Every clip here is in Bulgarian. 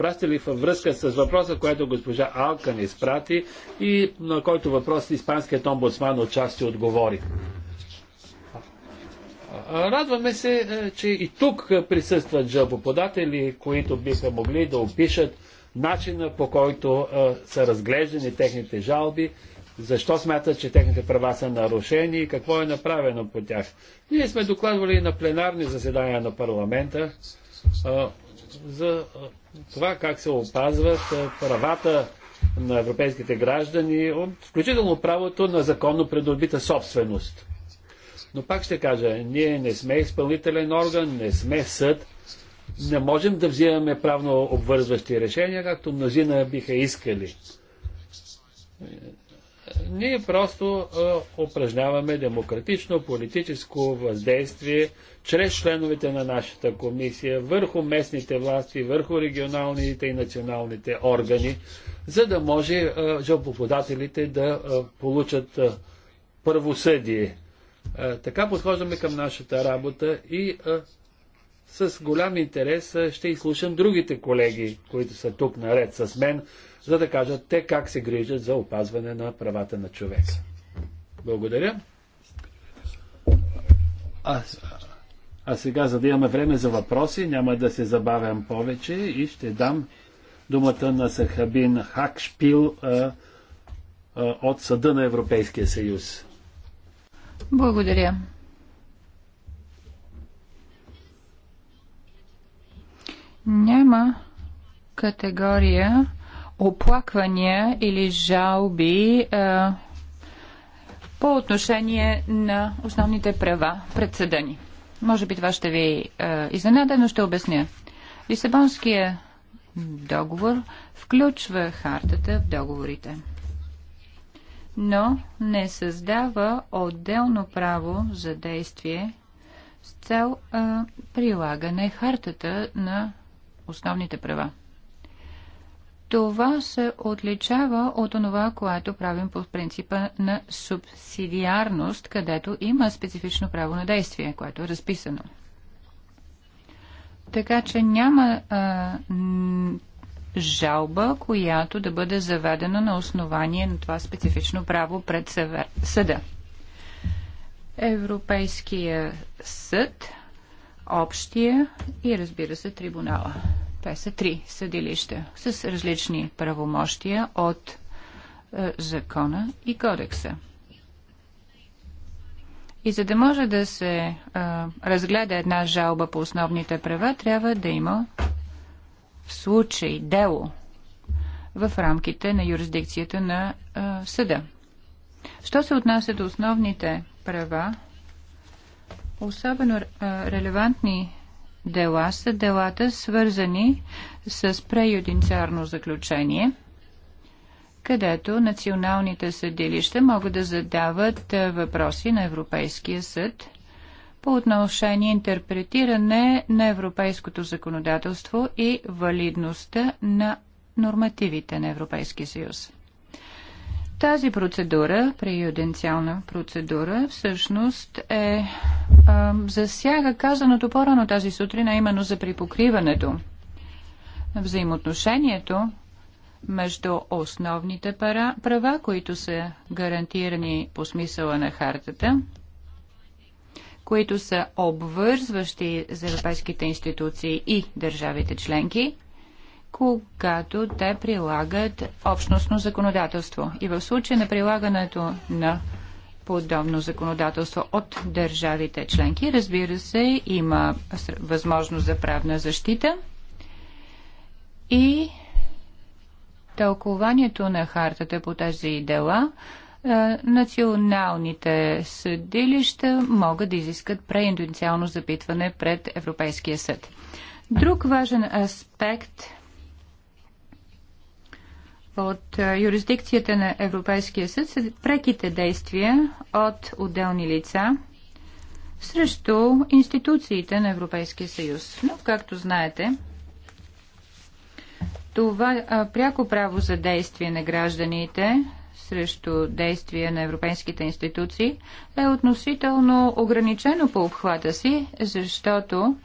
пращали във връзка с въпроса, който госпожа ни изпрати и на който въпрос испанският омбудсман отчасти отговори. Радваме се, е, че и тук присъстват жалбоподатели, които биха могли да опишат начина по който е, са разглеждани техните жалби, защо смятат, че техните права са нарушени и какво е направено по тях. Ние сме докладвали на пленарни заседания на парламента е, за това как се опазват правата на европейските граждани, включително правото на законно придобита собственост. Но пак ще кажа, ние не сме изпълнителен орган, не сме съд, не можем да взимаме правно обвързващи решения, както мнозина биха искали. Ние просто а, упражняваме демократично политическо въздействие чрез членовете на нашата комисия върху местните власти, върху регионалните и националните органи, за да може а, жалбоподателите да а, получат а, първосъдие. А, така подхождаме към нашата работа и а, с голям интерес ще изслушам другите колеги, които са тук наред с мен, за да кажат те как се грижат за опазване на правата на човека. Благодаря. А, а сега, за да имаме време за въпроси, няма да се забавям повече и ще дам думата на Сахабин Хакшпил а, а, от Съда на Европейския съюз. Благодаря. Няма категория оплаквания или жалби а, по отношение на основните права пред съда ни. Може би това ще ви изненада, но ще обясня. Лисабонския договор включва хартата в договорите, но не създава отделно право за действие с цел а, прилагане хартата на основните права. Това се отличава от това, което правим по принципа на субсидиарност, където има специфично право на действие, което е разписано. Така че няма а, жалба, която да бъде заведена на основание на това специфично право пред съда. Европейския съд, общия и разбира се трибунала. Това са три съдилища с различни правомощия от е, закона и кодекса. И за да може да се е, разгледа една жалба по основните права, трябва да има в случай дело в рамките на юрисдикцията на е, съда. Що се отнася до основните права, особено е, релевантни дела са делата свързани с преюдинциарно заключение, където националните съдилища могат да задават е, въпроси на Европейския съд по отношение интерпретиране на европейското законодателство и валидността на нормативите на Европейския съюз. Тази процедура, преюденциална процедура, всъщност е а, засяга казаното по-рано тази сутрин, а именно за припокриването взаимоотношението между основните пара, права, които са гарантирани по смисъла на хартата, които са обвързващи за европейските институции и държавите членки – когато те прилагат общностно законодателство. И в случай на прилагането на подобно законодателство от държавите членки, разбира се, има възможност за правна защита и тълкованието на хартата по тези дела е, националните съдилища могат да изискат преиндуциално запитване пред Европейския съд. Друг важен аспект – от е, юрисдикцията на Европейския съд са преките действия от отделни лица срещу институциите на Европейския съюз. Но, както знаете, това а, е, пряко право за действие на гражданите срещу действия на европейските институции е относително ограничено по обхвата си, защото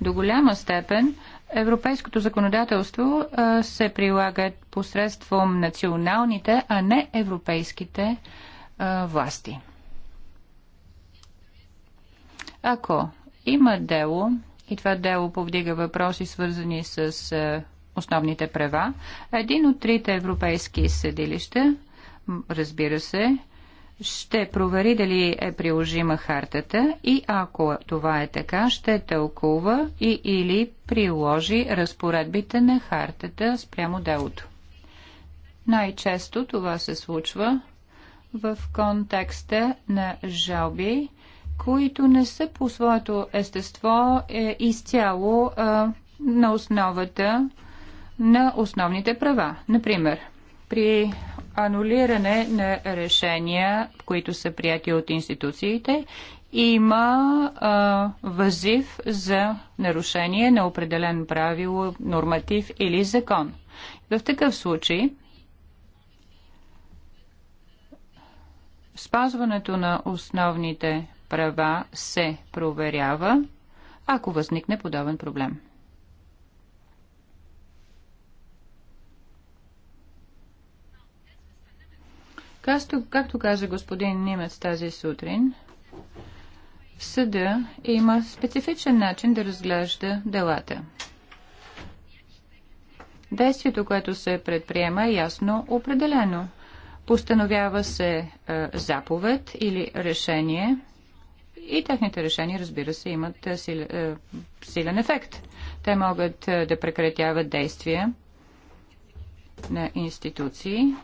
до голяма степен Европейското законодателство се прилага посредством националните, а не европейските власти. Ако има дело, и това дело повдига въпроси, свързани с основните права, един от трите европейски съдилища, разбира се, ще провери дали е приложима хартата и ако това е така, ще тълкува и или приложи разпоредбите на хартата спрямо делото. Най-често това се случва в контекста на жалби, които не са по своето естество е, изцяло е, на основата на основните права. Например, при анулиране на решения, които са прияти от институциите, има а, възив за нарушение на определен правило, норматив или закон. В такъв случай спазването на основните права се проверява, ако възникне подобен проблем. Както, както каза господин Нимец тази сутрин, съда има специфичен начин да разглежда делата. Действието, което се предприема е ясно определено. Постановява се е, заповед или решение и техните решения, разбира се, имат е, силен, е, силен ефект. Те могат е, да прекратяват действия на институции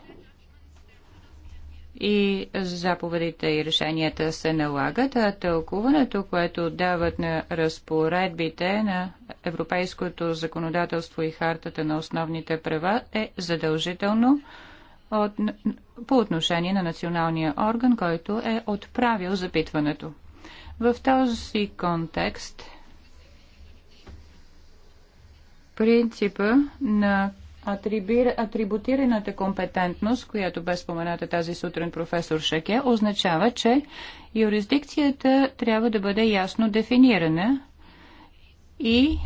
и заповедите и решенията се налагат, а тълкуването, което дават на разпоредбите на европейското законодателство и хартата на основните права е задължително от, по отношение на националния орган, който е отправил запитването. В този контекст принципа на атрибутираната компетентност, която бе спомената тази сутрин професор Шаке, означава, че юрисдикцията трябва да бъде ясно дефинирана и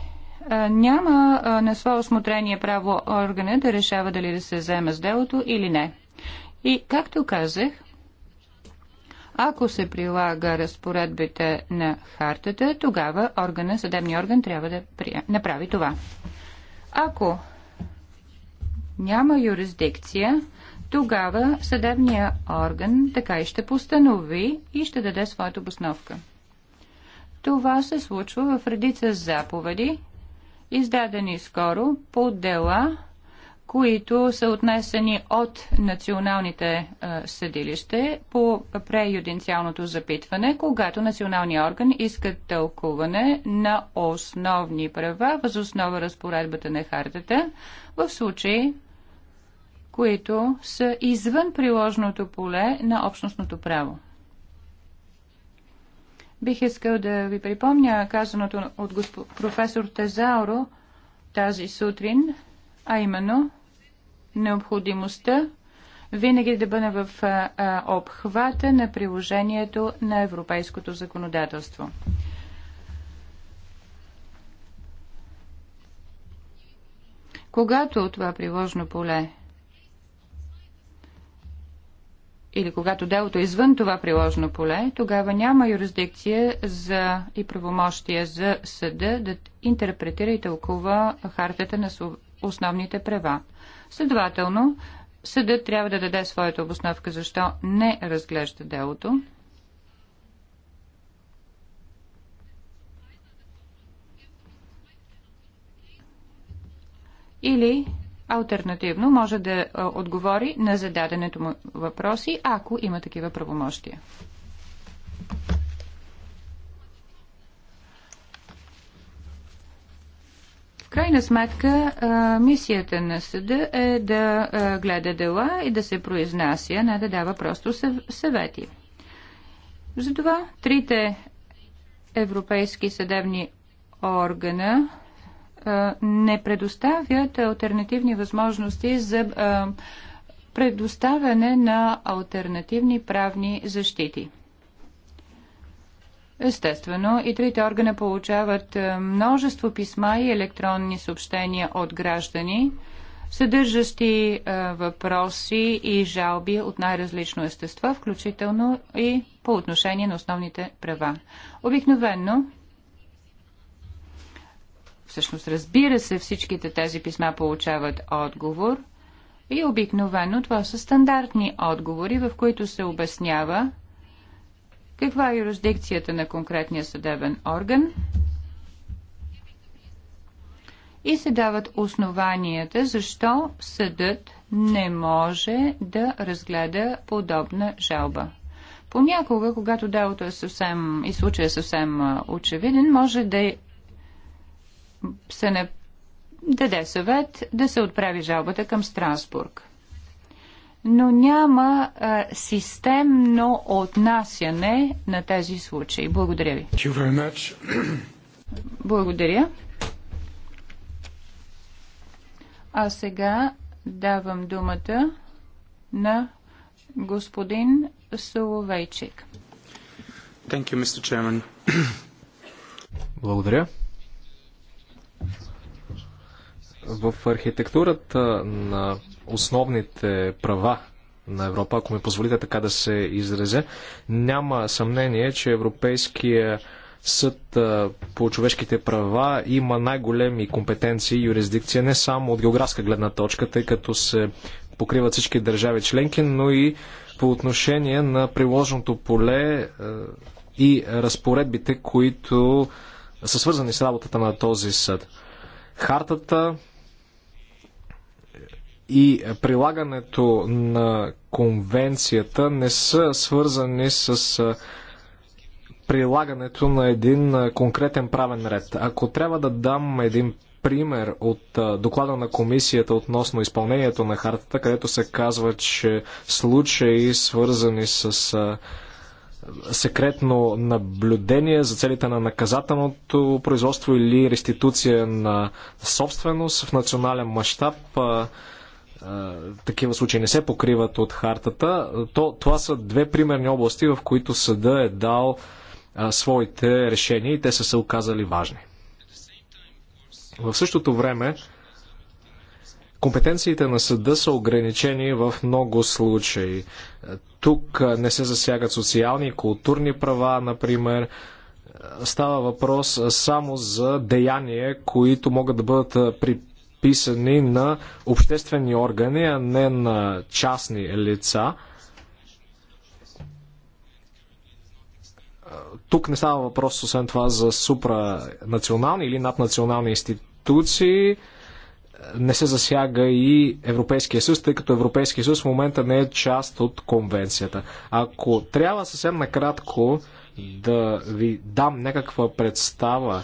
а, няма а, на свое осмотрение право органа да решава дали да се вземе с делото или не. И, както казах, ако се прилага разпоредбите на хартата, тогава органа, съдебния орган трябва да направи това. Ако няма юрисдикция, тогава съдебния орган така и ще постанови и ще даде своята обосновка. Това се случва в редица заповеди, издадени скоро по дела които са отнесени от националните е, съдилища по преюденциалното запитване, когато националния орган иска тълкуване на основни права въз основа разпоредбата на хартата в случаи, които са извън приложното поле на общностното право. Бих искал да ви припомня казаното от госп... професор Тезауро тази сутрин – а именно необходимостта винаги да бъде в обхвата на приложението на европейското законодателство. Когато това приложно поле или когато делото е извън това приложено поле, тогава няма юрисдикция за и правомощия за съда да интерпретира и тълкува хартата на основните права. Следователно, съдът трябва да даде своята обосновка защо не разглежда делото. Или Альтернативно може да отговори на зададенето му въпроси, ако има такива правомощия. крайна сметка, мисията на съда е да гледа дела и да се произнася, не да дава просто съвети. Затова трите европейски съдебни органа не предоставят альтернативни възможности за предоставяне на альтернативни правни защити. Естествено, и трите органа получават е, множество писма и електронни съобщения от граждани, съдържащи е, въпроси и жалби от най-различно естество, включително и по отношение на основните права. Обикновенно, всъщност разбира се, всичките тези писма получават отговор и обикновено това са стандартни отговори, в които се обяснява, каква е юрисдикцията на конкретния съдебен орган? И се дават основанията защо съдът не може да разгледа подобна жалба. Понякога, когато делото е съвсем и случай е съвсем очевиден, може да е- се не даде съвет да се отправи жалбата към Страсбург но няма а, е, системно отнасяне на тези случаи. Благодаря ви. Благодаря. А сега давам думата на господин Соловейчик. Thank you, Mr. Chairman. Благодаря. В архитектурата на основните права на Европа, ако ми позволите така да се изразя, няма съмнение, че Европейския съд по човешките права има най-големи компетенции и юрисдикция не само от географска гледна точка, тъй като се покриват всички държави членки, но и по отношение на приложното поле и разпоредбите, които са свързани с работата на този съд. Хартата и прилагането на конвенцията не са свързани с прилагането на един конкретен правен ред. Ако трябва да дам един пример от доклада на комисията относно изпълнението на хартата, където се казва, че случаи свързани с секретно наблюдение за целите на наказателното производство или реституция на собственост в национален мащаб такива случаи не се покриват от хартата, то това са две примерни области, в които съда е дал а, своите решения и те са се оказали важни. В същото време, компетенциите на съда са ограничени в много случаи. Тук не се засягат социални и културни права, например. Става въпрос само за деяния, които могат да бъдат при Писани на обществени органи, а не на частни лица. Тук не става въпрос, освен това, за супранационални или наднационални институции. Не се засяга и Европейския съюз, тъй като Европейския съюз в момента не е част от конвенцията. Ако трябва съвсем накратко да ви дам някаква представа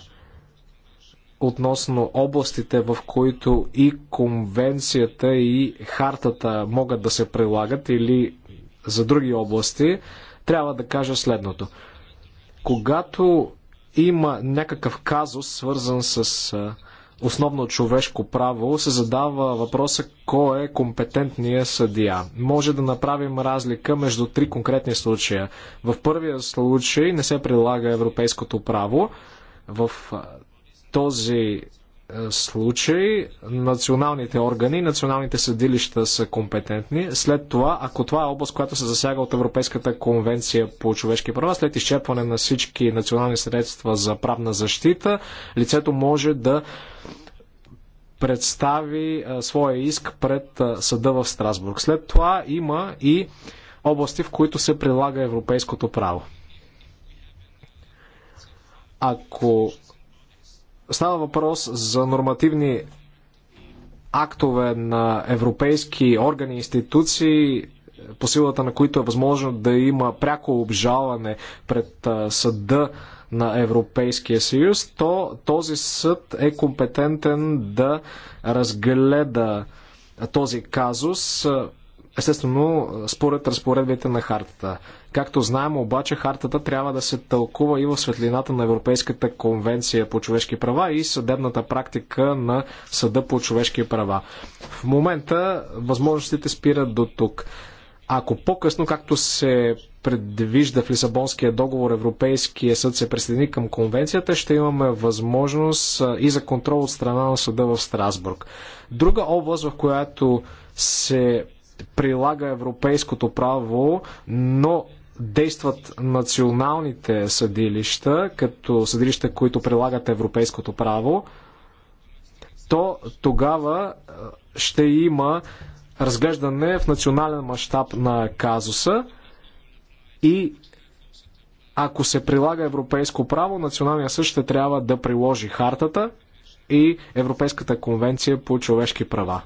относно областите, в които и конвенцията, и хартата могат да се прилагат или за други области, трябва да кажа следното. Когато има някакъв казус, свързан с основно човешко право, се задава въпроса кой е компетентният съдия. Може да направим разлика между три конкретни случая. В първия случай не се прилага европейското право. В този е, случай националните органи, националните съдилища са компетентни. След това, ако това е област, която се засяга от Европейската конвенция по човешки права, след изчерпване на всички национални средства за правна защита, лицето може да представи е, своя иск пред е, съда в Страсбург. След това има и области, в които се прилага европейското право. Ако Става въпрос за нормативни актове на европейски органи и институции, по силата на които е възможно да има пряко обжалване пред съда на Европейския съюз, то този съд е компетентен да разгледа този казус естествено според разпоредбите на хартата. Както знаем обаче, хартата трябва да се тълкува и в светлината на Европейската конвенция по човешки права и съдебната практика на Съда по човешки права. В момента възможностите спират до тук. Ако по-късно, както се предвижда в Лисабонския договор, Европейския съд се присъедини към конвенцията, ще имаме възможност и за контрол от страна на съда в Страсбург. Друга област, в която се прилага европейското право, но действат националните съдилища, като съдилища, които прилагат европейското право, то тогава ще има разглеждане в национален мащаб на казуса и ако се прилага европейско право, националния съд ще трябва да приложи хартата и Европейската конвенция по човешки права.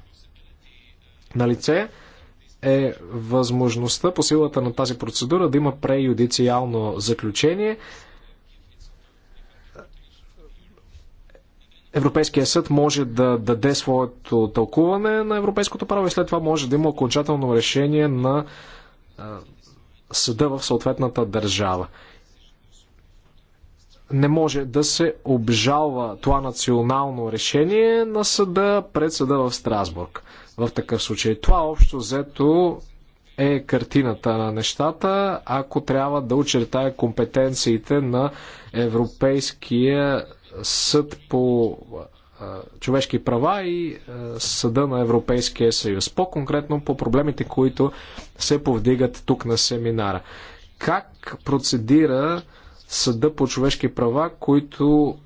На лице е възможността по силата на тази процедура да има преюдициално заключение. Европейския съд може да даде своето тълкуване на европейското право и след това може да има окончателно решение на съда в съответната държава. Не може да се обжалва това национално решение на съда пред съда в Страсбург в такъв случай. Това общо взето е картината на нещата, ако трябва да очертая компетенциите на Европейския съд по човешки права и съда на Европейския съюз. По-конкретно по проблемите, които се повдигат тук на семинара. Как процедира съда по човешки права, които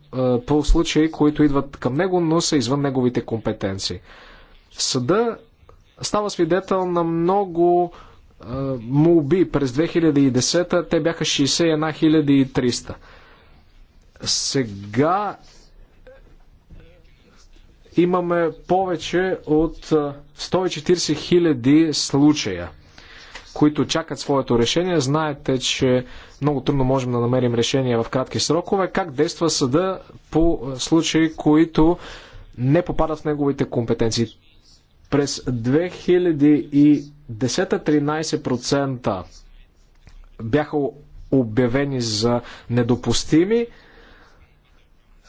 по случаи, които идват към него, но са извън неговите компетенции. Съда става свидетел на много е, молби през 2010 те бяха 61 300. Сега имаме повече от 140 000 случая, които чакат своето решение. Знаете, че много трудно можем да намерим решение в кратки срокове. Как действа съда по случаи, които не попадат в неговите компетенции? През 2010-13% бяха обявени за недопустими,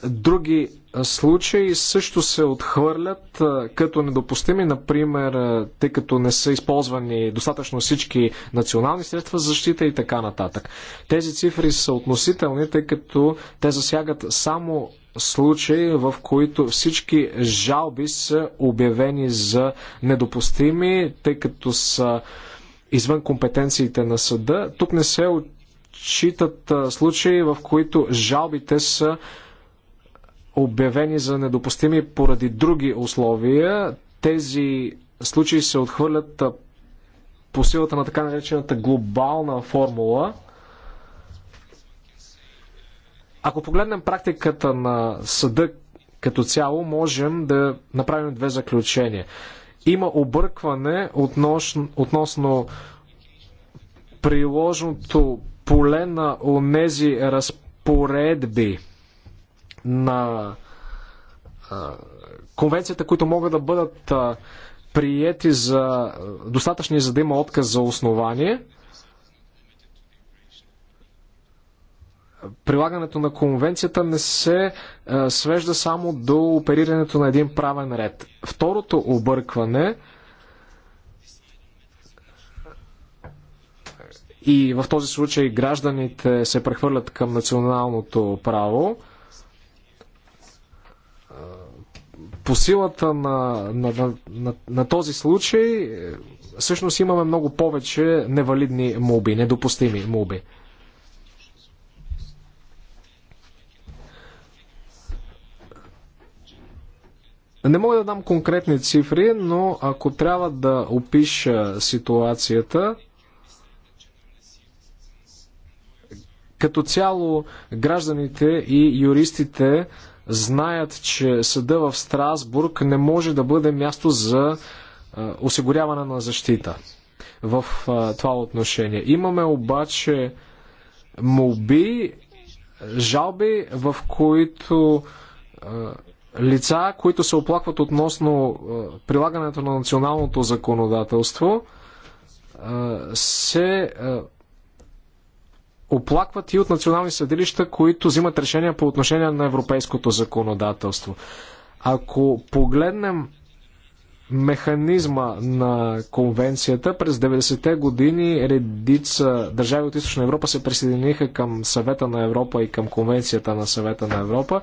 други случаи също се отхвърлят като недопустими, например, тъй като не са използвани достатъчно всички национални средства за защита и така нататък. Тези цифри са относителни, тъй като те засягат само случаи, в които всички жалби са обявени за недопустими, тъй като са извън компетенциите на съда. Тук не се отчитат случаи, в които жалбите са обявени за недопустими поради други условия. Тези случаи се отхвърлят по силата на така наречената глобална формула. Ако погледнем практиката на съда като цяло, можем да направим две заключения. Има объркване относно, относно приложното поле на онези разпоредби, на конвенцията, които могат да бъдат приети за достатъчни, за да има отказ за основание. Прилагането на конвенцията не се свежда само до оперирането на един правен ред. Второто объркване и в този случай гражданите се прехвърлят към националното право по силата на, на, на, на, на този случай е, всъщност имаме много повече невалидни молби, недопустими молби. Не мога да дам конкретни цифри, но ако трябва да опиша ситуацията, като цяло гражданите и юристите знаят, че съда в Страсбург не може да бъде място за осигуряване на защита в това отношение. Имаме обаче молби, жалби, в които лица, които се оплакват относно прилагането на националното законодателство, се оплакват и от национални съдилища, които взимат решения по отношение на европейското законодателство. Ако погледнем механизма на конвенцията. През 90-те години редица държави от Източна Европа се присъединиха към Съвета на Европа и към Конвенцията на Съвета на Европа.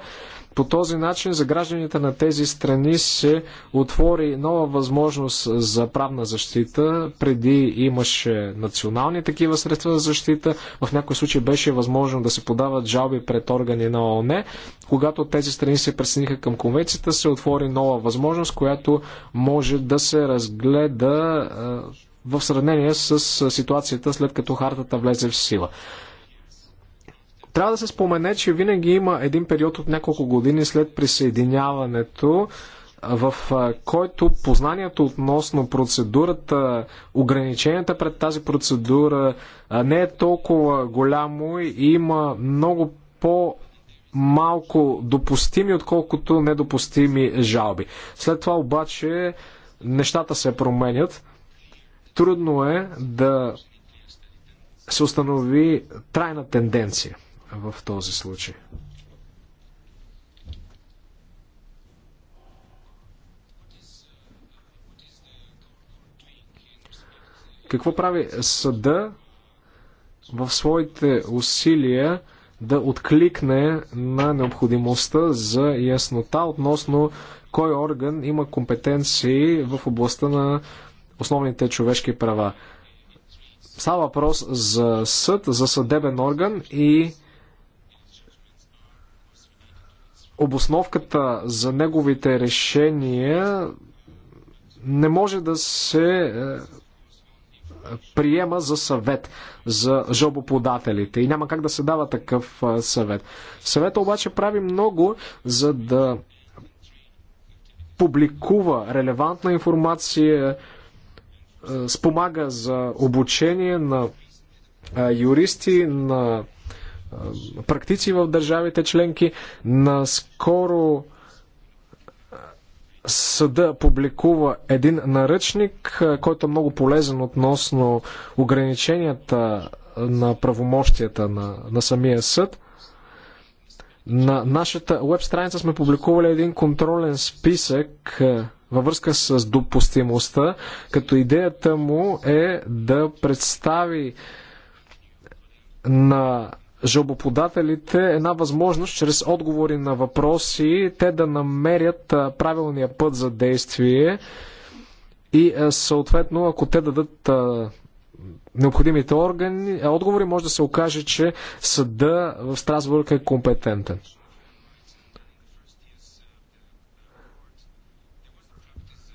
По този начин за гражданите на тези страни се отвори нова възможност за правна защита. Преди имаше национални такива средства за защита. В някои случаи беше възможно да се подават жалби пред органи на ООН. Когато тези страни се присъединиха към конвенцията, се отвори нова възможност, която може да се разгледа в сравнение с ситуацията след като хартата влезе в сила. Трябва да се спомене, че винаги има един период от няколко години след присъединяването, в който познанието относно процедурата, ограниченията пред тази процедура не е толкова голямо и има много по- малко допустими, отколкото недопустими жалби. След това обаче нещата се променят. Трудно е да се установи трайна тенденция в този случай. Какво прави съда в своите усилия да откликне на необходимостта за яснота относно кой орган има компетенции в областта на основните човешки права. Става въпрос за съд, за съдебен орган и обосновката за неговите решения не може да се е, приема за съвет за жобоподателите и няма как да се дава такъв е, съвет. Съвета обаче прави много, за да публикува релевантна информация, е, спомага за обучение на юристи, на практици в държавите членки. Наскоро съда публикува един наръчник, който е много полезен относно ограниченията на правомощията на, на самия съд. На нашата веб страница сме публикували един контролен списък във връзка с допустимостта, като идеята му е да представи на жалбоподателите една възможност чрез отговори на въпроси те да намерят правилния път за действие и съответно ако те дадат необходимите органи, отговори може да се окаже, че съда в Страсбург е компетентен.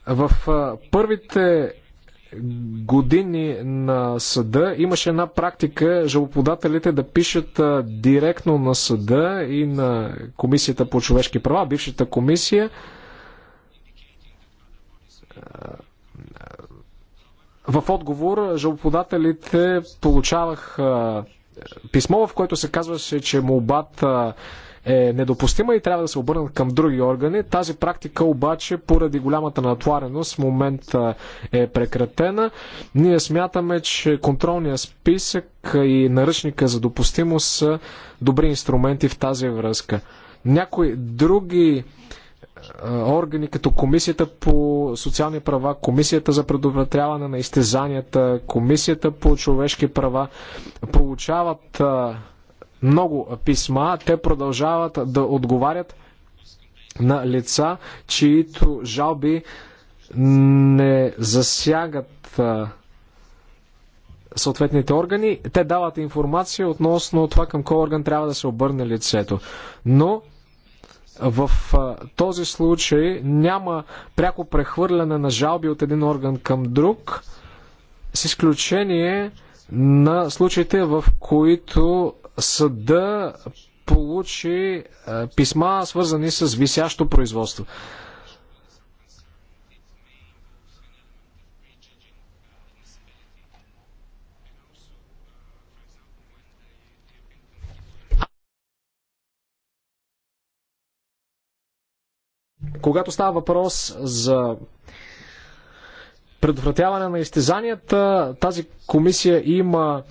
В първите години на съда имаше една практика жалоподателите да пишат директно на съда и на Комисията по човешки права, бившата комисия, в отговор жалоподателите получавах писмо, в което се казваше, че молбата е недопустима и трябва да се обърнат към други органи. Тази практика обаче поради голямата натвареност в момента е прекратена. Ние смятаме, че контролния списък и наръчника за допустимост са добри инструменти в тази връзка. Някои други е, органи, като Комисията по социални права, Комисията за предотвратяване на изтезанията, Комисията по човешки права, получават е, много писма. Те продължават да отговарят на лица, чието жалби не засягат съответните органи. Те дават информация относно това към кой орган трябва да се обърне лицето. Но в този случай няма пряко прехвърляне на жалби от един орган към друг, с изключение на случаите, в които съда получи е, писма, свързани с висящо производство. когато става въпрос за предотвратяване на изтезанията, тази комисия има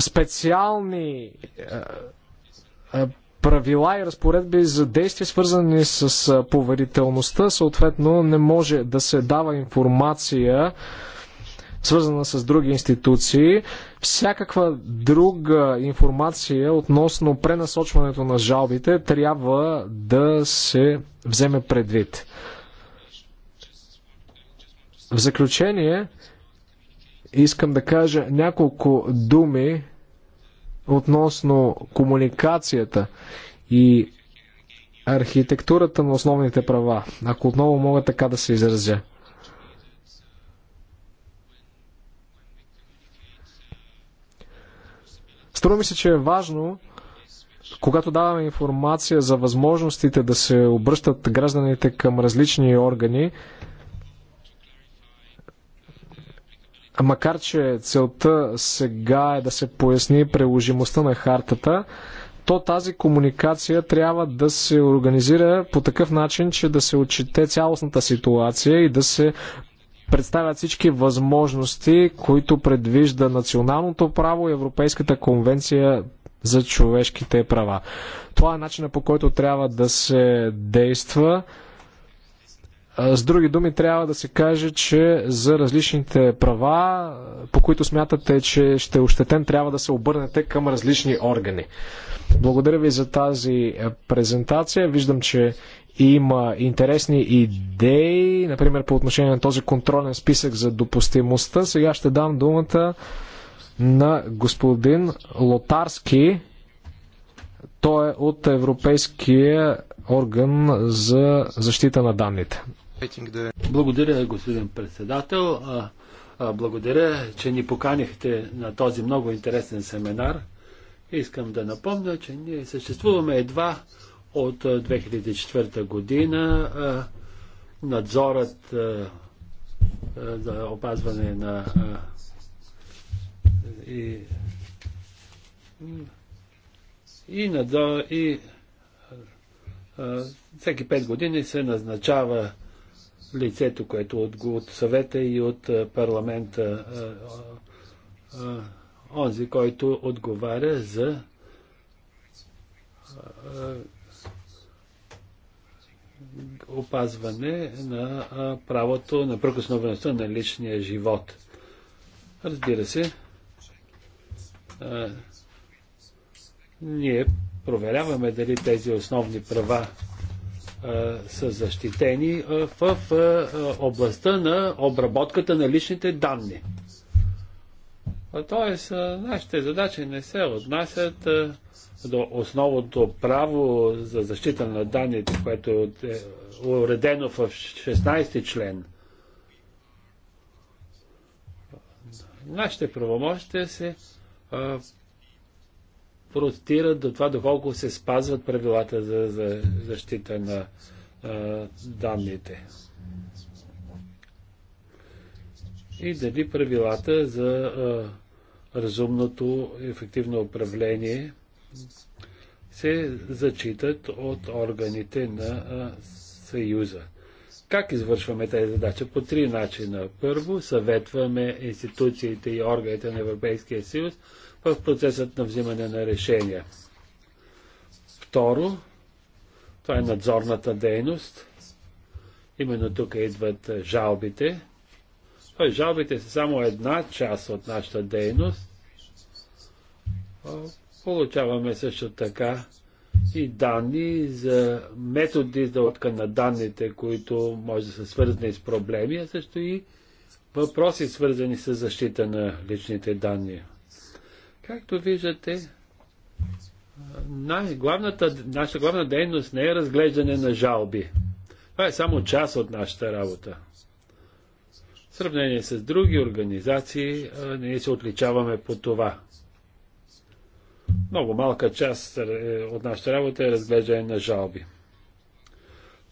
специални е, е, правила и разпоредби за действия, свързани с е, поверителността. Съответно, не може да се дава информация, свързана с други институции. Всякаква друга информация относно пренасочването на жалбите трябва да се вземе предвид. В заключение, Искам да кажа няколко думи относно комуникацията и архитектурата на основните права, ако отново мога така да се изразя. Струва ми се, че е важно, когато даваме информация за възможностите да се обръщат гражданите към различни органи, Макар, че целта сега е да се поясни приложимостта на хартата, то тази комуникация трябва да се организира по такъв начин, че да се отчете цялостната ситуация и да се представят всички възможности, които предвижда националното право и Европейската конвенция за човешките права. Това е начина по който трябва да се действа. С други думи, трябва да се каже, че за различните права, по които смятате, че ще е ощетен, трябва да се обърнете към различни органи. Благодаря ви за тази е, презентация. Виждам, че има интересни идеи, например по отношение на този контролен списък за допустимостта. Сега ще дам думата на господин Лотарски. Той е от Европейския орган за защита на данните. Благодаря, господин председател. Благодаря, че ни поканихте на този много интересен семинар. Искам да напомня, че ние съществуваме едва от 2004 година. Надзорът за опазване на и, и, надзор, и всеки 5 години се назначава лицето, което е от, от съвета и от е, парламента, е, онзи, който отговаря за опазване на правото на пръкосновеността на личния живот. Разбира се, ние проверяваме дали тези основни права са защитени в областта на обработката на личните данни. Тоест, нашите задачи не се отнасят до основното право за защита на данните, което е уредено в 16 ти член. Нашите правомощите се протестират до това доколко се спазват правилата за, за защита на а, данните. И дали правилата за а, разумното ефективно управление се зачитат от органите на а, Съюза. Как извършваме тази задача? По три начина. Първо, съветваме институциите и органите на Европейския съюз в процесът на взимане на решения. Второ, това е надзорната дейност. Именно тук идват жалбите. Той жалбите са само една част от нашата дейност. Получаваме също така и данни за методи за отка на данните, които може да са свързани с проблеми, а също и въпроси свързани с защита на личните данни. Както виждате, най-главната, наша главна дейност не е разглеждане на жалби. Това е само част от нашата работа. В сравнение с други организации, ние се отличаваме по това. Много малка част е, от нашата работа е разглеждане на жалби.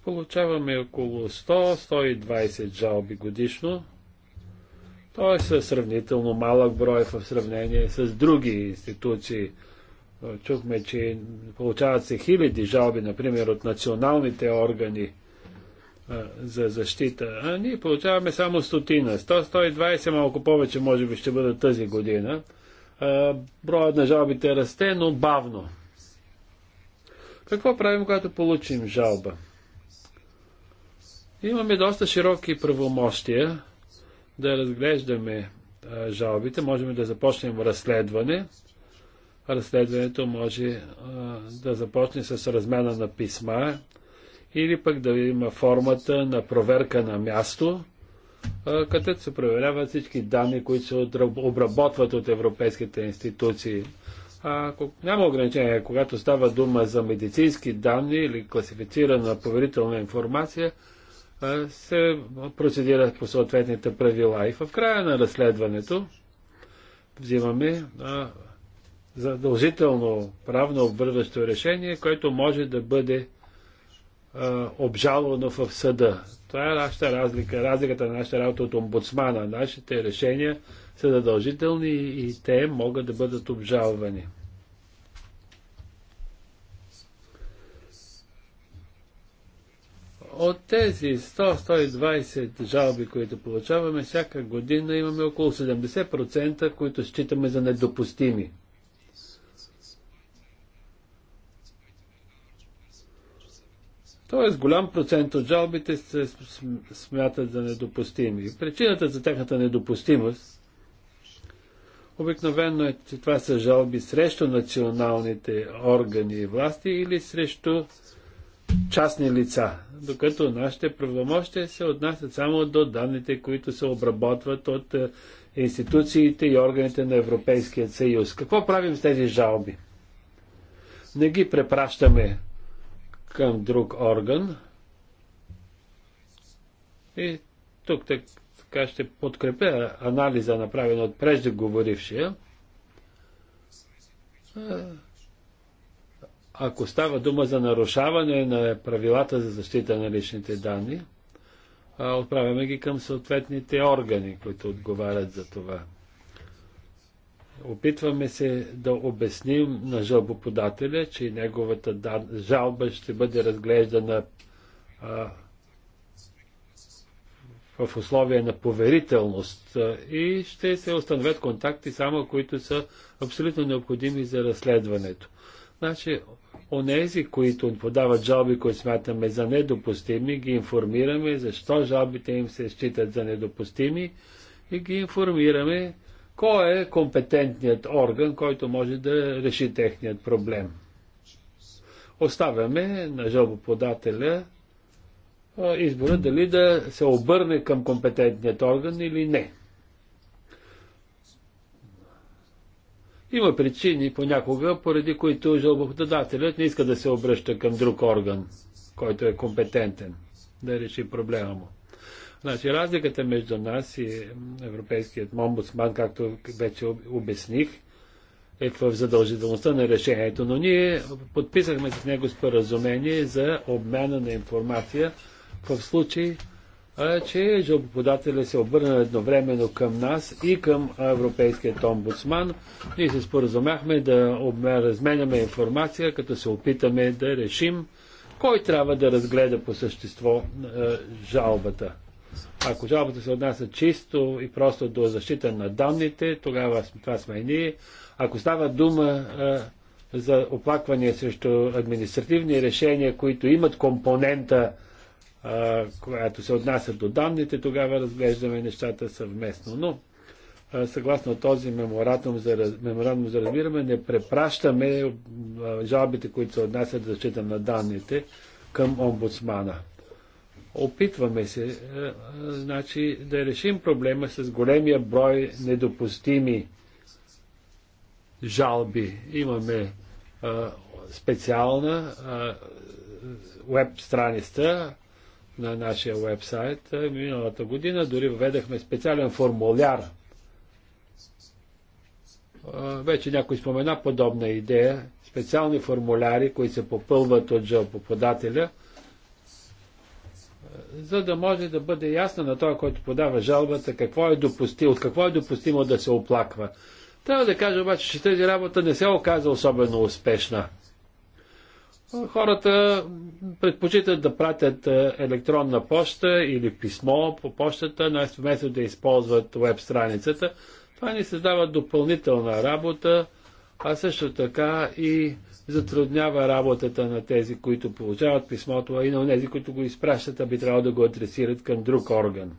Получаваме около 100-120 жалби годишно. Той е сравнително малък брой в сравнение с други институции. Е, чухме, че получават се хиляди жалби, например, от националните органи е, за защита. А ние получаваме само стотина. 100-120, малко повече, може би, ще бъдат тази година. Е, броят на жалбите расте, но бавно. Какво правим, когато получим жалба? Имаме доста широки правомощия да разглеждаме жалбите, можем да започнем разследване. Разследването може да започне с размяна на писма или пък да има формата на проверка на място, където се проверяват всички данни, които се обработват от европейските институции. Ако няма ограничение, когато става дума за медицински данни или класифицирана поверителна информация, се процедира по съответните правила. И в края на разследването взимаме задължително правно обвързващо решение, което може да бъде а, обжалвано в съда. Това е нашата разлика, разликата на нашата работа от омбудсмана. Нашите решения са задължителни и те могат да бъдат обжалвани. От тези 100-120 жалби, които получаваме всяка година, имаме около 70%, които считаме за недопустими. Тоест голям процент от жалбите се смятат за недопустими. Причината за тяхната недопустимост обикновено е, че това са жалби срещу националните органи и власти или срещу частни лица, докато нашите правомощия се отнасят само до данните, които се обработват от е, институциите и органите на Европейския съюз. Какво правим с тези жалби? Не ги препращаме към друг орган. И тук така ще подкрепя анализа, направен от преждеговорившия е, ако става дума за нарушаване на правилата за защита на личните данни, отправяме ги към съответните органи, които отговарят за това. Опитваме се да обясним на жалбоподателя, че неговата дан... жалба ще бъде разглеждана а, в условия на поверителност а, и ще се установят контакти само които са абсолютно необходими за разследването. Значи, Онези, които подават жалби, които смятаме за недопустими, ги информираме защо жалбите им се считат за недопустими и ги информираме кой е компетентният орган, който може да реши техният проблем. Оставяме на жалбоподателя избора дали да се обърне към компетентният орган или не. Има причини понякога, поради които жалбоподателят не иска да се обръща към друг орган, който е компетентен да реши проблема му. Значи разликата между нас и Европейският омбудсман, както вече обясних, е в задължителността на решението, но ние подписахме с него споразумение за обмяна на информация в случай, че жалбоподателят се обърна едновременно към нас и към Европейският омбудсман. Ние се споразумяхме да разменяме информация, като се опитаме да решим кой трябва да разгледа по същество жалбата. Ако жалбата се отнася чисто и просто до защита на данните, тогава това сме и ние. Ако става дума за оплаквания срещу административни решения, които имат компонента която се отнася до данните, тогава разглеждаме нещата съвместно. Но съгласно този меморандум за, меморандум за разбиране, не препращаме жалбите, които се отнасят за защита на данните към омбудсмана. Опитваме се значи, да решим проблема с големия брой недопустими жалби. Имаме специална веб страница, на нашия вебсайт. Е, миналата година дори введахме специален формуляр. Е, вече някой спомена подобна идея. Специални формуляри, които се попълват от жалбоподателя, е, за да може да бъде ясно на това, който подава жалбата, какво е допустимо, от какво е допустимо да се оплаква. Трябва да кажа обаче, че тази работа не се оказа особено успешна хората предпочитат да пратят е, електронна поща или писмо по почтата, е вместо да използват веб страницата. Това ни създава допълнителна работа, а също така и затруднява работата на тези, които получават писмото, а и на тези, които го изпращат, а би трябвало да го адресират към друг орган.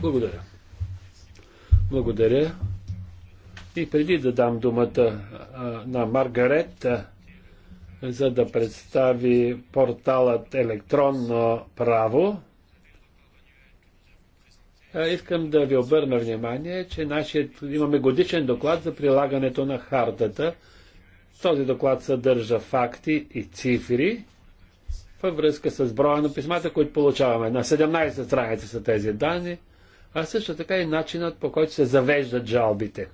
Благодаря. Благодаря. И преди да дам думата на Маргарет, за да представи порталът Електронно право, искам да ви обърна внимание, че нашият, имаме годишен доклад за прилагането на хартата. Този доклад съдържа факти и цифри във връзка с броя на писмата, които получаваме. На 17 страница са тези данни – а също така и начинът по който се завеждат жалбите.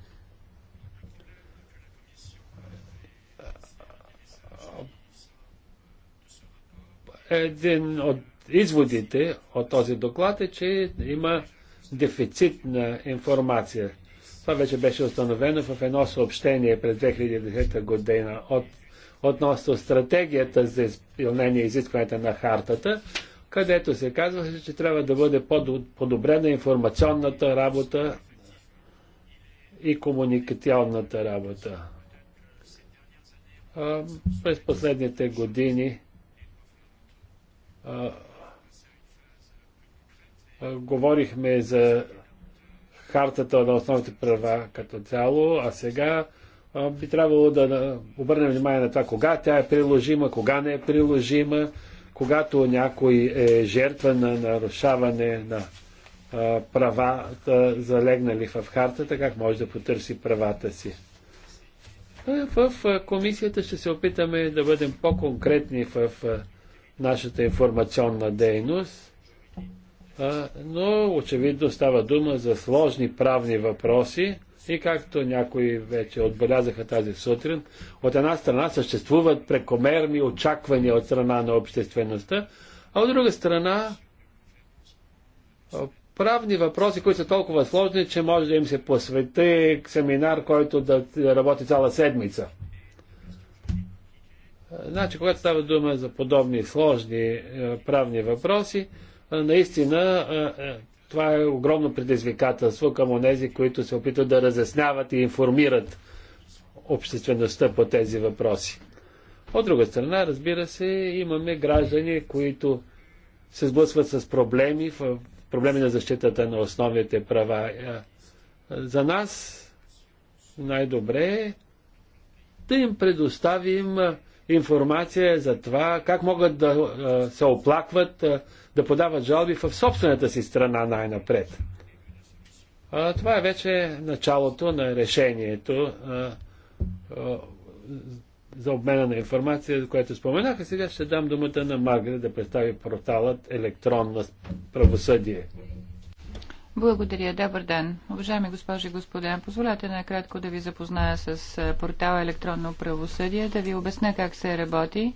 Един от изводите от този доклад е, че има дефицит на информация. Това вече беше установено в едно съобщение през 2010 година от, относно стратегията за изпълнение изискването на хартата, където се казваше, че трябва да бъде подобрена информационната работа и комуникационната работа. през последните години говорихме за хартата на основните права като цяло, а сега би трябвало да обърнем внимание на това кога тя е приложима, кога не е приложима, когато някой е жертва на нарушаване на правата, залегнали в хартата, как може да потърси правата си. В комисията ще се опитаме да бъдем по-конкретни в нашата информационна дейност, но очевидно става дума за сложни правни въпроси, и както някои вече отбелязаха тази сутрин, от една страна съществуват прекомерни очаквания от страна на обществеността, а от друга страна правни въпроси, които са толкова сложни, че може да им се посвети семинар, който да работи цяла седмица. Значи, когато става дума за подобни сложни правни въпроси, наистина това е огромно предизвикателство към онези, които се опитват да разясняват и информират обществеността по тези въпроси. От друга страна, разбира се, имаме граждани, които се сблъсват с проблеми, проблеми на защитата на основните права. Е, е, за нас най-добре е да им предоставим е, информация за това как могат да се оплакват, да подават жалби в собствената си страна най-напред. Това е вече началото на решението за обмена на информация, за което споменах. А сега ще дам думата на Маргарет да представи порталът електронно правосъдие. Благодаря. Добър ден. Уважаеми госпожи и господа, позволете накратко да ви запозная с портала Електронно правосъдие, да ви обясня как се работи,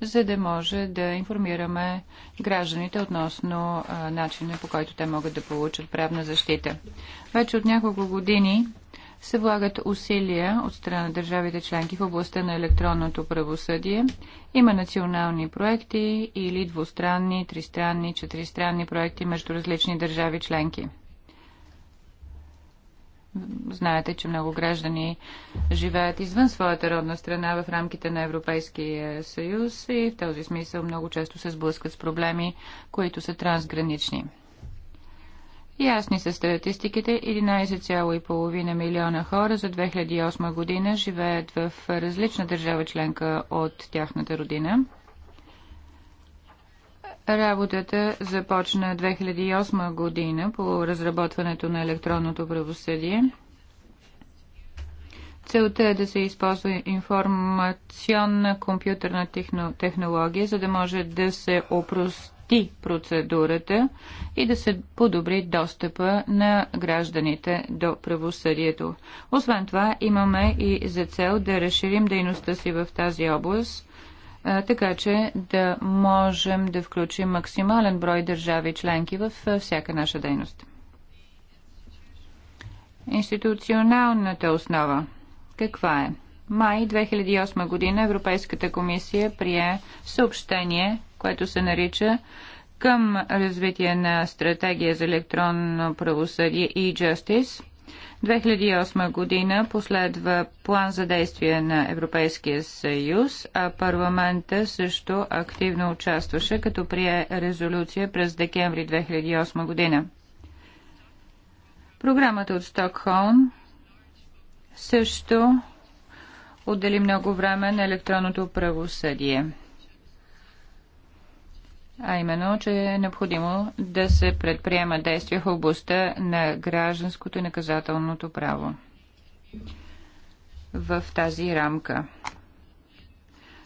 за да може да информираме гражданите относно начина по който те могат да получат правна защита. Вече от няколко години се влагат усилия от страна на държавите членки в областта на електронното правосъдие. Има национални проекти или двустранни, тристранни, четиристранни проекти между различни държави членки. Знаете, че много граждани живеят извън своята родна страна в рамките на Европейския съюз и в този смисъл много често се сблъскат с проблеми, които са трансгранични. Ясни са статистиките, 11,5 милиона хора за 2008 година живеят в различна държава членка от тяхната родина. Работата започна 2008 година по разработването на електронното правосъдие. Целта е да се използва информационна компютърна технология, за да може да се опрости процедурата и да се подобри достъпа на гражданите до правосъдието. Освен това, имаме и за цел да разширим дейността си в тази област – така че да можем да включим максимален брой държави членки във всяка наша дейност. Институционалната основа. Каква е? Май 2008 година Европейската комисия прие съобщение, което се нарича към развитие на стратегия за електронно правосъдие и e justice 2008 година последва план за действие на Европейския съюз, а парламента също активно участваше, като прие резолюция през декември 2008 година. Програмата от Стокхолм също отдели много време на електронното правосъдие а именно, че е необходимо да се предприема действия в областта на гражданското и наказателното право в тази рамка.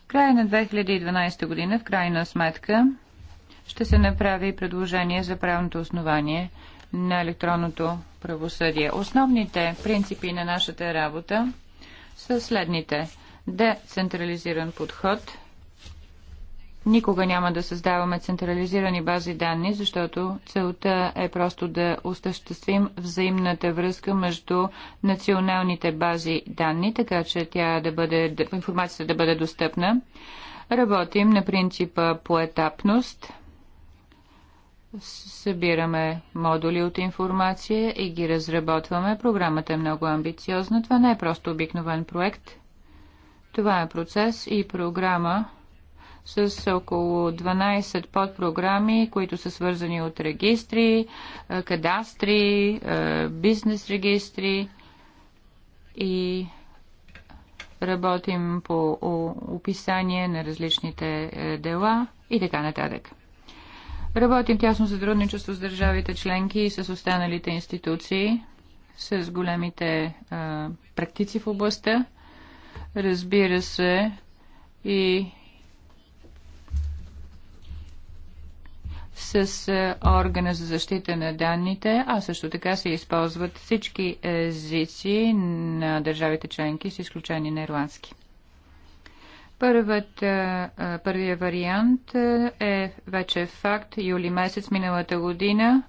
В края на 2012 година, в крайна сметка, ще се направи предложение за правното основание на електронното правосъдие. Основните принципи на нашата работа са следните. Децентрализиран подход – Никога няма да създаваме централизирани бази данни, защото целта е просто да осъществим взаимната връзка между националните бази данни, така че тя да бъде, информацията да бъде достъпна. Работим на принципа поетапност. Събираме модули от информация и ги разработваме. Програмата е много амбициозна. Това не е просто обикновен проект. Това е процес и програма, с около 12 подпрограми, които са свързани от регистри, е, кадастри, е, бизнес регистри и работим по описание на различните е, дела и така нататък. Работим тясно сътрудничество с държавите членки и с останалите институции, с големите а, практици в областта. Разбира се, и с е, органа за защита на данните, а също така се използват всички езици на държавите членки, с изключение на ирландски. Първият, е, първият вариант е, е вече факт юли месец миналата година.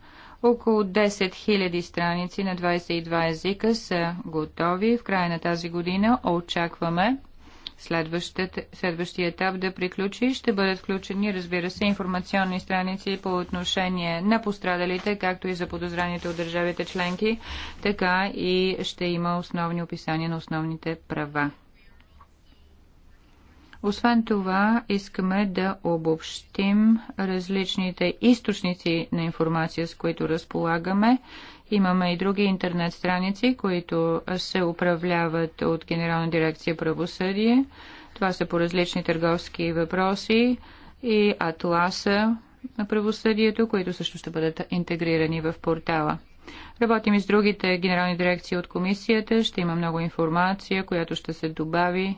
Около 10 000 страници на 22 езика са готови. В края на тази година очакваме следващия етап да приключи. Ще бъдат включени, разбира се, информационни страници по отношение на пострадалите, както и за подозраните от държавите членки, така и ще има основни описания на основните права. Освен това, искаме да обобщим различните източници на информация, с които разполагаме Имаме и други интернет страници, които се управляват от Генерална дирекция правосъдие. Това са по различни търговски въпроси и атласа на правосъдието, които също ще бъдат интегрирани в портала. Работим и с другите генерални дирекции от комисията. Ще има много информация, която ще се добави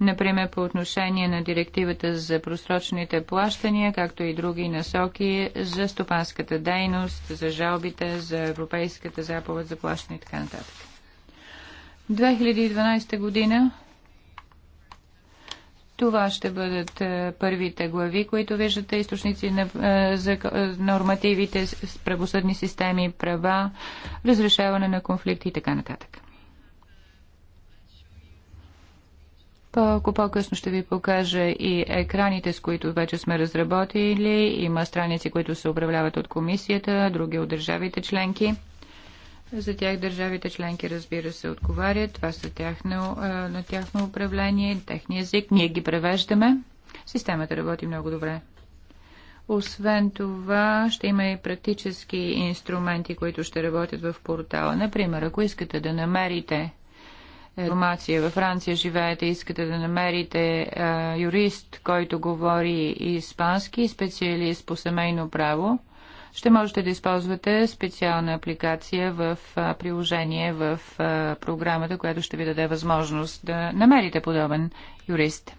например по отношение на директивата за просрочните плащания, както и други насоки за стопанската дейност, за жалбите, за Европейската заповед за плащане и така нататък. 2012 година това ще бъдат е, първите глави, които виждате, източници на е, е, нормативите, правосъдни системи, права, разрешаване на конфликти и така нататък. Пълко по-късно ще ви покажа и екраните, с които вече сме разработили. Има страници, които се управляват от комисията, други от държавите членки. За тях държавите членки, разбира се, отговарят. Това са тяхно, на тяхно управление, техния език. Ние ги превеждаме. Системата работи много добре. Освен това, ще има и практически инструменти, които ще работят в портала. Например, ако искате да намерите е, информация. Във Франция живеете, искате да намерите а, юрист, който говори испански, специалист по семейно право, ще можете да използвате специална апликация в а, приложение в а, програмата, която ще ви даде възможност да намерите подобен юрист.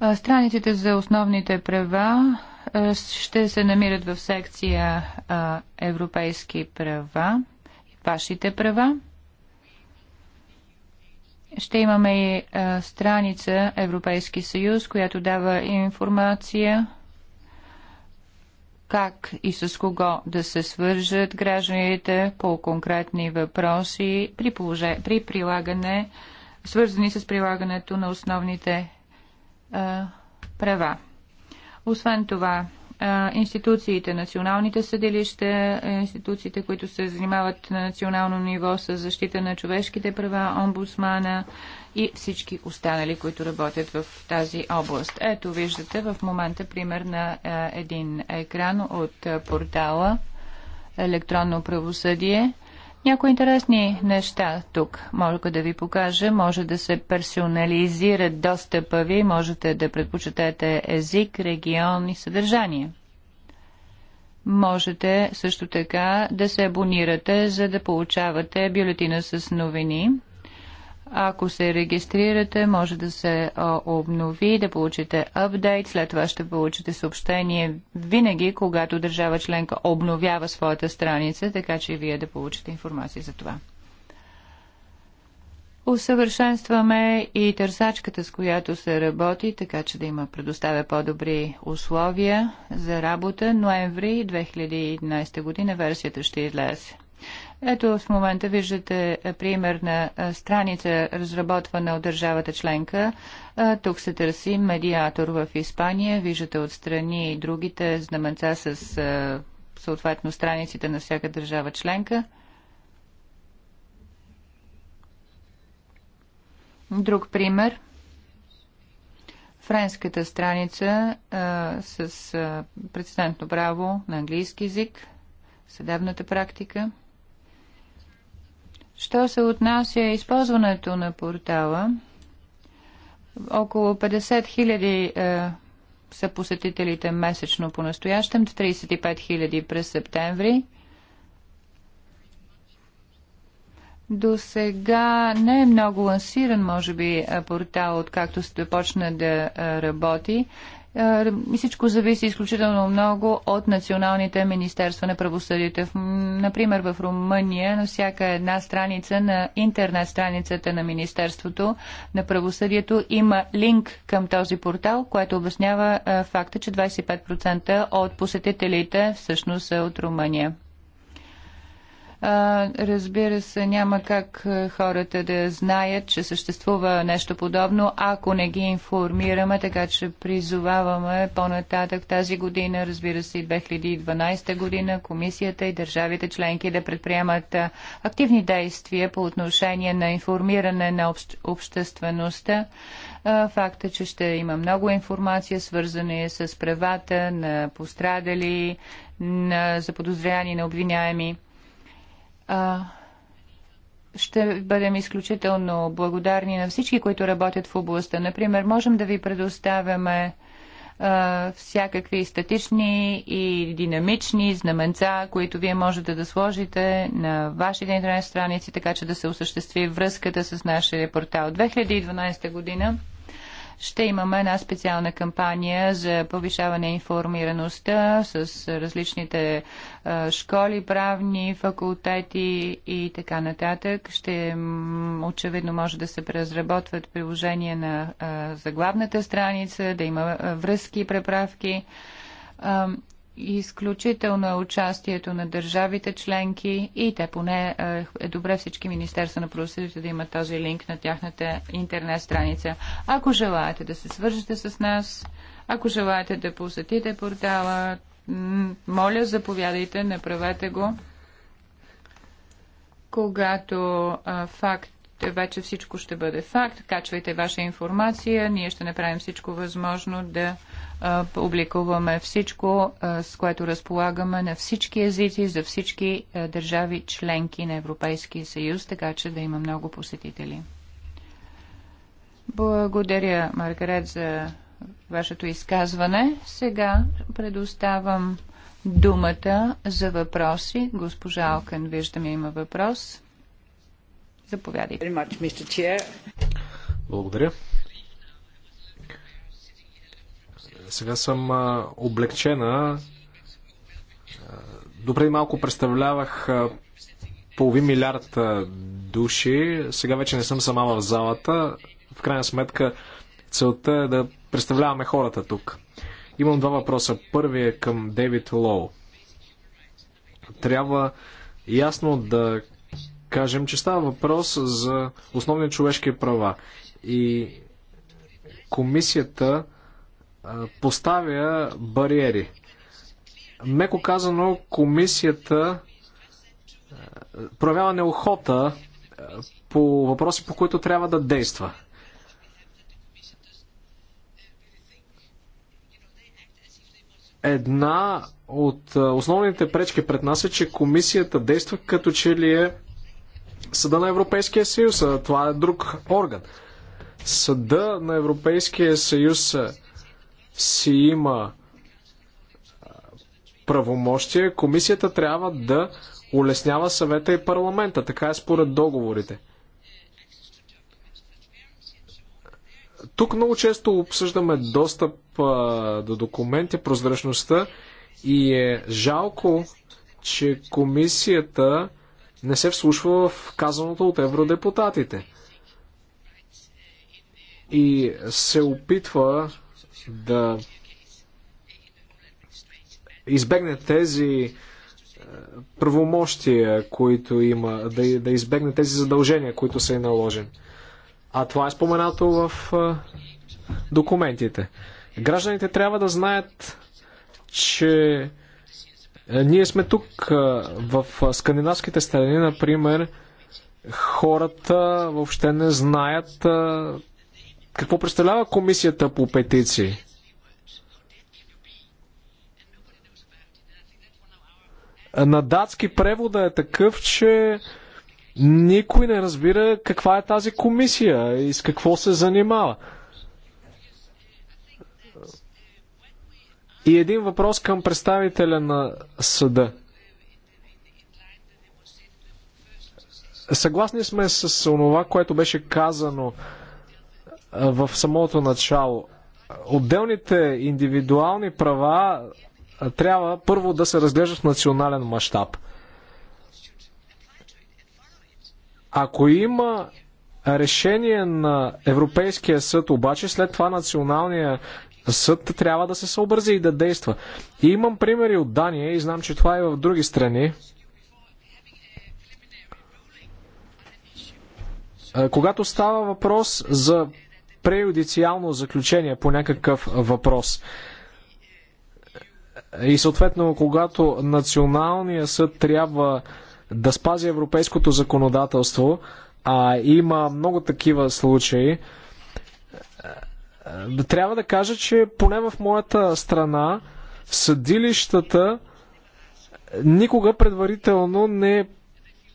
А, страниците за основните права а, ще се намират в секция а, Европейски права, вашите права ще имаме и страница Европейски съюз, която дава информация как и с кого да се свържат гражданите по конкретни въпроси при, положе, при прилагане, свързани с прилагането на основните а, права. Освен това, институциите, националните съдилища, е, институциите, които се занимават на национално ниво с защита на човешките права, омбудсмана и всички останали, които работят в тази област. Ето виждате в момента пример на един екран от портала електронно правосъдие. Някои интересни неща тук мога да ви покажа. Може да се персонализира достъпа ви, можете да предпочитате език, регион и съдържание. Можете също така да се абонирате, за да получавате бюлетина с новини ако се регистрирате, може да се обнови, да получите апдейт, след това ще получите съобщение винаги, когато държава членка обновява своята страница, така че и вие да получите информация за това. Усъвършенстваме и търсачката, с която се работи, така че да има предоставя по-добри условия за работа. Ноември 2011 година версията ще излезе. Ето в момента виждате е, пример на е, страница, разработвана от държавата членка. Е, тук се търси медиатор в Испания. Виждате отстрани и другите знаменца с съответно страниците на всяка държава членка. Друг пример. Френската страница а, с а, прецедентно право на английски язик, съдебната практика – Що се отнася използването на портала, около 50 хиляди е, са посетителите месечно по-настоящем, 35 хиляди през септември. До сега не е много лансиран, може би, е, портал, откакто се почна да е, работи. Е, всичко зависи изключително много от националните министерства на правосъдието. Например, в Румъния на всяка една страница на интернет страницата на Министерството на правосъдието има линк към този портал, което обяснява е, факта, че 25% от посетителите всъщност са от Румъния. Разбира се, няма как хората да знаят, че съществува нещо подобно, ако не ги информираме, така че призоваваме по-нататък тази година, разбира се и 2012 година, комисията и държавите членки да предприемат активни действия по отношение на информиране на общ... обществеността факта, че ще има много информация, свързана е с правата на пострадали, на заподозряни, на обвиняеми ще бъдем изключително благодарни на всички, които работят в областта. Например, можем да ви предоставяме а, всякакви статични и динамични знаменца, които вие можете да сложите на вашите интернет страници, така че да се осъществи връзката с нашия портал. 2012 година ще имаме една специална кампания за повишаване информираността с различните школи, правни факултети и така нататък. Ще очевидно може да се преразработват приложения на заглавната страница, да има връзки и преправки изключително е участието на държавите членки и те поне е, е добре всички Министерства на правосъдието да имат този линк на тяхната интернет страница. Ако желаете да се свържете с нас, ако желаете да посетите портала, моля, заповядайте, направете го. Когато а, факт вече всичко ще бъде факт. Качвайте ваша информация. Ние ще направим всичко възможно да а, публикуваме всичко, а, с което разполагаме на всички езици за всички а, държави членки на Европейския съюз, така че да има много посетители. Благодаря, Маргарет, за вашето изказване. Сега предоставам думата за въпроси. Госпожа Алкан, виждам, има въпрос. Заповядайте. Благодаря. Сега съм облегчена. Добре малко представлявах половин милиард души. Сега вече не съм сама в залата. В крайна сметка целта е да представляваме хората тук. Имам два въпроса. Първият е към Дейвид Лоу. Трябва ясно да кажем, че става въпрос за основни човешки права. И комисията поставя бариери. Меко казано, комисията проявява неохота по въпроси, по които трябва да действа. Една от основните пречки пред нас е, че комисията действа като че ли е Съда на Европейския съюз, а това е друг орган. Съда на Европейския съюз си има правомощие, комисията трябва да улеснява съвета и парламента. Така е според договорите. Тук много често обсъждаме достъп а, до документи, прозрачността и е жалко, че комисията не се вслушва в казаното от евродепутатите. И се опитва да избегне тези е, правомощия, които има, да, да избегне тези задължения, които са и наложени. А това е споменато в е, документите. Гражданите трябва да знаят, че е, ние сме тук е, в скандинавските страни, например, хората въобще не знаят е, какво представлява комисията по петиции. На датски превода е такъв, че никой не разбира каква е тази комисия и с какво се занимава. И един въпрос към представителя на съда. Съгласни сме с онова, което беше казано в самото начало. Отделните индивидуални права трябва първо да се разглеждат в национален мащаб. Ако има решение на Европейския съд, обаче след това националния съд трябва да се съобрази и да действа. И имам примери от Дания и знам, че това е в други страни. Когато става въпрос за преюдициално заключение по някакъв въпрос, и съответно, когато националният съд трябва да спази европейското законодателство, а има много такива случаи, е, трябва да кажа, че поне в моята страна съдилищата никога предварително не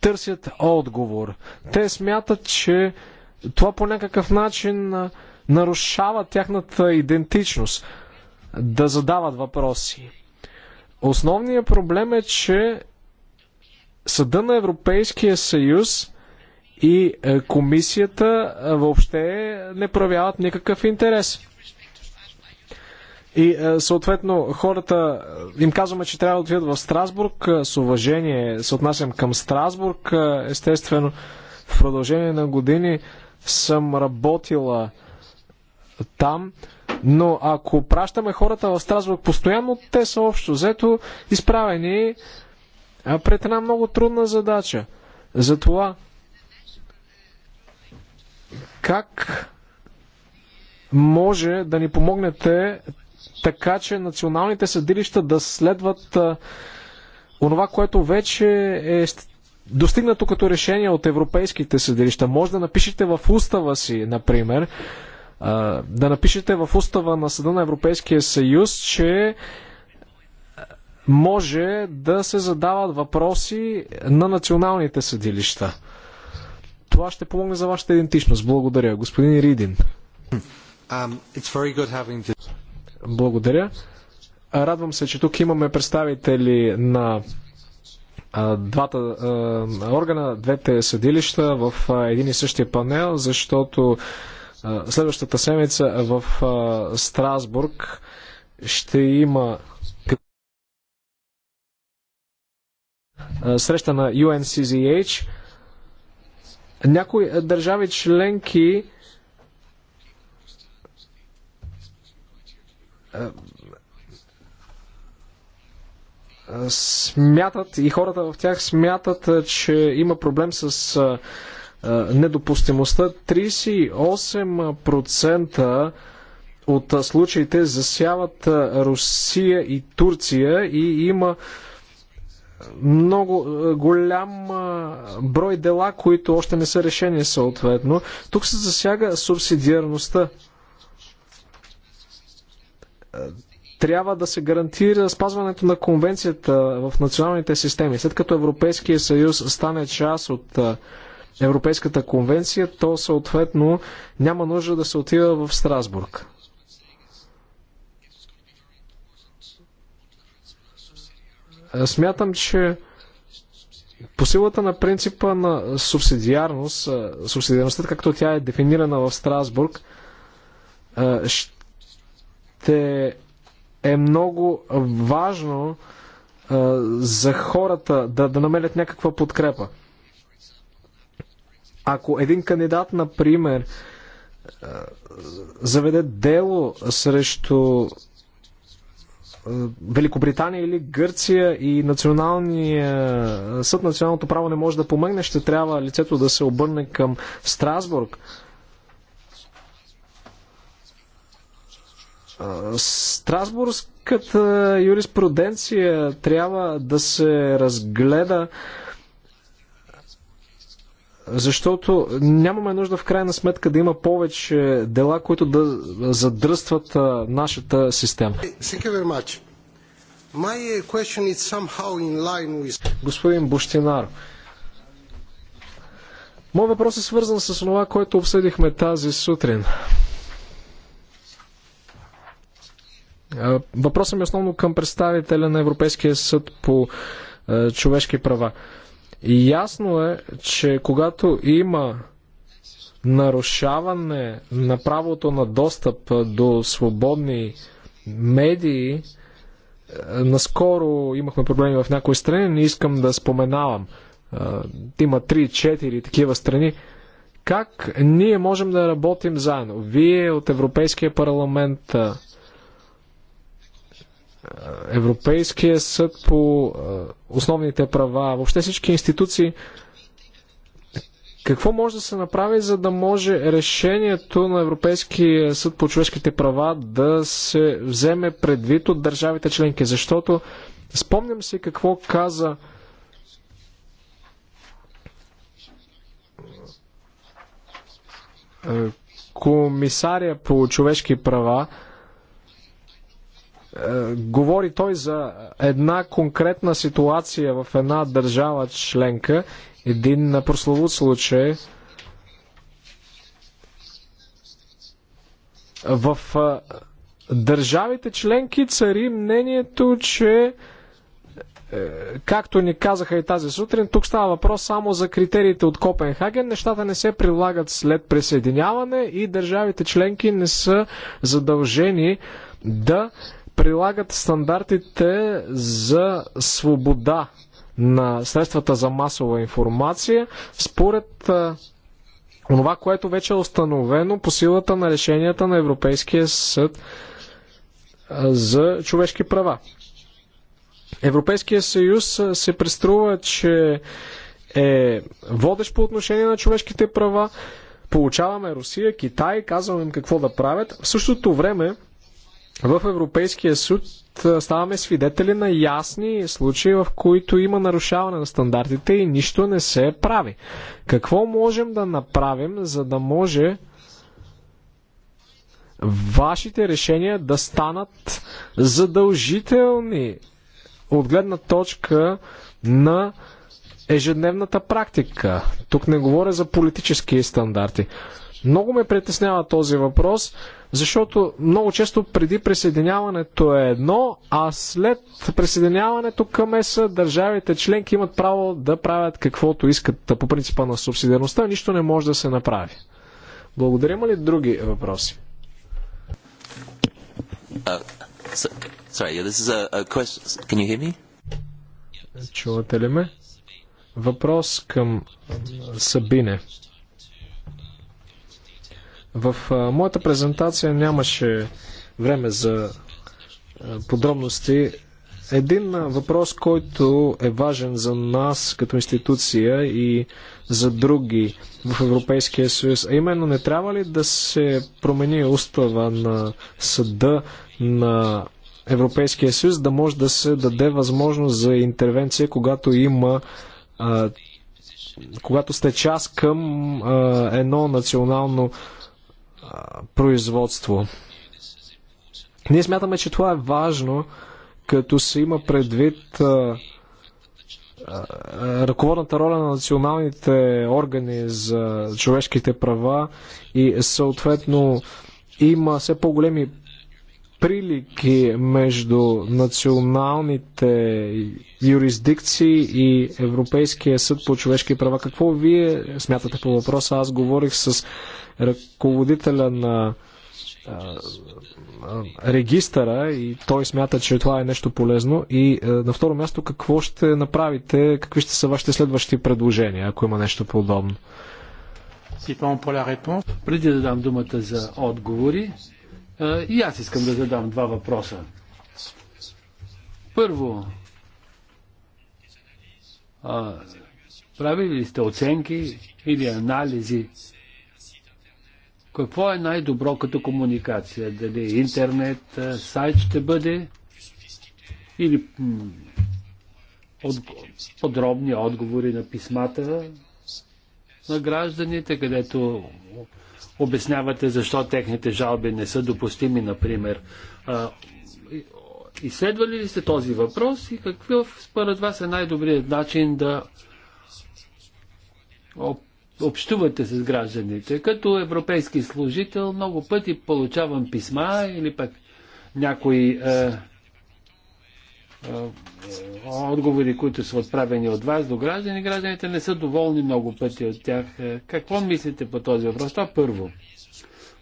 търсят отговор. Те смятат, че това по някакъв начин нарушава тяхната идентичност да задават въпроси. Основният проблем е, че Съда на Европейския съюз и е, комисията е, въобще не проявяват никакъв интерес. И е, съответно хората им казваме, че трябва да отидат в Страсбург. С уважение се отнасям към Страсбург. Естествено, в продължение на години съм работила там. Но ако пращаме хората в Страсбург постоянно, те са общо взето изправени пред една много трудна задача. Затова как може да ни помогнете така, че националните съдилища да следват онова, което вече е достигнато като решение от европейските съдилища. Може да напишете в устава си, например, да напишете в устава на Съда на Европейския съюз, че може да се задават въпроси на националните съдилища. Това ще помогне за вашата идентичност. Благодаря. Господин Ридин. Um, Благодаря. Радвам се, че тук имаме представители на двата органа, двете съдилища в един и същия панел, защото следващата седмица в Страсбург ще има среща на UNCZH. Някои е, държави членки е, е, смятат и хората в тях смятат, че има проблем с недопустимостта. 38% от случаите засяват Русия и Турция и има много е, голям е, брой дела, които още не са решени съответно. Тук се засяга субсидиарността. Е, трябва да се гарантира спазването на конвенцията в националните системи. След като Европейския съюз стане част от Европейската конвенция, то съответно няма нужда да се отива в Страсбург. Смятам, че по силата на принципа на субсидиарност, субсидиарността, както тя е дефинирана в Страсбург, ще е много важно за хората да, да намерят някаква подкрепа. Ако един кандидат, например, заведе дело срещу е, Великобритания или Гърция и националния е, съд, националното право не може да помогне, ще трябва лицето да се обърне към Страсбург. Е, Страсбургската юриспруденция трябва да се разгледа защото нямаме нужда в крайна сметка да има повече дела, които да задръстват нашата система. Господин Буштинар, Моят въпрос е свързан с това, което обсъдихме тази сутрин. Въпросът ми е основно към представителя на Европейския съд по човешки права. Ясно е, че когато има нарушаване на правото на достъп до свободни медии, е, наскоро имахме проблеми в някои страни, не искам да споменавам. Е, има 3-4 такива страни. Как ние можем да работим заедно? Вие от Европейския парламент, е, Европейския съд по основните права, въобще всички институции. Какво може да се направи, за да може решението на Европейския съд по човешките права да се вземе предвид от държавите членки? Защото спомням си какво каза комисария по човешки права, е, говори той за една конкретна ситуация в една държава членка, един прословут случай в е, държавите членки цари мнението, че е, както ни казаха и тази сутрин, тук става въпрос само за критериите от Копенхаген. Нещата не се прилагат след присъединяване и държавите членки не са задължени да прилагат стандартите за свобода на средствата за масова информация според това, което вече е установено по силата на решенията на Европейския съд за човешки права. Европейския съюз се преструва, че е водещ по отношение на човешките права. Получаваме Русия, Китай, казваме им какво да правят. В същото време в Европейския суд ставаме свидетели на ясни случаи, в които има нарушаване на стандартите и нищо не се прави. Какво можем да направим, за да може вашите решения да станат задължителни от гледна точка на ежедневната практика. Тук не говоря за политически стандарти. Много ме притеснява този въпрос. Защото много често преди присъединяването е едно, а след присъединяването към ЕС, държавите членки имат право да правят каквото искат по принципа на субсидиарността. Нищо не може да се направи. Благодаря има ли други въпроси? Uh, Чувате ли ме? Въпрос към Сабине. В моята презентация нямаше време за подробности. Един въпрос, който е важен за нас като институция и за други в Европейския съюз, а именно не трябва ли да се промени устава на съда на Европейския съюз, да може да се даде възможност за интервенция, когато има когато сте част към едно национално производство. Ние смятаме, че това е важно, като се има предвид а, а, ръководната роля на националните органи за човешките права и съответно има все по-големи прилики между националните юрисдикции и Европейския съд по човешки права. Какво вие смятате по въпроса? Аз говорих с ръководителя на регистъра и той смята, че това е нещо полезно. И на второ място, какво ще направите, какви ще са вашите следващи предложения, ако има нещо подобно? Преди да дам думата за отговори, и аз искам да задам два въпроса. Първо, а, правили ли сте оценки или анализи? Какво е най-добро като комуникация? Дали интернет, сайт ще бъде? Или от, подробни отговори на писмата на гражданите, където обяснявате защо техните жалби не са допустими, например. Изследвали ли сте този въпрос и какъв според вас е най-добрият начин да общувате с гражданите? Като европейски служител много пъти получавам писма или пък някои е, отговори, които са отправени от вас до граждани, гражданите не са доволни много пъти от тях. Е, какво мислите по този въпрос? Това първо.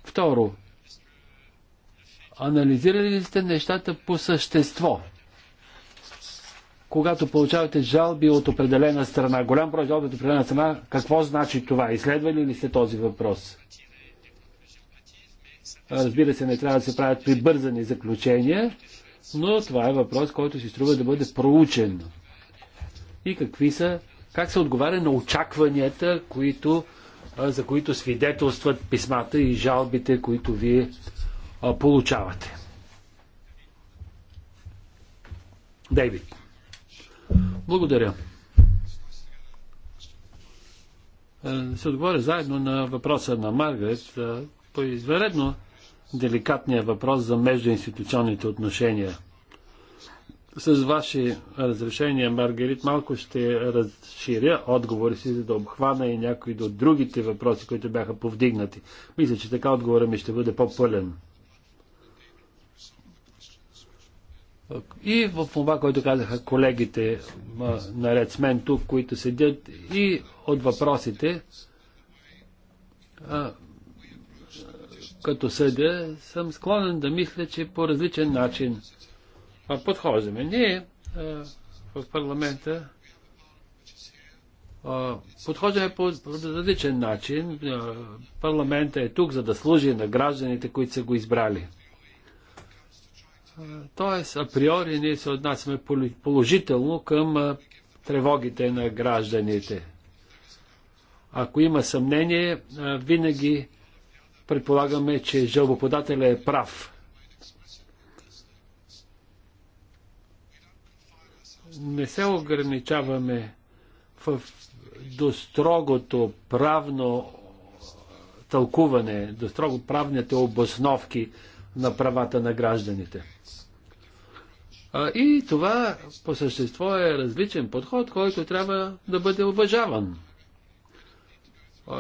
Второ, анализирали ли сте нещата по същество? Когато получавате жалби от определена страна, голям брой жалби от определена страна, какво значи това? Изследвали ли сте този въпрос? Разбира се, не трябва да се правят прибързани заключения, но това е въпрос, който си струва да бъде проучен. И какви са, как се отговаря на очакванията, които, за които свидетелстват писмата и жалбите, които вие получавате. Дейвид. Благодаря. Е, се отговоря заедно на въпроса на Маргарет по извънредно деликатния въпрос за междуинституционните отношения. С ваше разрешение, Маргарит, малко ще разширя отговори си, за да обхвана и някои от другите въпроси, които бяха повдигнати. Мисля, че така отговора ми ще бъде по-пълен. И в това, което казаха колегите наред с мен тук, които седят, и от въпросите, като съдя, съм склонен да мисля, че по различен начин подхождаме. Ние в парламента подхождаме по различен начин. Парламента е тук, за да служи на гражданите, които са го избрали. Тоест, априори ние се отнасяме положително към тревогите на гражданите. Ако има съмнение, винаги предполагаме, че жалбоподателя е прав. Не се ограничаваме в, до строгото правно тълкуване, до строго правните обосновки на правата на гражданите. И това по същество е различен подход, който трябва да бъде уважаван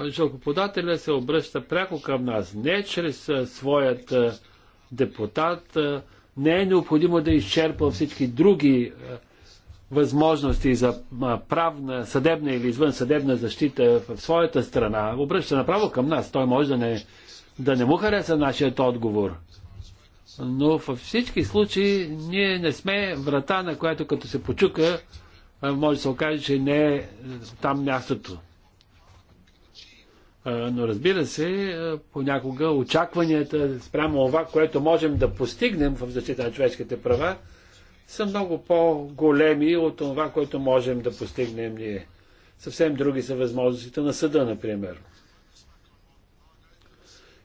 жалкоподателя се обръща пряко към нас, не чрез своят депутат. Не е необходимо да изчерпва всички други възможности за правна, съдебна или извънсъдебна защита в своята страна, обръща направо към нас. Той може да не, да не му хареса нашият отговор. Но във всички случаи ние не сме врата, на която като се почука, може да се окаже, че не е там мястото. Но разбира се, понякога очакванията спрямо това, което можем да постигнем в защита на човешките права, са много по-големи от това, което можем да постигнем ние. Съвсем други са възможностите на съда, например.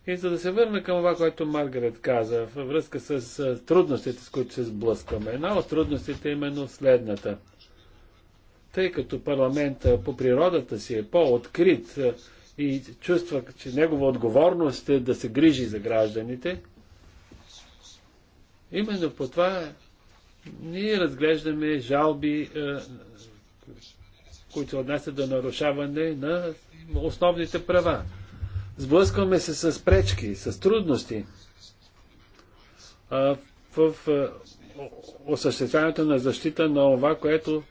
И за да се върна към това, което Маргарет каза, във връзка с трудностите, с които се сблъскваме. Една от трудностите е именно следната. Тъй като парламента по природата си е по-открит, и чувства, че негова отговорност е да се грижи за гражданите, именно по това ние разглеждаме жалби, е, които отнасят до нарушаване на основните права. Сблъскваме се с пречки, с трудности е, в е, осъществяването на защита на това, което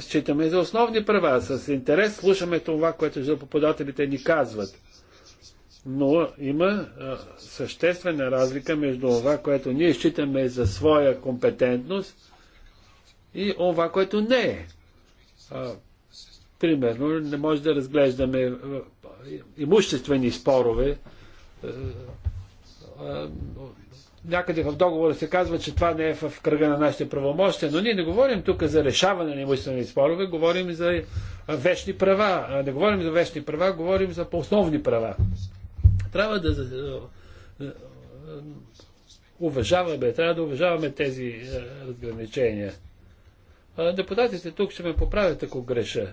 считаме за основни права. С интерес слушаме това, което жилпоподателите ни казват. Но има съществена разлика между това, което ние считаме за своя компетентност и това, което не е. Примерно, не може да разглеждаме имуществени спорове някъде в договора се казва, че това не е в кръга на нашите правомощия, но ние не говорим тук за решаване на имуществени спорове, говорим за вечни права. Не говорим за вечни права, говорим за основни права. Трябва да е, е, е, уважаваме, трябва да уважаваме тези разграничения. Депутатите тук ще ме поправят, ако греша.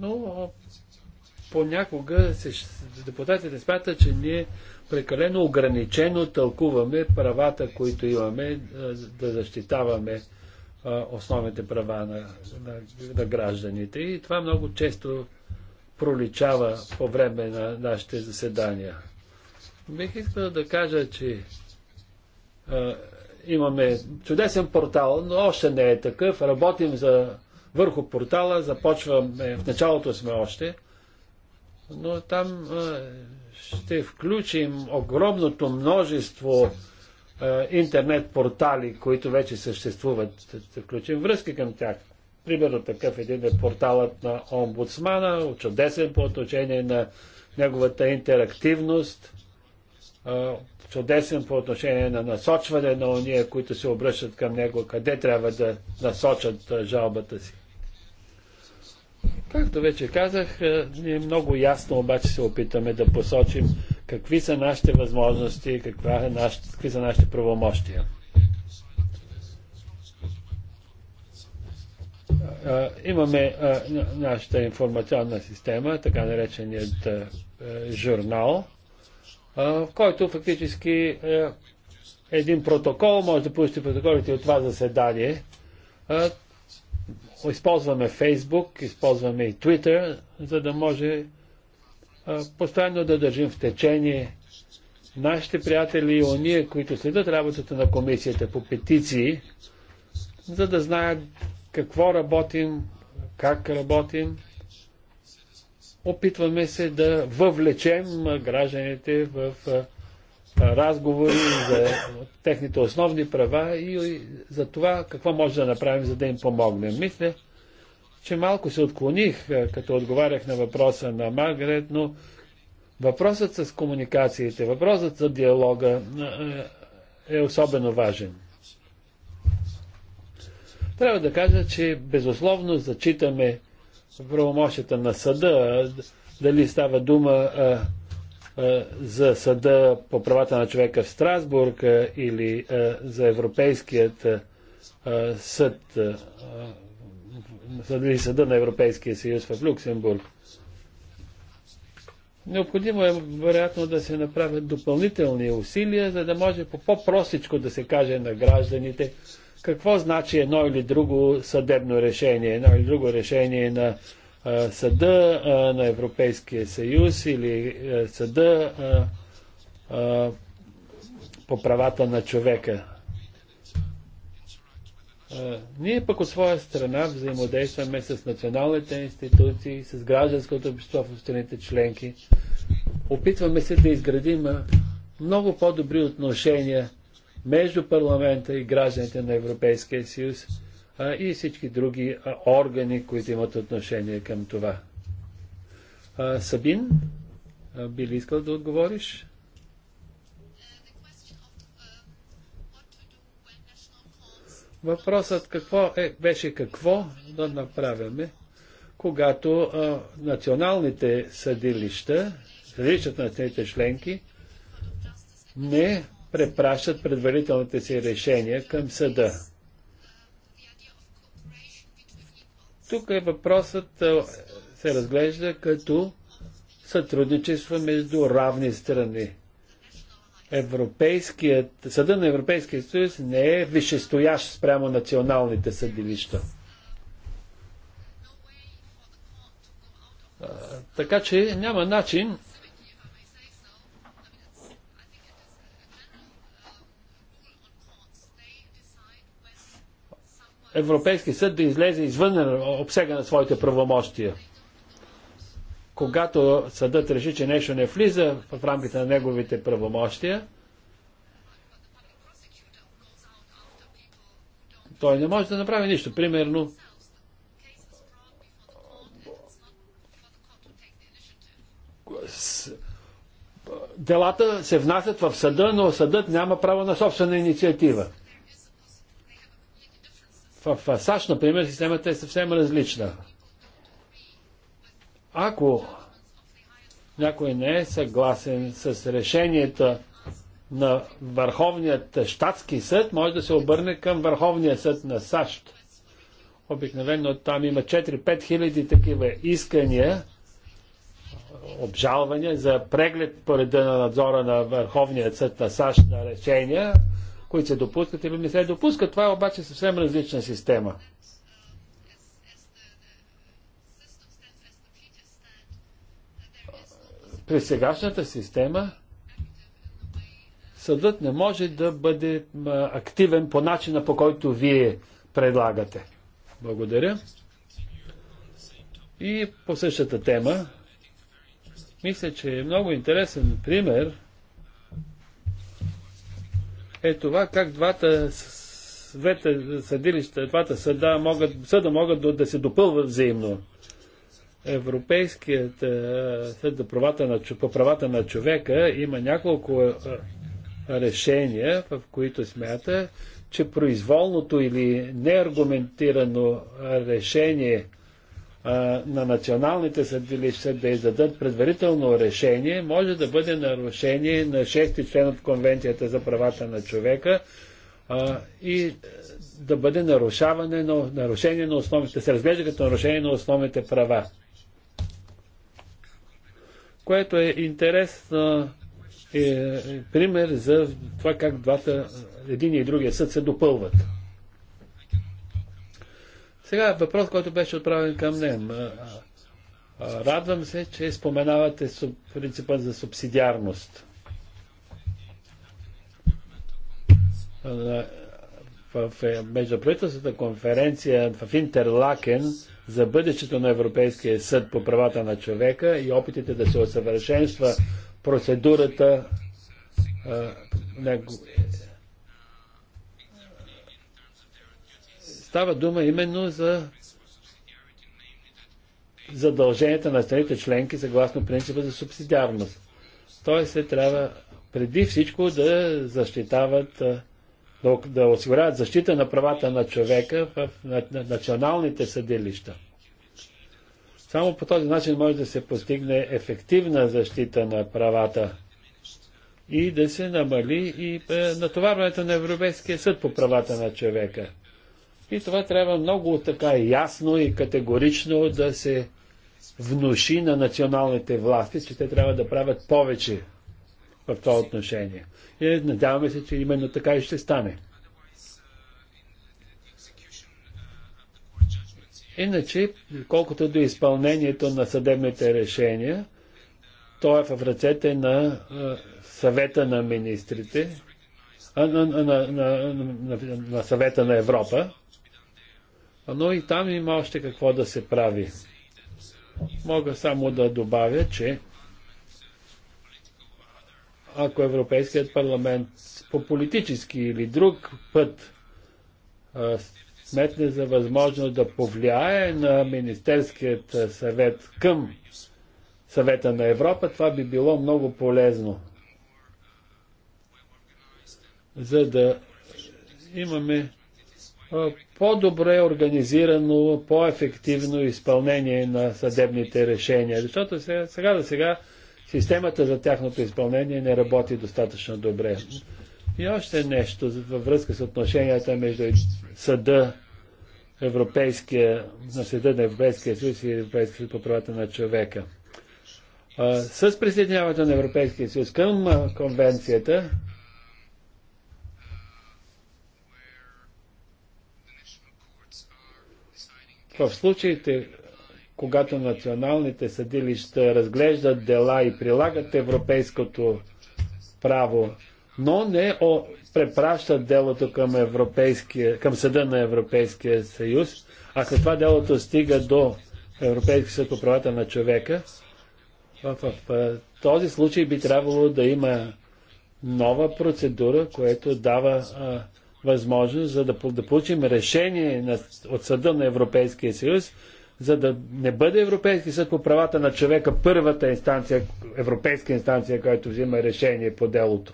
Но понякога се, депутатите смятат, че ние прекалено ограничено тълкуваме правата, които имаме е, да защитаваме е, основните права на, на, на гражданите. И това много често проличава по време на нашите заседания. Бих искал да кажа, че а, е, имаме чудесен портал, но още не е такъв. Работим за, върху портала, започваме, в началото сме още, но там а, ще включим огромното множество е, интернет портали, които вече съществуват. Ще включим връзки към тях. Примерно такъв един е порталът на омбудсмана, чудесен по отношение на неговата интерактивност, е, чудесен по отношение на насочване на ония, които се обръщат към него, къде трябва да насочат е, жалбата си. Както вече казах, е, ние много ясно обаче се опитаме да посочим какви са нашите възможности, каква е наш, какви са нашите правомощия. Е, е, имаме нашата информационна система, така нареченият журнал, в който фактически един протокол, може да получите протоколите от това заседание, използваме Фейсбук, използваме и Twitter, за да може а, постоянно да държим в течение нашите приятели и ония, които следят работата на комисията по петиции, за да знаят какво работим, как работим. Опитваме се да въвлечем гражданите в а, разговори за техните основни права и за това какво може да направим, за да им помогнем. Мисля, че малко се отклоних, е, като отговарях на въпроса на Маргарет, но въпросът с комуникациите, въпросът за диалога е, е особено важен. Трябва да кажа, че безусловно зачитаме правомощията на съда, дали става дума е, за съда по правата на човека в Страсбург е, или е, за Европейският съд, съда или съда на Европейския съюз в Люксембург. Необходимо е, вероятно, да се направят допълнителни усилия, за да може по по-простичко да се каже на гражданите какво значи едно или друго съдебно решение, едно или друго решение на съда на Европейския съюз или съда по правата на човека. Ние пък от своя страна взаимодействаме с националните институции, с гражданското общество в страните членки. Опитваме се да изградим много по-добри отношения между парламента и гражданите на Европейския съюз а, и всички други органи, които имат отношение към това. А, Сабин, би ли искал да отговориш? Въпросът какво е, беше какво да направяме, когато а, националните съдилища, съдилищата на тези членки, не препращат предварителните си решения към съда. Тук е въпросът се разглежда като сътрудничество между равни страни. Европейският, съда на Европейския съюз не е вишестоящ спрямо националните съдилища. така че няма начин Европейски съд да излезе извън обсега на своите правомощия. Когато съдът реши, че нещо не влиза в рамките на неговите правомощия, той не може да направи нищо. Примерно, делата се внасят в съда, но съдът няма право на собствена инициатива в, в САЩ, например, системата е съвсем различна. Ако някой не е съгласен с решенията на Върховният щатски съд, може да се обърне към Върховния съд на САЩ. Обикновено там има 4-5 хиляди такива искания, обжалвания за преглед по реда на надзора на Върховния съд на САЩ на решения, които се допускат или не се допускат. Това е обаче съвсем различна система. При сегашната система съдът не може да бъде активен по начина по който вие предлагате. Благодаря. И по същата тема, мисля, че е много интересен пример е това как двата двете съдилища, двата съда могат, съда могат да се допълват взаимно. Европейският е, съд за правата на, по правата на човека има няколко е, решения, в които смята, че произволното или неаргументирано решение – на националните съдилища да издадат предварително решение, може да бъде нарушение на 6 член от Конвенцията за правата на човека а, и да бъде нарушаване на, нарушение на основните, се разглежда като нарушение на основните права. Което е интересно е, е пример за това как двата, един и другия съд се допълват. Сега въпрос, който беше отправен към нем. Радвам се, че споменавате принципа за субсидиарност. В е, междуправителствената конференция в Интерлакен за бъдещето на Европейския съд по правата на човека и опитите да се усъвършенства процедурата Става дума именно за задълженията на страните членки съгласно принципа за субсидиарност. Тоест, се трябва преди всичко да защитават, да, осигуряват защита на правата на човека в националните съдилища. Само по този начин може да се постигне ефективна защита на правата и да се намали и е, натоварването на Европейския съд по правата на човека. И това трябва много така ясно и категорично да се внуши на националните власти, че те трябва да правят повече в това отношение. И надяваме се, че именно така и ще стане. Иначе, колкото до изпълнението на съдебните решения, то е в ръцете на съвета на министрите, на, на, на, на, на съвета на Европа но и там има още какво да се прави. Мога само да добавя, че ако Европейският парламент по политически или друг път сметне за възможно да повлияе на Министерският съвет към съвета на Европа, това би било много полезно, за да имаме по-добре организирано, по-ефективно изпълнение на съдебните решения. Защото сега, сега до сега системата за тяхното изпълнение не работи достатъчно добре. И още нещо във връзка с отношенията между съда Европейския, на Съда на Европейския съюз и Европейския съюз по правата на човека. с присъединяването на Европейския съюз към конвенцията, В случаите, когато националните съдилища разглеждат дела и прилагат европейското право, но не о, препращат делото към, европейския, към съда на Европейския съюз, а след това делото стига до Европейския съд по правата на човека, в, в, в този случай би трябвало да има нова процедура, която дава а, възможност, за да, да получим решение на, от Съда на Европейския съюз, за да не бъде Европейски съд по правата на човека първата инстанция, европейска инстанция, която взима решение по делото.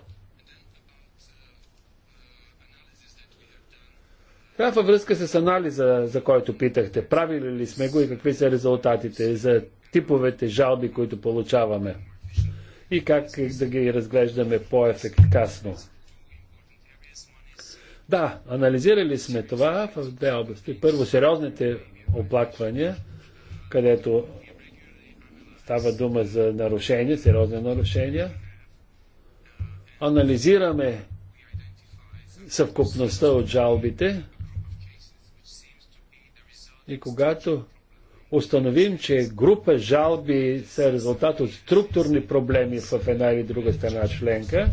Това във връзка с анализа, за който питахте, правили ли сме го и какви са резултатите за типовете жалби, които получаваме и как да ги разглеждаме по ефективно да, анализирали сме това в две области. Първо, сериозните оплаквания, където става дума за нарушения, сериозни нарушения. Анализираме съвкупността от жалбите и когато установим, че група жалби са резултат от структурни проблеми в една или друга страна членка,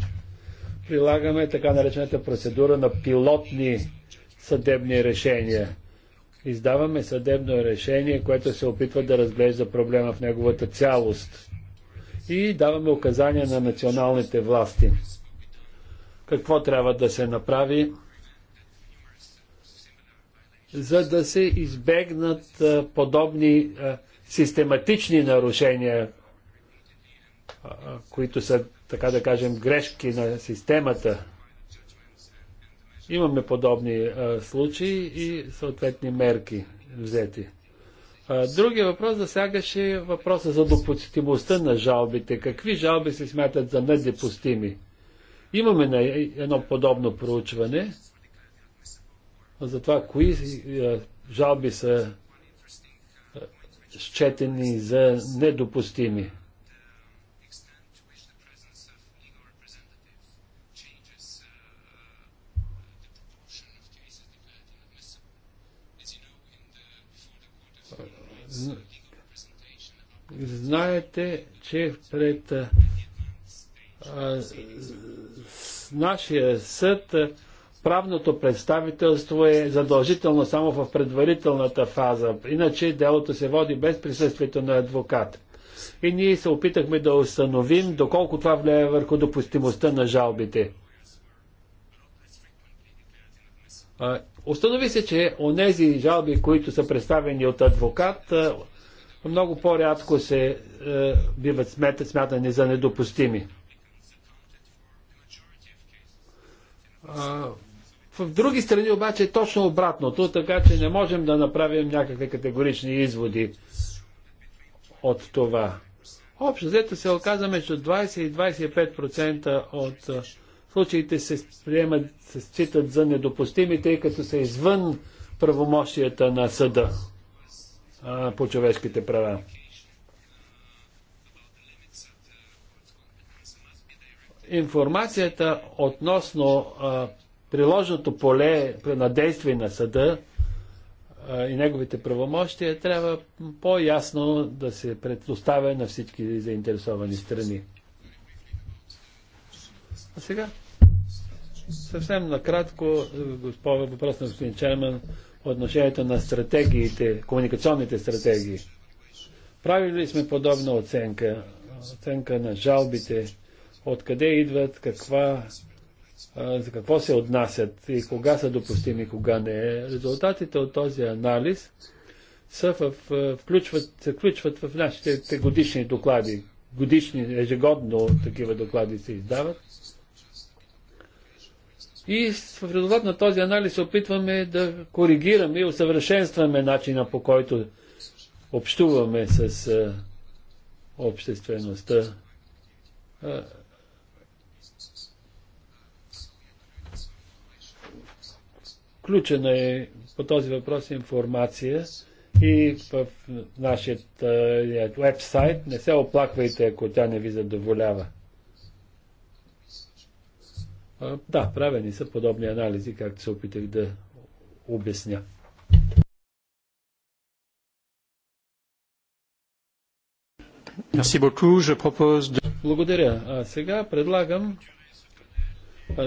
прилагаме така наречената процедура на пилотни съдебни решения. Издаваме съдебно решение, което се опитва да разглежда проблема в неговата цялост. И даваме указания на националните власти. Какво трябва да се направи, за да се избегнат подобни систематични нарушения, които са така да кажем, грешки на системата. Имаме подобни а, случаи и съответни мерки взети. А, другия въпрос засягаше въпроса за допустимостта на жалбите. Какви жалби се смятат за недопустими? Имаме на е, едно подобно проучване за това кои а, е, жалби са е, счетени за недопустими. Знаете, че пред а, с нашия съд правното представителство е задължително само в предварителната фаза. Иначе делото се води без присъствието на адвокат. И ние се опитахме да установим доколко това влияе върху допустимостта на жалбите. Останови установи се, че онези жалби, които са представени от адвокат, много по-рядко се биват смятани за недопустими. в други страни обаче е точно обратното, така че не можем да направим някакви категорични изводи от това. Общо взето се оказа между 20 и 25% от случаите се приемат, се считат за недопустими, тъй като са извън правомощията на съда а, по човешките права. Информацията относно а, приложното поле на действие на съда а, и неговите правомощия трябва по-ясно да се предоставя на всички заинтересовани страни. А сега Съвсем накратко, е, госпожа, въпрос на господин Чайман, отношението на стратегиите, комуникационните стратегии. Правили сме подобна оценка, оценка на жалбите, откъде идват, каква, за какво се отнасят и кога са допустими, кога не е. Резултатите от този анализ са в, включват, се включват в нашите годишни доклади. Годишни, ежегодно такива доклади се издават. И в резултат на този анализ се опитваме да коригираме и усъвършенстваме начина по който общуваме с обществеността. Включена е по този въпрос информация и в нашия вебсайт. Е, не се оплаквайте, ако тя не ви задоволява. Да, правени са подобни анализи, както се опитах да обясня. Благодаря. А сега предлагам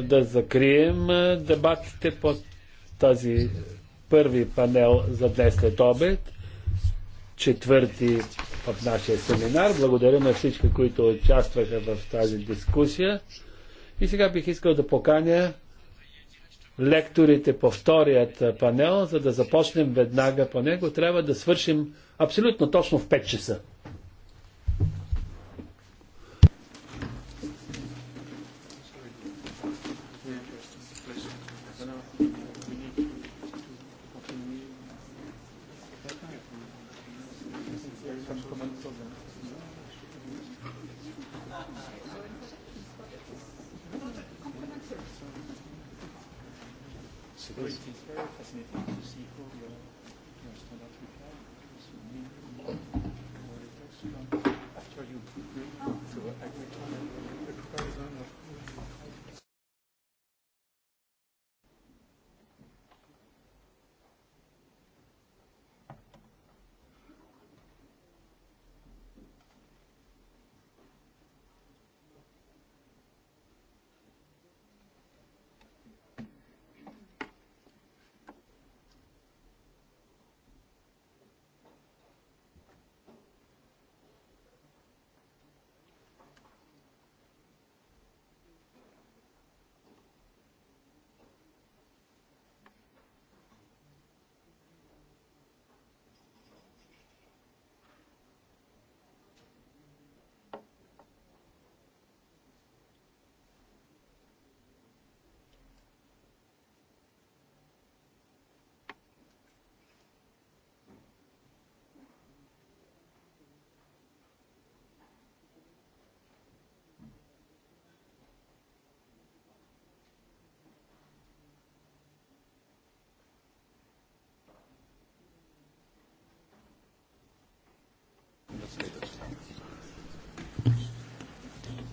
да закрием дебатите по тази първи панел за днес след обед, четвърти в нашия семинар. Благодаря на всички, които участваха в тази дискусия. И сега бих искал да поканя лекторите по вторият панел, за да започнем веднага по него. Трябва да свършим абсолютно точно в 5 часа.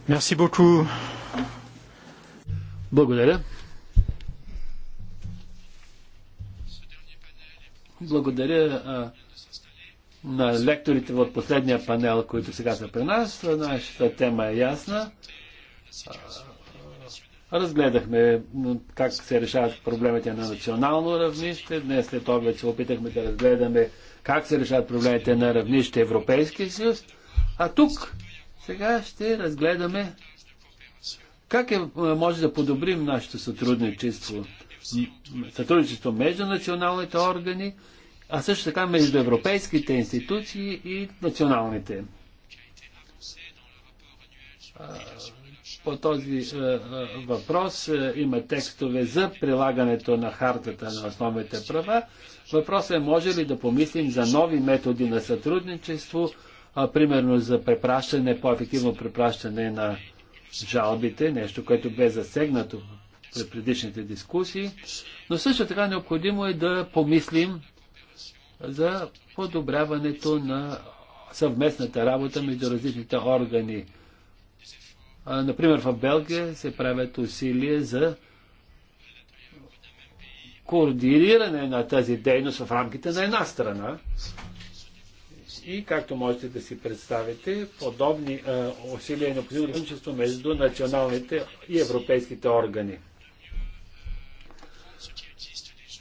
Merci beaucoup. Благодаря. Благодаря а, на лекторите от последния панел, които сега са при нас. Нашата тема е ясна. Разгледахме как се решават проблемите на национално равнище. Днес след обед се опитахме да разгледаме как се решават проблемите на равнище Европейския съюз. А тук сега ще разгледаме как е, е, може да подобрим нашето сътрудничество. Сътрудничество между националните органи, а също така между европейските институции и националните. По този е, е, въпрос има текстове за прилагането на хартата на основните права. Въпросът е може ли да помислим за нови методи на сътрудничество, а, примерно за препращане, по-ефективно препращане на жалбите, нещо, което бе засегнато при предишните дискусии, но също така необходимо е да помислим за подобряването на съвместната работа между различните органи. А, например, в Белгия се правят усилия за координиране на тази дейност в рамките на една страна, и, както можете да си представите, подобни а, усилия е необходимо сътрудничество между националните и европейските органи.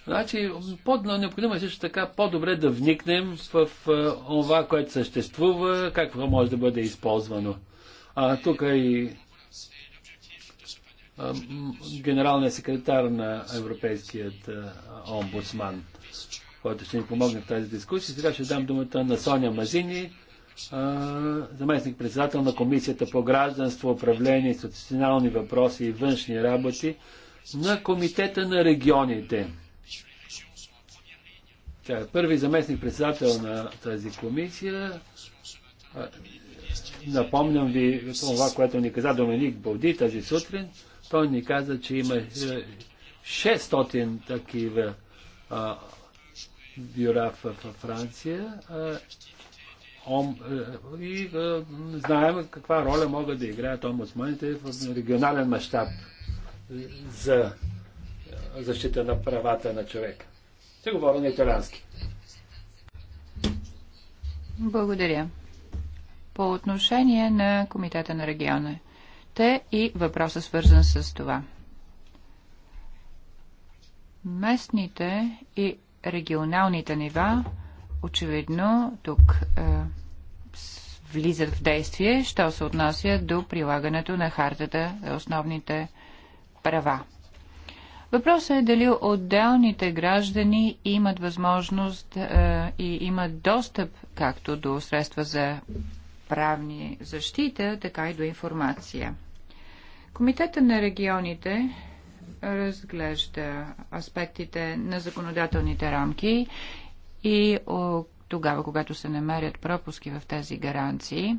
Значи, под, необходимо е също така по-добре да вникнем в а, това, което съществува, какво може да бъде използвано. А, тук е и а, генералният секретар на Европейският а, омбудсман който ще ни помогне в тази дискусия. Сега ще дам думата на Соня Мазини, заместник-председател на Комисията по гражданство, управление, социални въпроси и външни работи на Комитета на регионите. Тя е първи заместник-председател на тази комисия. Напомням ви това, което ни каза Доминик Балди тази сутрин. Той ни каза, че има 600 е, такива бюра във Франция ом, е, и е, знаем каква роля могат да играят омбудсманите в регионален мащаб за защита на правата на човека. Се говоря на италиански. Благодаря. По отношение на Комитета на региона, те и въпроса свързан с това. Местните и регионалните нива, очевидно, тук е, влизат в действие, що се отнася до прилагането на хартата за основните права. Въпросът е дали отделните граждани имат възможност е, и имат достъп както до средства за правни защита, така и до информация. Комитета на регионите разглежда аспектите на законодателните рамки и тогава, когато се намерят пропуски в тези гаранции,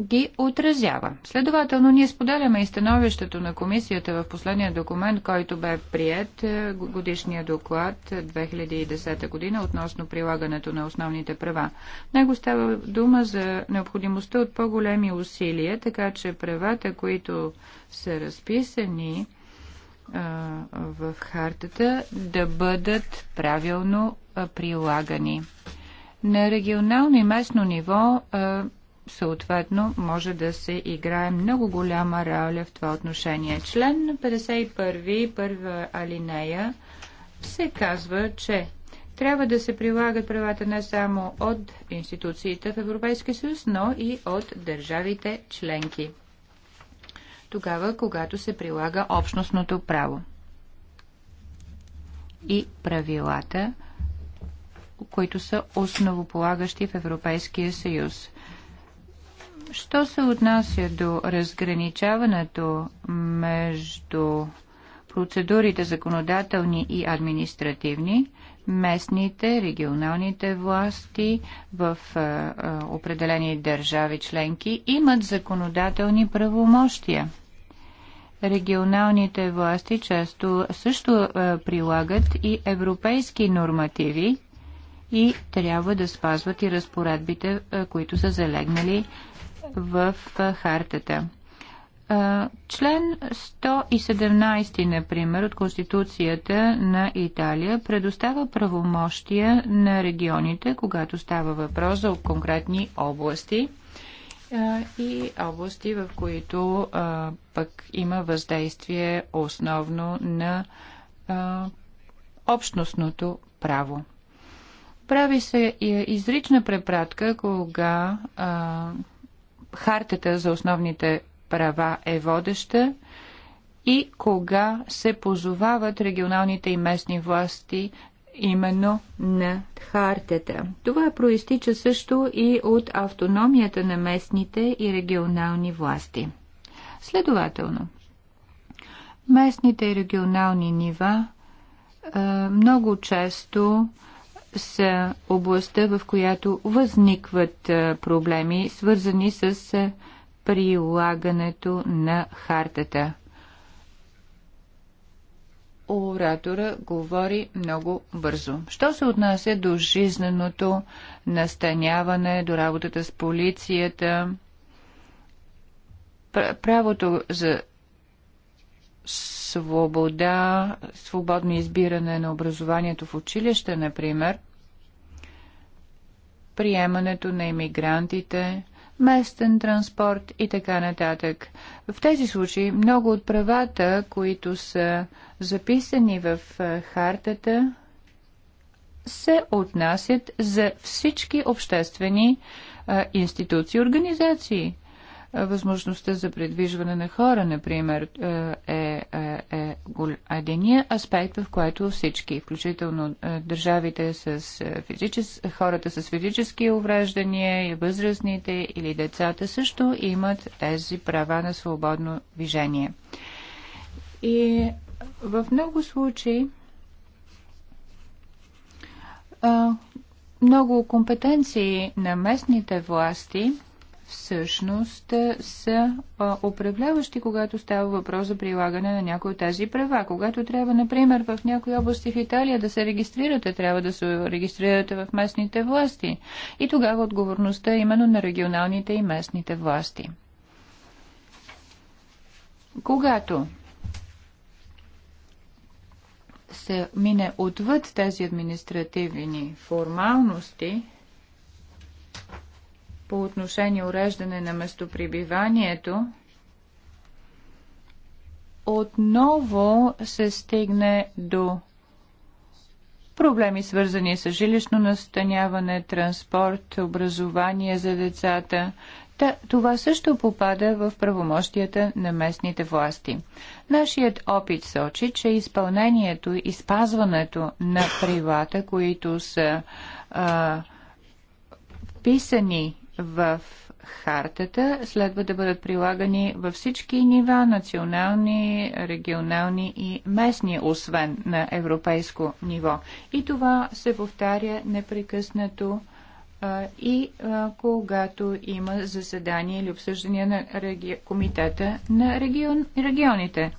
ги отразява. Следователно, ние споделяме и становището на комисията в последния документ, който бе прият е, годишния доклад 2010 е, година относно прилагането на основните права. него става дума за необходимостта от по-големи усилия, така че правата, които са разписани а, е, в хартата, да бъдат правилно а, прилагани. На регионално и местно ниво а, съответно може да се играе много голяма роля в това отношение. Член 51, първа алинея, се казва, че трябва да се прилагат правата не само от институциите в Европейския съюз, но и от държавите членки. Тогава, когато се прилага общностното право и правилата, които са основополагащи в Европейския съюз. Що се отнася до разграничаването между процедурите законодателни и административни, местните, регионалните власти в е, е, определени държави членки имат законодателни правомощия. Регионалните власти често също е, прилагат и европейски нормативи и трябва да спазват и разпоредбите, които са залегнали в хартата. Член 117, например, от Конституцията на Италия предоставя правомощия на регионите, когато става въпрос за конкретни области и области, в които пък има въздействие основно на общностното право. Прави се изрична препратка, кога хартата за основните права е водеща и кога се позовават регионалните и местни власти именно на хартата. Това проистича също и от автономията на местните и регионални власти. Следователно, местните и регионални нива е, много често са областта, в която възникват проблеми, свързани с прилагането на хартата. Оратора говори много бързо. Що се отнася до жизненото настаняване, до работата с полицията, правото за свобода, свободно избиране на образованието в училище, например, приемането на иммигрантите, местен транспорт и така нататък. В тези случаи много от правата, които са записани в е, хартата, се отнасят за всички обществени а, е, институции и организации – Възможността за придвижване на хора, например, е, е, е, е единия аспект, в който всички, включително е, държавите с е, физичес, хората с физически увреждания и възрастните или децата също имат тези права на свободно движение. И в много случаи много компетенции на местните власти – всъщност са управляващи, когато става въпрос за прилагане на някои от тези права. Когато трябва, например, в някои области в Италия да се регистрирате, трябва да се регистрирате в местните власти. И тогава отговорността е именно на регионалните и местните власти. Когато се мине отвъд тези административни формалности, по отношение уреждане на местоприбиванието, отново се стигне до проблеми, свързани с жилищно настаняване, транспорт, образование за децата. Та, това също попада в правомощията на местните власти. Нашият опит сочи, че изпълнението и спазването на правилата, които са а, писани в хартата следва да бъдат прилагани във всички нива национални, регионални и местни, освен на европейско ниво. И това се повтаря непрекъснато а, и а, когато има заседание или обсъждане на реги... комитета на регион... регионите.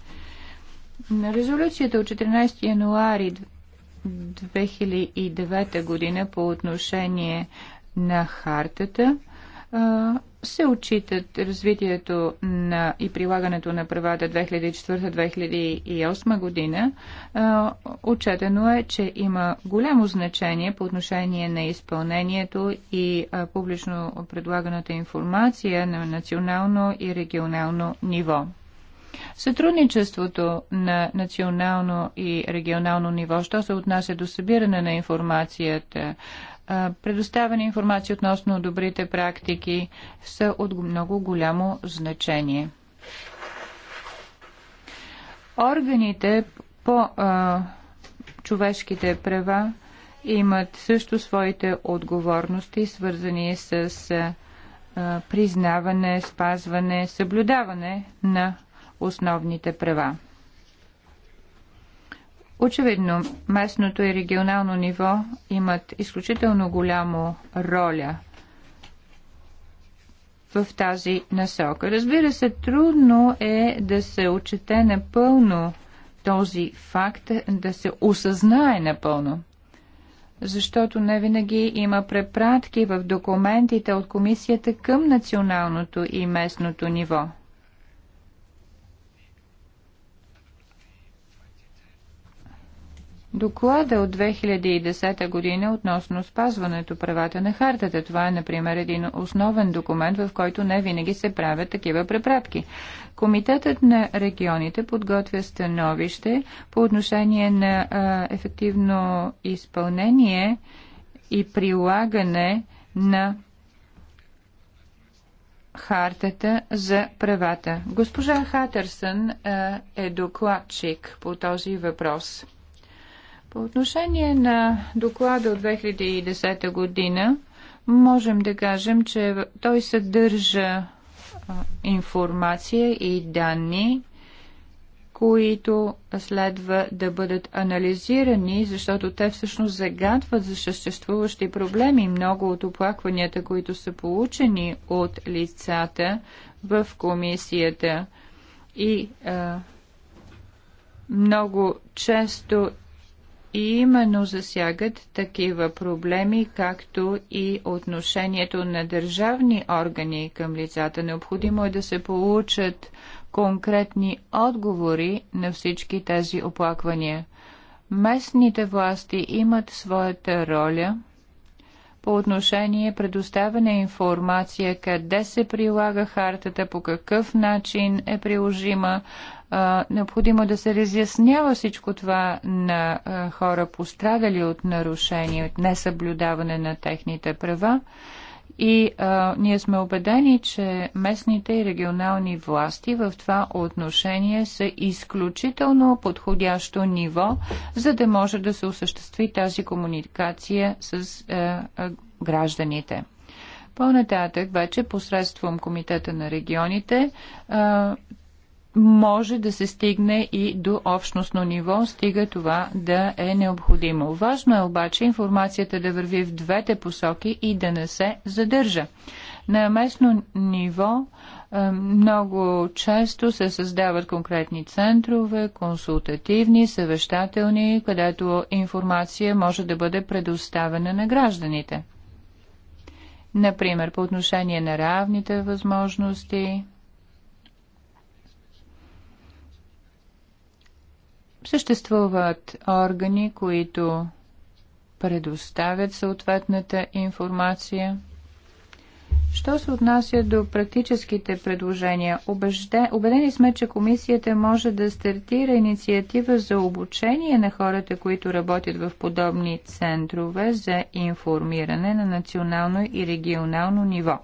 На резолюцията от 14 януари 2009 година по отношение на хартата се отчитат развитието на и прилагането на правата 2004-2008 година, отчетено е, че има голямо значение по отношение на изпълнението и публично предлаганата информация на национално и регионално ниво. Сътрудничеството на национално и регионално ниво, що се отнася до събиране на информацията, предоставяне информация относно добрите практики са от много голямо значение. Органите по а, човешките права имат също своите отговорности, свързани с а, признаване, спазване, съблюдаване на основните права. Очевидно, местното и регионално ниво имат изключително голямо роля в тази насока. Разбира се, трудно е да се отчете напълно този факт, да се осъзнае напълно защото не винаги има препратки в документите от комисията към националното и местното ниво. доклада от 2010 година относно спазването правата на хартата. Това е, например, един основен документ, в който не винаги се правят такива препратки. Комитетът на регионите подготвя становище по отношение на а, ефективно изпълнение и прилагане на Хартата за правата. Госпожа Хатърсън е докладчик по този въпрос. По отношение на доклада от 2010 година, можем да кажем, че той съдържа информация и данни, които следва да бъдат анализирани, защото те всъщност загадват за съществуващи проблеми. Много от оплакванията, които са получени от лицата в комисията и а, много често и именно засягат такива проблеми, както и отношението на държавни органи към лицата. Необходимо е да се получат конкретни отговори на всички тези оплаквания. Местните власти имат своята роля по отношение предоставяне информация къде се прилага хартата, по какъв начин е приложима, необходимо е да се разяснява всичко това на а, хора пострадали от нарушение, от несъблюдаване на техните права. И а, ние сме убедени, че местните и регионални власти в това отношение са изключително подходящо ниво, за да може да се осъществи тази комуникация с а, е, а, е, гражданите. По-нататък вече посредством Комитета на регионите а, може да се стигне и до общностно ниво, стига това да е необходимо. Важно е обаче информацията да върви в двете посоки и да не се задържа. На местно ниво е, много често се създават конкретни центрове, консултативни, съвещателни, където информация може да бъде предоставена на гражданите. Например, по отношение на равните възможности, Съществуват органи, които предоставят съответната информация. Що се отнася до практическите предложения, убедени сме, че комисията може да стартира инициатива за обучение на хората, които работят в подобни центрове за информиране на национално и регионално ниво.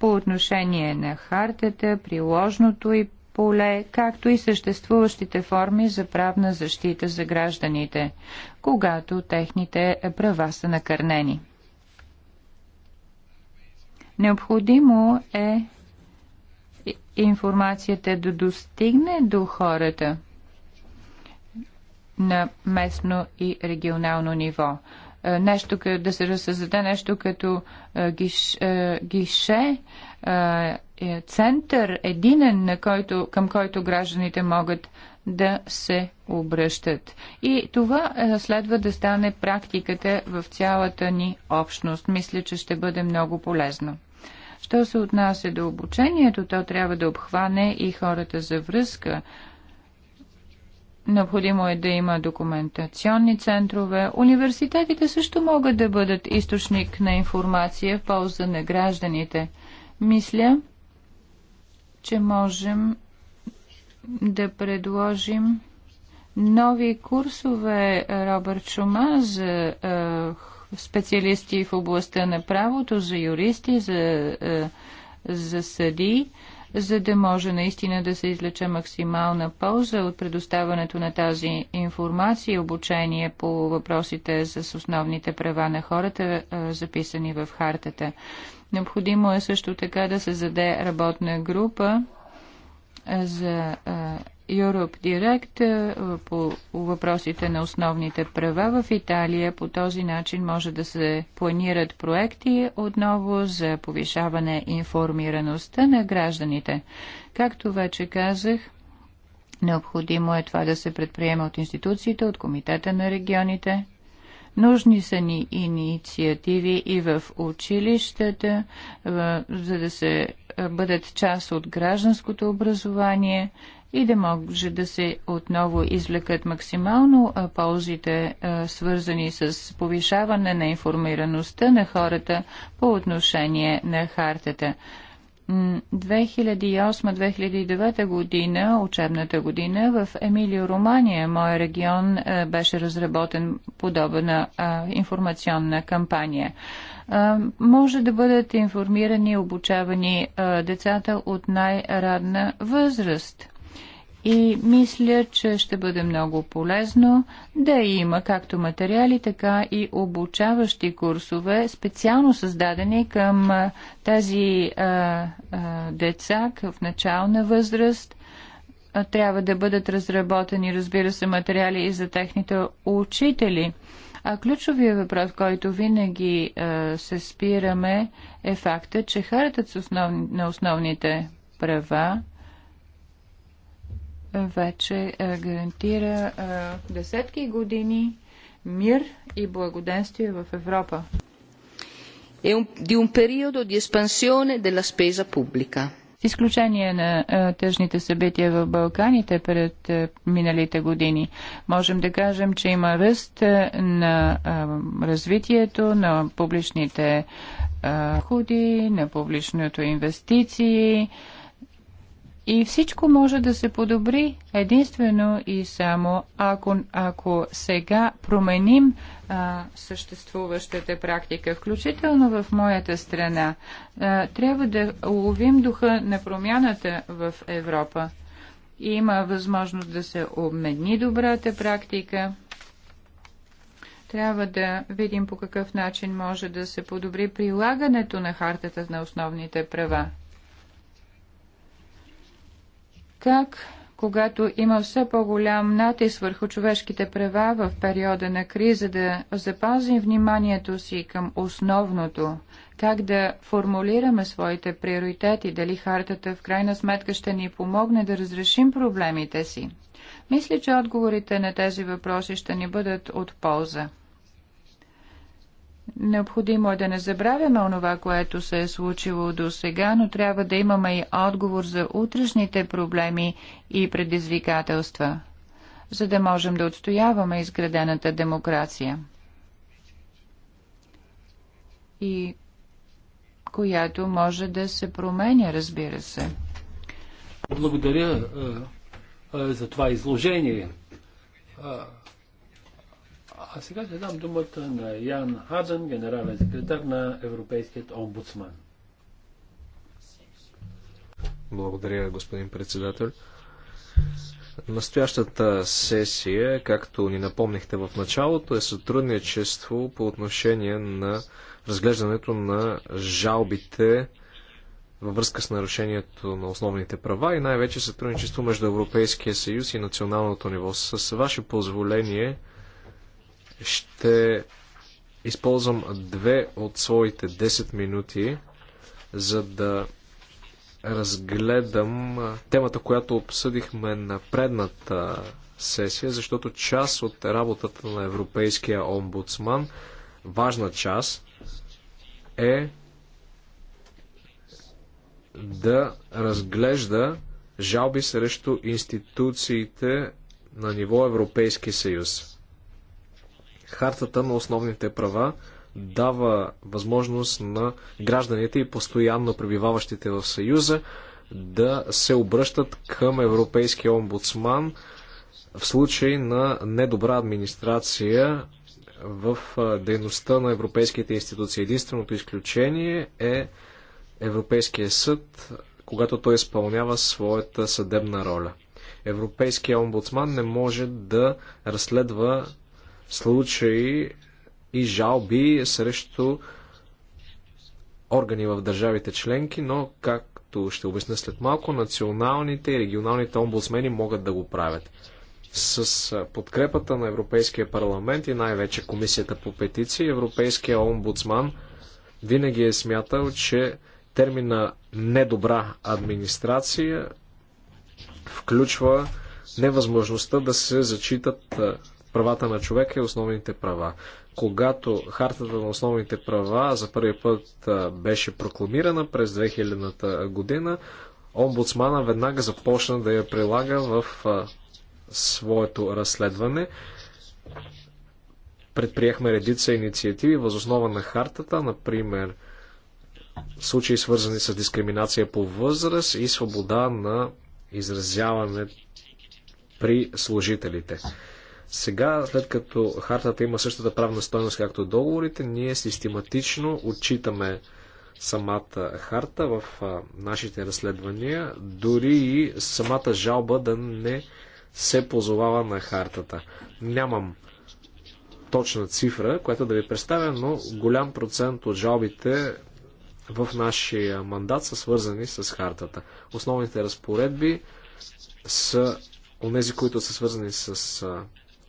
По отношение на хартата, приложното и поле, както и съществуващите форми за правна защита за гражданите, когато техните права са накърнени. Необходимо е информацията да достигне до хората на местно и регионално ниво. Е, нещо, да се създаде нещо като е, е, гише е център, единен, който, към който гражданите могат да се обръщат. И това е, следва да стане практиката в цялата ни общност. Мисля, че ще бъде много полезно. Що се отнася до обучението, то трябва да обхване и хората за връзка. Необходимо е да има документационни центрове. Университетите също могат да бъдат източник на информация в полза на гражданите. Мисля, че можем да предложим нови курсове, Робърт Шума, за специалисти в областта на правото, за юристи, за, за съдии, за да може наистина да се излече максимална полза от предоставането на тази информация и обучение по въпросите с основните права на хората, записани в хартата. Необходимо е също така да се заде работна група за Europe Direct по въпросите на основните права в Италия. По този начин може да се планират проекти отново за повишаване информираността на гражданите. Както вече казах, необходимо е това да се предприема от институциите, от Комитета на регионите – Нужни са ни инициативи и в училищата, за да се бъдат част от гражданското образование и да може да се отново извлекат максимално ползите, свързани с повишаване на информираността на хората по отношение на хартата. 2008-2009 година, учебната година, в Емилио Румания, моя регион, е, беше разработен подобна информационна кампания. Може да бъдат информирани и обучавани децата от най-радна възраст и мисля, че ще бъде много полезно да има както материали, така и обучаващи курсове, специално създадени към тези а, а, деца в начална възраст. Трябва да бъдат разработени, разбира се, материали и за техните учители. А ключовия въпрос, който винаги а, се спираме, е факта, че хартът основни, на основните права вече е, гарантира е, десетки години мир и благоденствие в Европа. Е С изключение на тъжните събития в Балканите пред миналите години, можем да кажем, че има ръст на развитието на публичните ходи, на публичното инвестиции, и всичко може да се подобри единствено и само ако, ако сега променим а, съществуващата практика, включително в моята страна. А, трябва да уловим духа на промяната в Европа. Има възможност да се обмени добрата практика. Трябва да видим по какъв начин може да се подобри прилагането на хартата на основните права. Как, когато има все по-голям натиск върху човешките права в периода на криза, да запазим вниманието си към основното, как да формулираме своите приоритети, дали хартата в крайна сметка ще ни помогне да разрешим проблемите си. Мисля, че отговорите на тези въпроси ще ни бъдат от полза. Необходимо е да не забравяме онова, което се е случило до сега, но трябва да имаме и отговор за утрешните проблеми и предизвикателства, за да можем да отстояваме изградената демокрация. И която може да се променя, разбира се. Благодаря а, а, за това изложение. А, а сега ще дам думата на Ян Хаден, генерален секретар на Европейският омбудсман. Благодаря, господин председател. Настоящата сесия, както ни напомнихте в началото, е сътрудничество по отношение на разглеждането на жалбите във връзка с нарушението на основните права и най-вече сътрудничество между Европейския съюз и националното ниво. С ваше позволение ще използвам две от своите 10 минути, за да разгледам темата, която обсъдихме на предната сесия, защото част от работата на Европейския омбудсман, важна част, е да разглежда жалби срещу институциите на ниво Европейски съюз. Хартата на основните права дава възможност на гражданите и постоянно пребиваващите в Съюза да се обръщат към Европейския омбудсман в случай на недобра администрация в дейността на европейските институции. Единственото изключение е Европейския съд, когато той изпълнява своята съдебна роля. Европейския омбудсман не може да разследва случаи и жалби срещу органи в държавите членки, но както ще обясня след малко, националните и регионалните омбудсмени могат да го правят. С подкрепата на Европейския парламент и най-вече Комисията по петиции, Европейския омбудсман винаги е смятал, че термина недобра администрация включва невъзможността да се зачитат правата на човека и основните права. Когато хартата на основните права за първи път беше прокламирана през 2000-та година, омбудсмана веднага започна да я прилага в своето разследване. Предприехме редица инициативи възоснова на хартата, например случаи свързани с дискриминация по възраст и свобода на изразяване при служителите. Сега, след като хартата има същата правна стойност, както договорите, ние систематично отчитаме самата харта в нашите разследвания, дори и самата жалба да не се позовава на хартата. Нямам точна цифра, която да ви представя, но голям процент от жалбите в нашия мандат са свързани с хартата. Основните разпоредби са онези, които са свързани с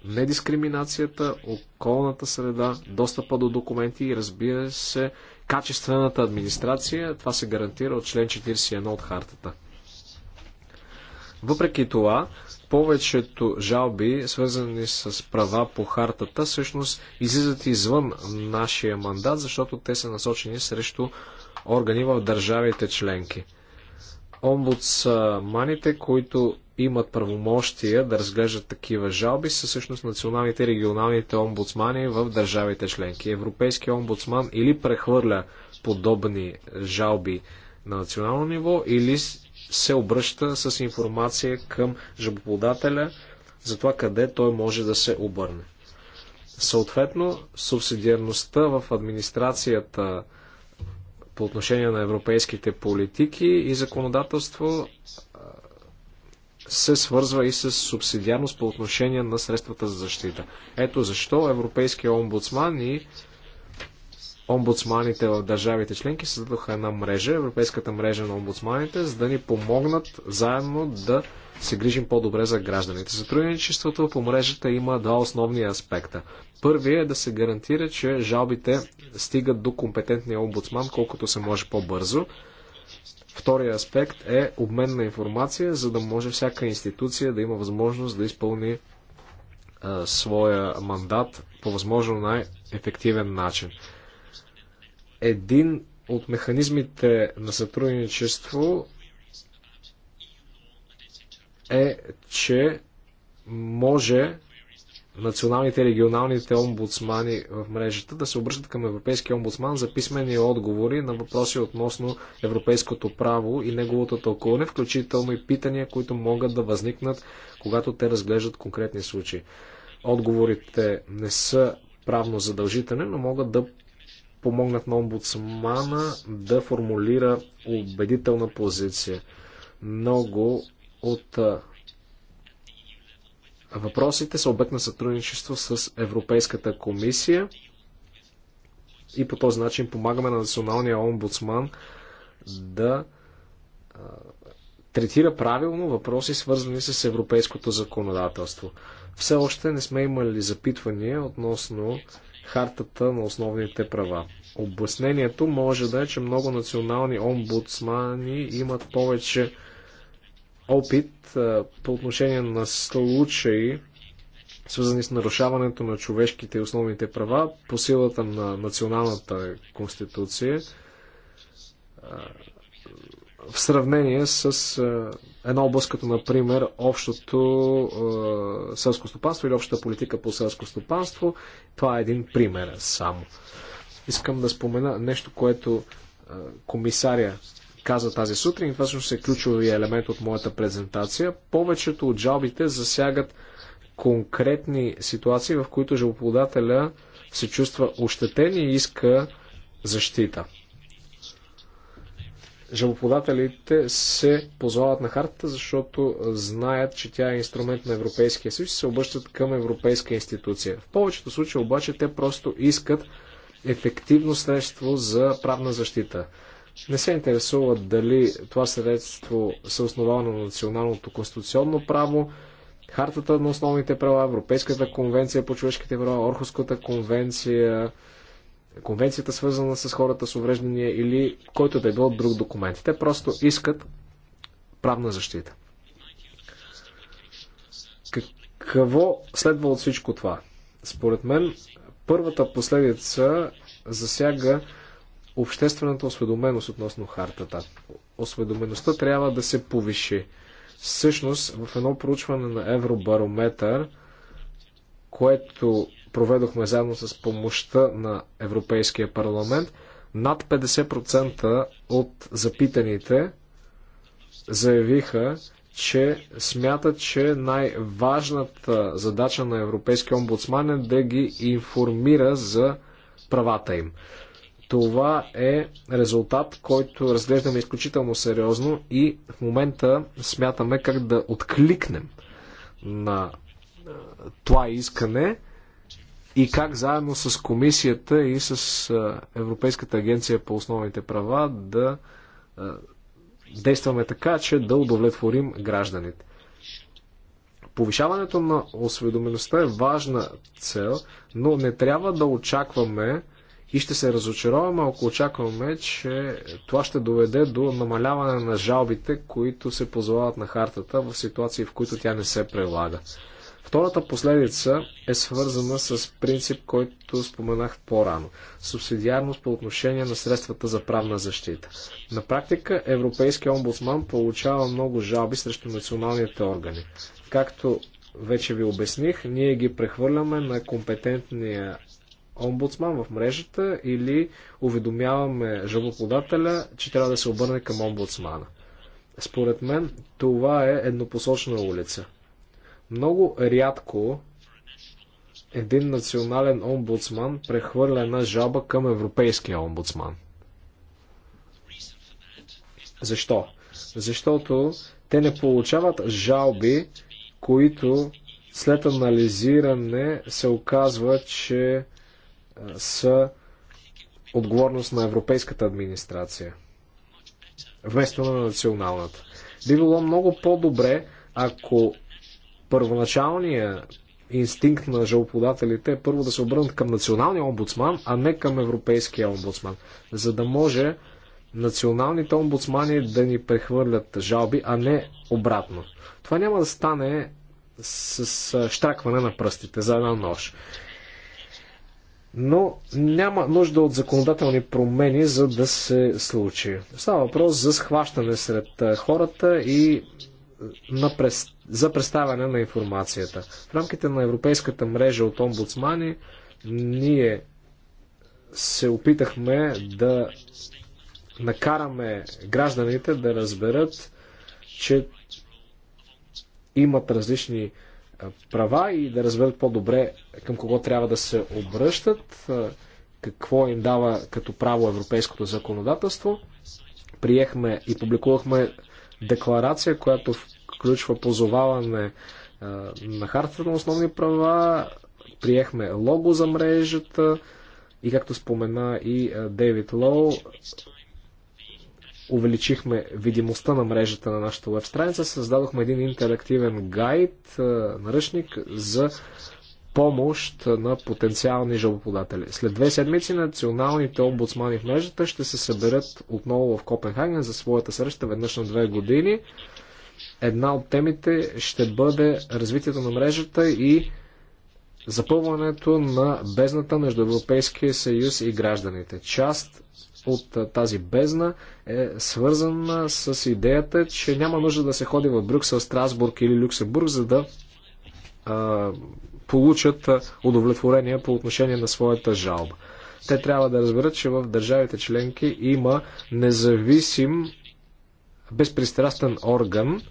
недискриминацията, околната среда, достъпа до документи и разбира се, качествената администрация. Това се гарантира от член 41 от хартата. Въпреки това, повечето жалби, свързани с права по хартата, всъщност излизат извън нашия мандат, защото те са насочени срещу органи в държавите членки. Омбудсманите, които имат правомощия да разглеждат такива жалби, са всъщност националните и регионалните омбудсмани в държавите членки. Европейския омбудсман или прехвърля подобни жалби на национално ниво, или се обръща с информация към жалбоподателя за това къде той може да се обърне. Съответно, субсидиарността в администрацията по отношение на европейските политики и законодателство се свързва и с субсидиарност по отношение на средствата за защита. Ето защо Европейския омбудсман и омбудсманите в държавите членки създадоха една мрежа, Европейската мрежа на омбудсманите, за да ни помогнат заедно да се грижим по-добре за гражданите. Сътрудничеството по мрежата има два основни аспекта. Първият е да се гарантира, че жалбите стигат до компетентния омбудсман колкото се може по-бързо. Втория аспект е обмен на информация, за да може всяка институция да има възможност да изпълни а, своя мандат по възможно най-ефективен начин един от механизмите на сътрудничество е, че може националните и регионалните омбудсмани в мрежата да се обръщат към Европейския омбудсман за писмени отговори на въпроси относно европейското право и неговото тълкуване, включително и питания, които могат да възникнат, когато те разглеждат конкретни случаи. Отговорите не са правно задължителни, но могат да помогнат на омбудсмана да формулира убедителна позиция. Много от въпросите са обект на сътрудничество с Европейската комисия и по този начин помагаме на националния омбудсман да третира правилно въпроси, свързани с европейското законодателство. Все още не сме имали запитвания относно хартата на основните права. Обяснението може да е, че много национални омбудсмани имат повече опит по отношение на случаи, свързани с нарушаването на човешките и основните права по силата на националната конституция в сравнение с е, една област, като например общото е, селско стопанство или общата политика по селско стопанство. Това е един пример само. Искам да спомена нещо, което е, комисаря каза тази сутрин. Това всъщност е ключовия елемент от моята презентация. Повечето от жалбите засягат конкретни ситуации, в които жалоподателя се чувства ощетен и иска защита жалоподателите се позвават на хартата, защото знаят, че тя е инструмент на Европейския съюз и се обръщат към Европейска институция. В повечето случаи обаче те просто искат ефективно средство за правна защита. Не се интересуват дали това средство се основава на националното конституционно право, Хартата на основните права, Европейската конвенция по човешките права, Орхуската конвенция, конвенцията свързана с хората с увреждания или който да е бил друг документ. Те просто искат правна защита. Какво следва от всичко това? Според мен, първата последица засяга обществената осведоменост относно хартата. Осведомеността трябва да се повиши. Всъщност, в едно проучване на Евробарометър, което проведохме заедно с помощта на Европейския парламент, над 50% от запитаните заявиха, че смятат, че най-важната задача на Европейския омбудсман е да ги информира за правата им. Това е резултат, който разглеждаме изключително сериозно и в момента смятаме как да откликнем на това искане и как заедно с комисията и с Европейската агенция по основните права да действаме така, че да удовлетворим гражданите. Повишаването на осведомеността е важна цел, но не трябва да очакваме и ще се разочароваме, ако очакваме, че това ще доведе до намаляване на жалбите, които се позовават на хартата в ситуации, в които тя не се прилага. Втората последица е свързана с принцип, който споменах по-рано – субсидиарност по отношение на средствата за правна защита. На практика Европейския омбудсман получава много жалби срещу националните органи. Както вече ви обясних, ние ги прехвърляме на компетентния омбудсман в мрежата или уведомяваме жалбоподателя, че трябва да се обърне към омбудсмана. Според мен това е еднопосочна улица – много рядко един национален омбудсман прехвърля една жалба към европейския омбудсман. Защо? Защото те не получават жалби, които след анализиране се оказва, че са отговорност на европейската администрация, вместо на националната. Би било много по-добре, ако първоначалния инстинкт на жалоподателите е първо да се обърнат към националния омбудсман, а не към европейския омбудсман, за да може националните омбудсмани да ни прехвърлят жалби, а не обратно. Това няма да стане с штракване на пръстите за една нож. Но няма нужда от законодателни промени, за да се случи. Става въпрос за схващане сред хората и на престъпността за представяне на информацията. В рамките на Европейската мрежа от омбудсмани ние се опитахме да накараме гражданите да разберат, че имат различни права и да разберат по-добре към кого трябва да се обръщат, какво им дава като право европейското законодателство. Приехме и публикувахме декларация, която в включва позоваване на хартата на основни права, приехме лого за мрежата и както спомена и Дейвид Лоу, увеличихме видимостта на мрежата на нашата веб страница, създадохме един интерактивен гайд, наръчник за помощ на потенциални жалоподатели. След две седмици националните омбудсмани в мрежата ще се съберат отново в Копенхаген за своята среща веднъж на две години една от темите ще бъде развитието на мрежата и запълването на бездната между Европейския съюз и гражданите. Част от тази бездна е свързана с идеята, че няма нужда да се ходи в Брюксел, Страсбург или Люксембург, за да а, получат удовлетворение по отношение на своята жалба. Те трябва да разберат, че в държавите членки има независим безпристрастен орган,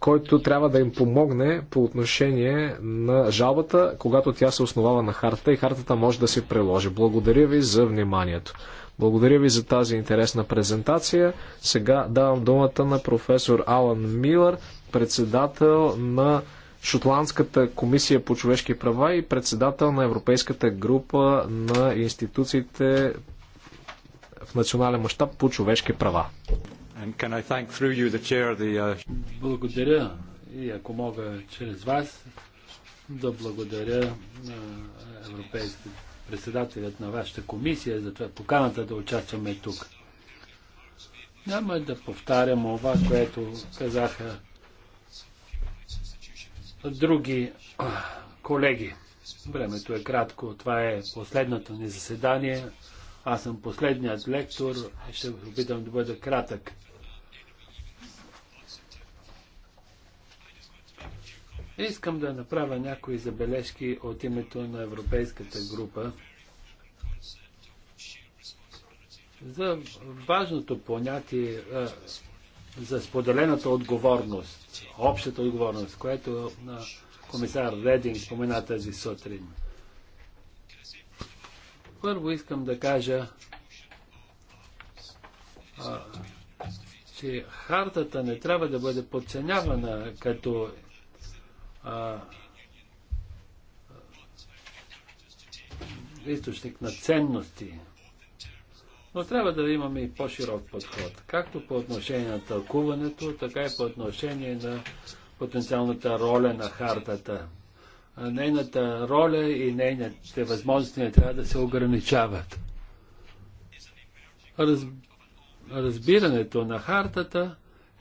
който трябва да им помогне по отношение на жалбата, когато тя се основава на хартата и хартата може да се приложи. Благодаря ви за вниманието. Благодаря ви за тази интересна презентация. Сега давам думата на професор Алан Милър, председател на Шотландската комисия по човешки права и председател на Европейската група на институциите в национален мащаб по човешки права can I thank through you the chair the uh... Благодаря и ако мога чрез вас да благодаря на европейски председателят на вашата комисия за това поканата да участваме тук. Няма да повтарям това, което казаха други колеги. Времето е кратко. Това е последното ни заседание. Аз съм последният лектор. Ще опитам да бъда кратък. Искам да направя някои забележки от името на Европейската група за важното понятие за споделената отговорност, общата отговорност, което на комисар Рединг спомена тази сутрин. Първо искам да кажа, а, че хартата не трябва да бъде подценявана като източник на ценности. Но трябва да имаме и по-широк подход, както по отношение на тълкуването, така и по отношение на потенциалната роля на хартата. Нейната роля и нейните възможности не трябва да се ограничават. Разбирането на хартата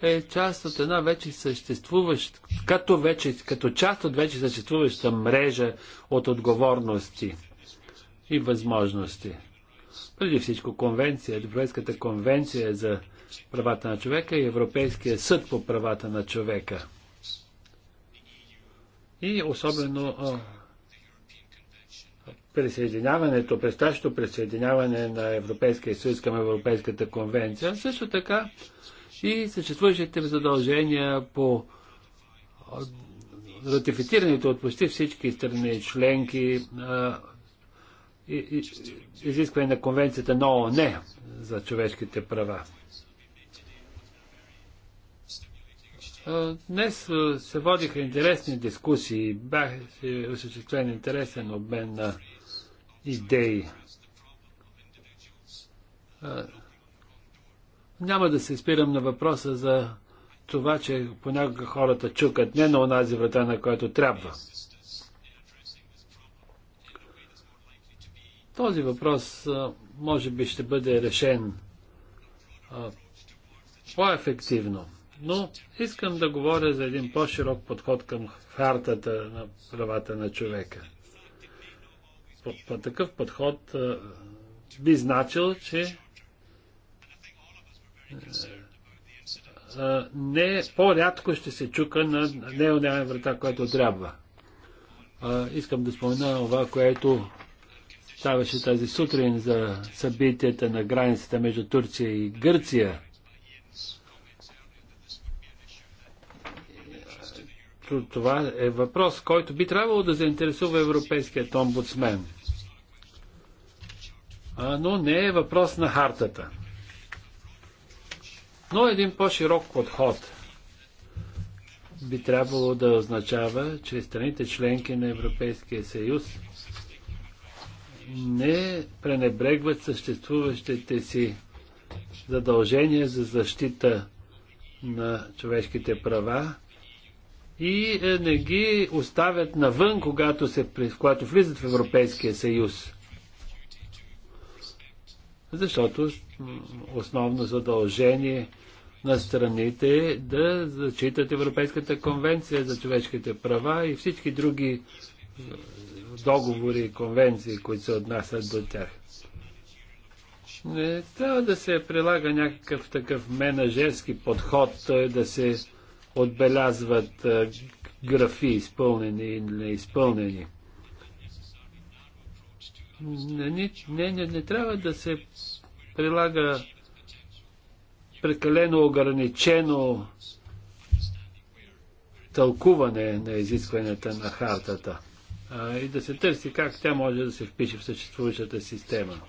е част от една вече съществуваща, като, вече, като част от вече съществуваща мрежа от отговорности и възможности. Преди всичко конвенция, Европейската конвенция за правата на човека и Европейския съд по правата на човека. И особено присъединяването, предстоящото присъединяване на Европейския съюз към Европейската конвенция, също така и съществуващите задължения по ратифицирането от почти всички страни членки изискване на конвенцията на ООН за човешките права. Днес се водиха интересни дискусии, бях осъществен интересен обмен на идеи. Няма да се спирам на въпроса за това, че понякога хората чукат не на онази врата, на която трябва. Този въпрос може би ще бъде решен по-ефективно. Но искам да говоря за един по-широк подход към хартата на правата на човека. По, по такъв подход би значил, че е, е, не по-рядко ще се чука на неоняна врата, което трябва. А, искам да спомена това, което ставаше тази сутрин за събитията на границата между Турция и Гърция. Е, това е въпрос, който би трябвало да заинтересува Европейският омбудсмен. А, но не е въпрос на хартата. Но един по-широк подход би трябвало да означава, че страните членки на Европейския съюз не пренебрегват съществуващите си задължения за защита на човешките права и е, не ги оставят навън, когато, се, когато влизат в Европейския съюз защото основно задължение на страните е да зачитат Европейската конвенция за човешките права и всички други договори и конвенции, които се отнасят до тях. Не трябва да се прилага някакъв такъв менеджерски подход, той да се отбелязват графи изпълнени или неизпълнени не, не, не, не трябва да се прилага прекалено ограничено тълкуване на изискванията на хартата а, и да се търси как тя може да се впише в съществуващата система.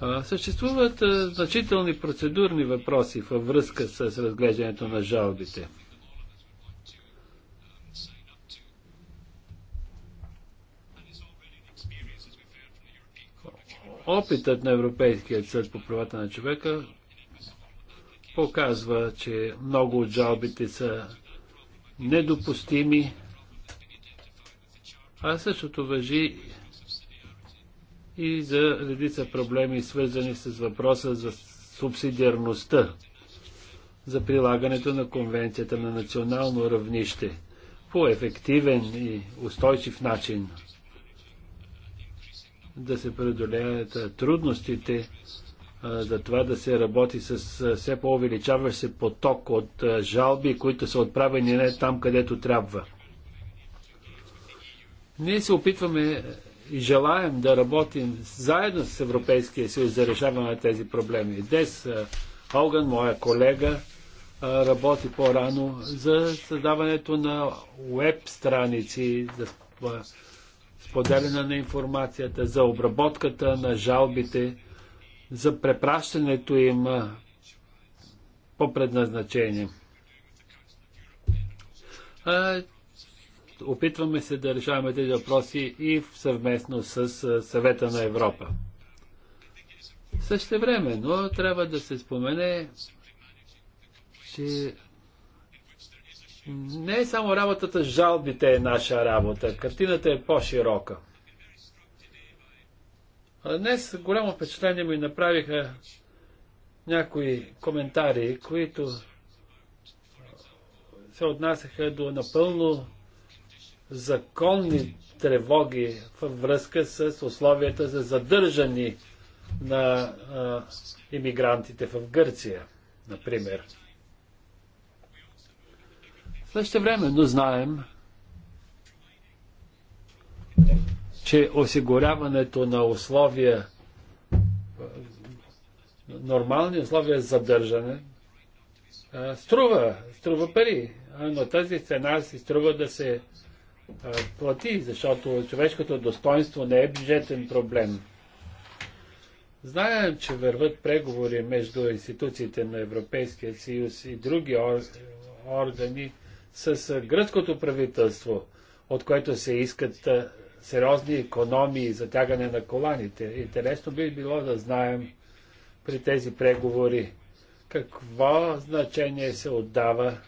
А, съществуват а, значителни процедурни въпроси във връзка с разглеждането на жалбите. опитът на Европейския съд по правата на човека показва, че много от жалбите са недопустими, а същото въжи и за редица проблеми, свързани с въпроса за субсидиарността, за прилагането на конвенцията на национално равнище по ефективен и устойчив начин – да се преодолеят трудностите за това да се работи с все по-увеличаващ се поток от жалби, които са отправени не там, където трябва. Ние се опитваме и желаем да работим заедно с Европейския съюз за решаване на тези проблеми. Днес Алган, моя колега, работи по-рано за създаването на веб страници, за споделяне на информацията, за обработката на жалбите, за препращането им по предназначение. А, опитваме се да решаваме тези въпроси и съвместно с съвета на Европа. Също време, но трябва да се спомене, че не е само работата с жалбите е наша работа. Картината е по-широка. Днес голямо впечатление ми направиха някои коментари, които се отнасяха до напълно законни тревоги във връзка с условията за задържани на а, иммигрантите в Гърция, например. Също времено знаем, че осигуряването на условия, нормални условия за задържане струва, струва пари, но тази цена си струва да се плати, защото човешкото достоинство не е бюджетен проблем. Знаем, че върват преговори между институциите на Европейския съюз и други органи с гръцкото правителство, от което се искат сериозни економии, затягане на коланите. Интересно би било да знаем при тези преговори какво значение се отдава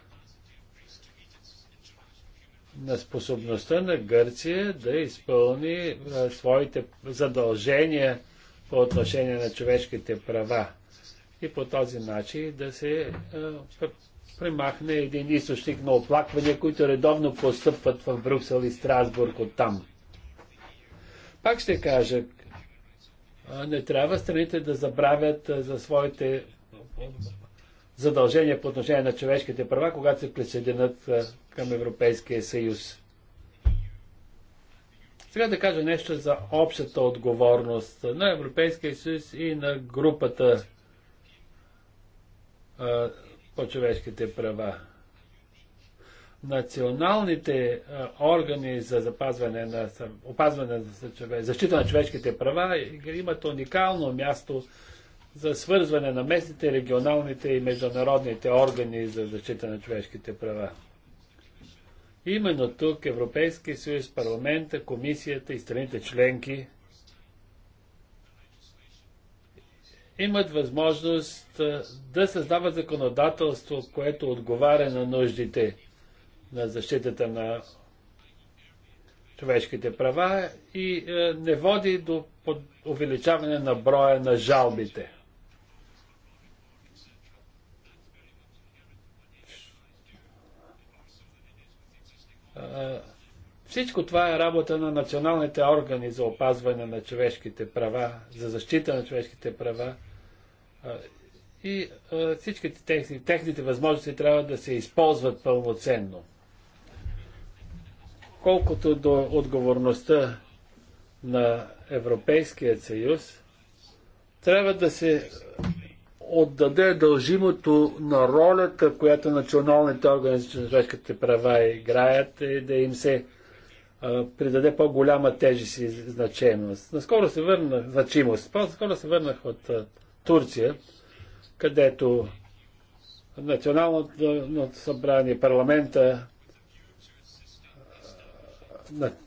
на способността на Гърция да изпълни своите задължения по отношение на човешките права и по този начин да се премахне един източник на оплаквания, които редовно постъпват в Брюксел и Страсбург от там. Пак ще кажа, не трябва страните да забравят за своите задължения по отношение на човешките права, когато се присъединят към Европейския съюз. Сега да кажа нещо за общата отговорност на Европейския съюз и на групата по човешките права. Националните органи за запазване на, опазване на човек, защита на човешките права имат уникално място за свързване на местните, регионалните и международните органи за защита на човешките права. Именно тук Европейския съюз, парламента, комисията и страните членки – имат възможност да създават законодателство, което отговаря на нуждите на защитата на човешките права и не води до увеличаване на броя на жалбите. Всичко това е работа на националните органи за опазване на човешките права, за защита на човешките права и всичките техни, техните възможности трябва да се използват пълноценно. Колкото до отговорността на Европейския съюз, трябва да се отдаде дължимото на ролята, която националните органи за човешките права играят и да им се а, придаде по-голяма тежест и значимост. Наскоро се върнах, значимост, по-скоро се върнах от Турция, където Националното събрание, парламента,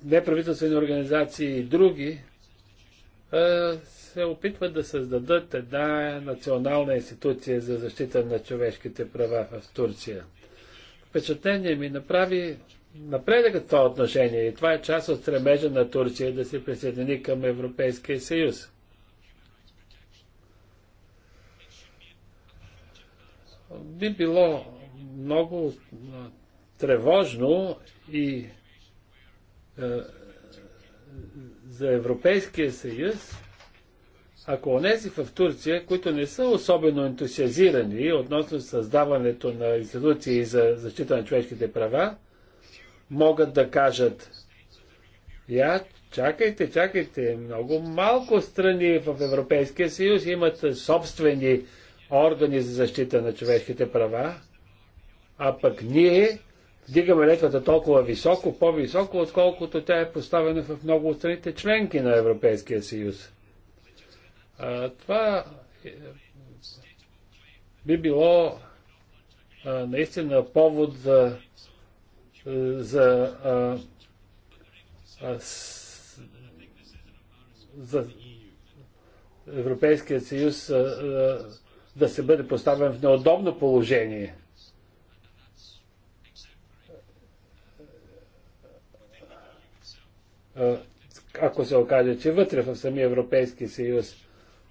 неправителствени организации и други се опитват да създадат една национална институция за защита на човешките права в Турция. Впечатление ми направи напредък това отношение и това е част от стремежа на Турция да се присъедини към Европейския съюз. би било много тревожно и е, за Европейския съюз, ако онези в Турция, които не са особено ентусиазирани относно създаването на институции за защита на човешките права, могат да кажат Я, чакайте, чакайте, много малко страни в Европейския съюз имат собствени органи за защита на човешките права, а пък ние вдигаме летвата толкова високо, по-високо, отколкото тя е поставена в много от страните членки на Европейския съюз. А, това е, би било а, наистина повод за, за, а, а, с, за Европейския съюз а, а, да се бъде поставен в неудобно положение. Ако се окаже, че вътре в самия Европейски съюз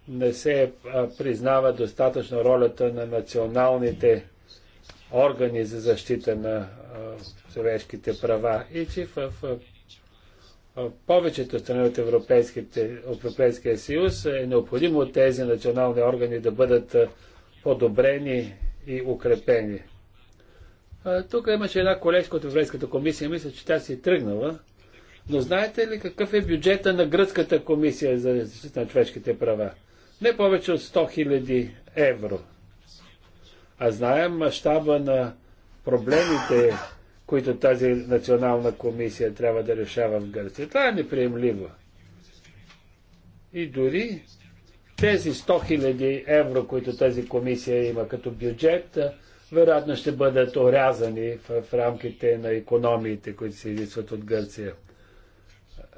не се признава достатъчно ролята на националните органи за защита на човешките права и че в повечето страни от, Европейския съюз е необходимо тези национални органи да бъдат подобрени и укрепени. Тук имаше една колежка от Европейската комисия, мисля, че тя си е тръгнала. Но знаете ли какъв е бюджета на Гръцката комисия за защита на човешките права? Не повече от 100 000 евро. А знаем мащаба на проблемите, които тази национална комисия трябва да решава в Гърция. Това е неприемливо. И дори тези 100 000 евро, които тази комисия има като бюджет, вероятно ще бъдат орязани в, рамките на економиите, които се изисват от Гърция.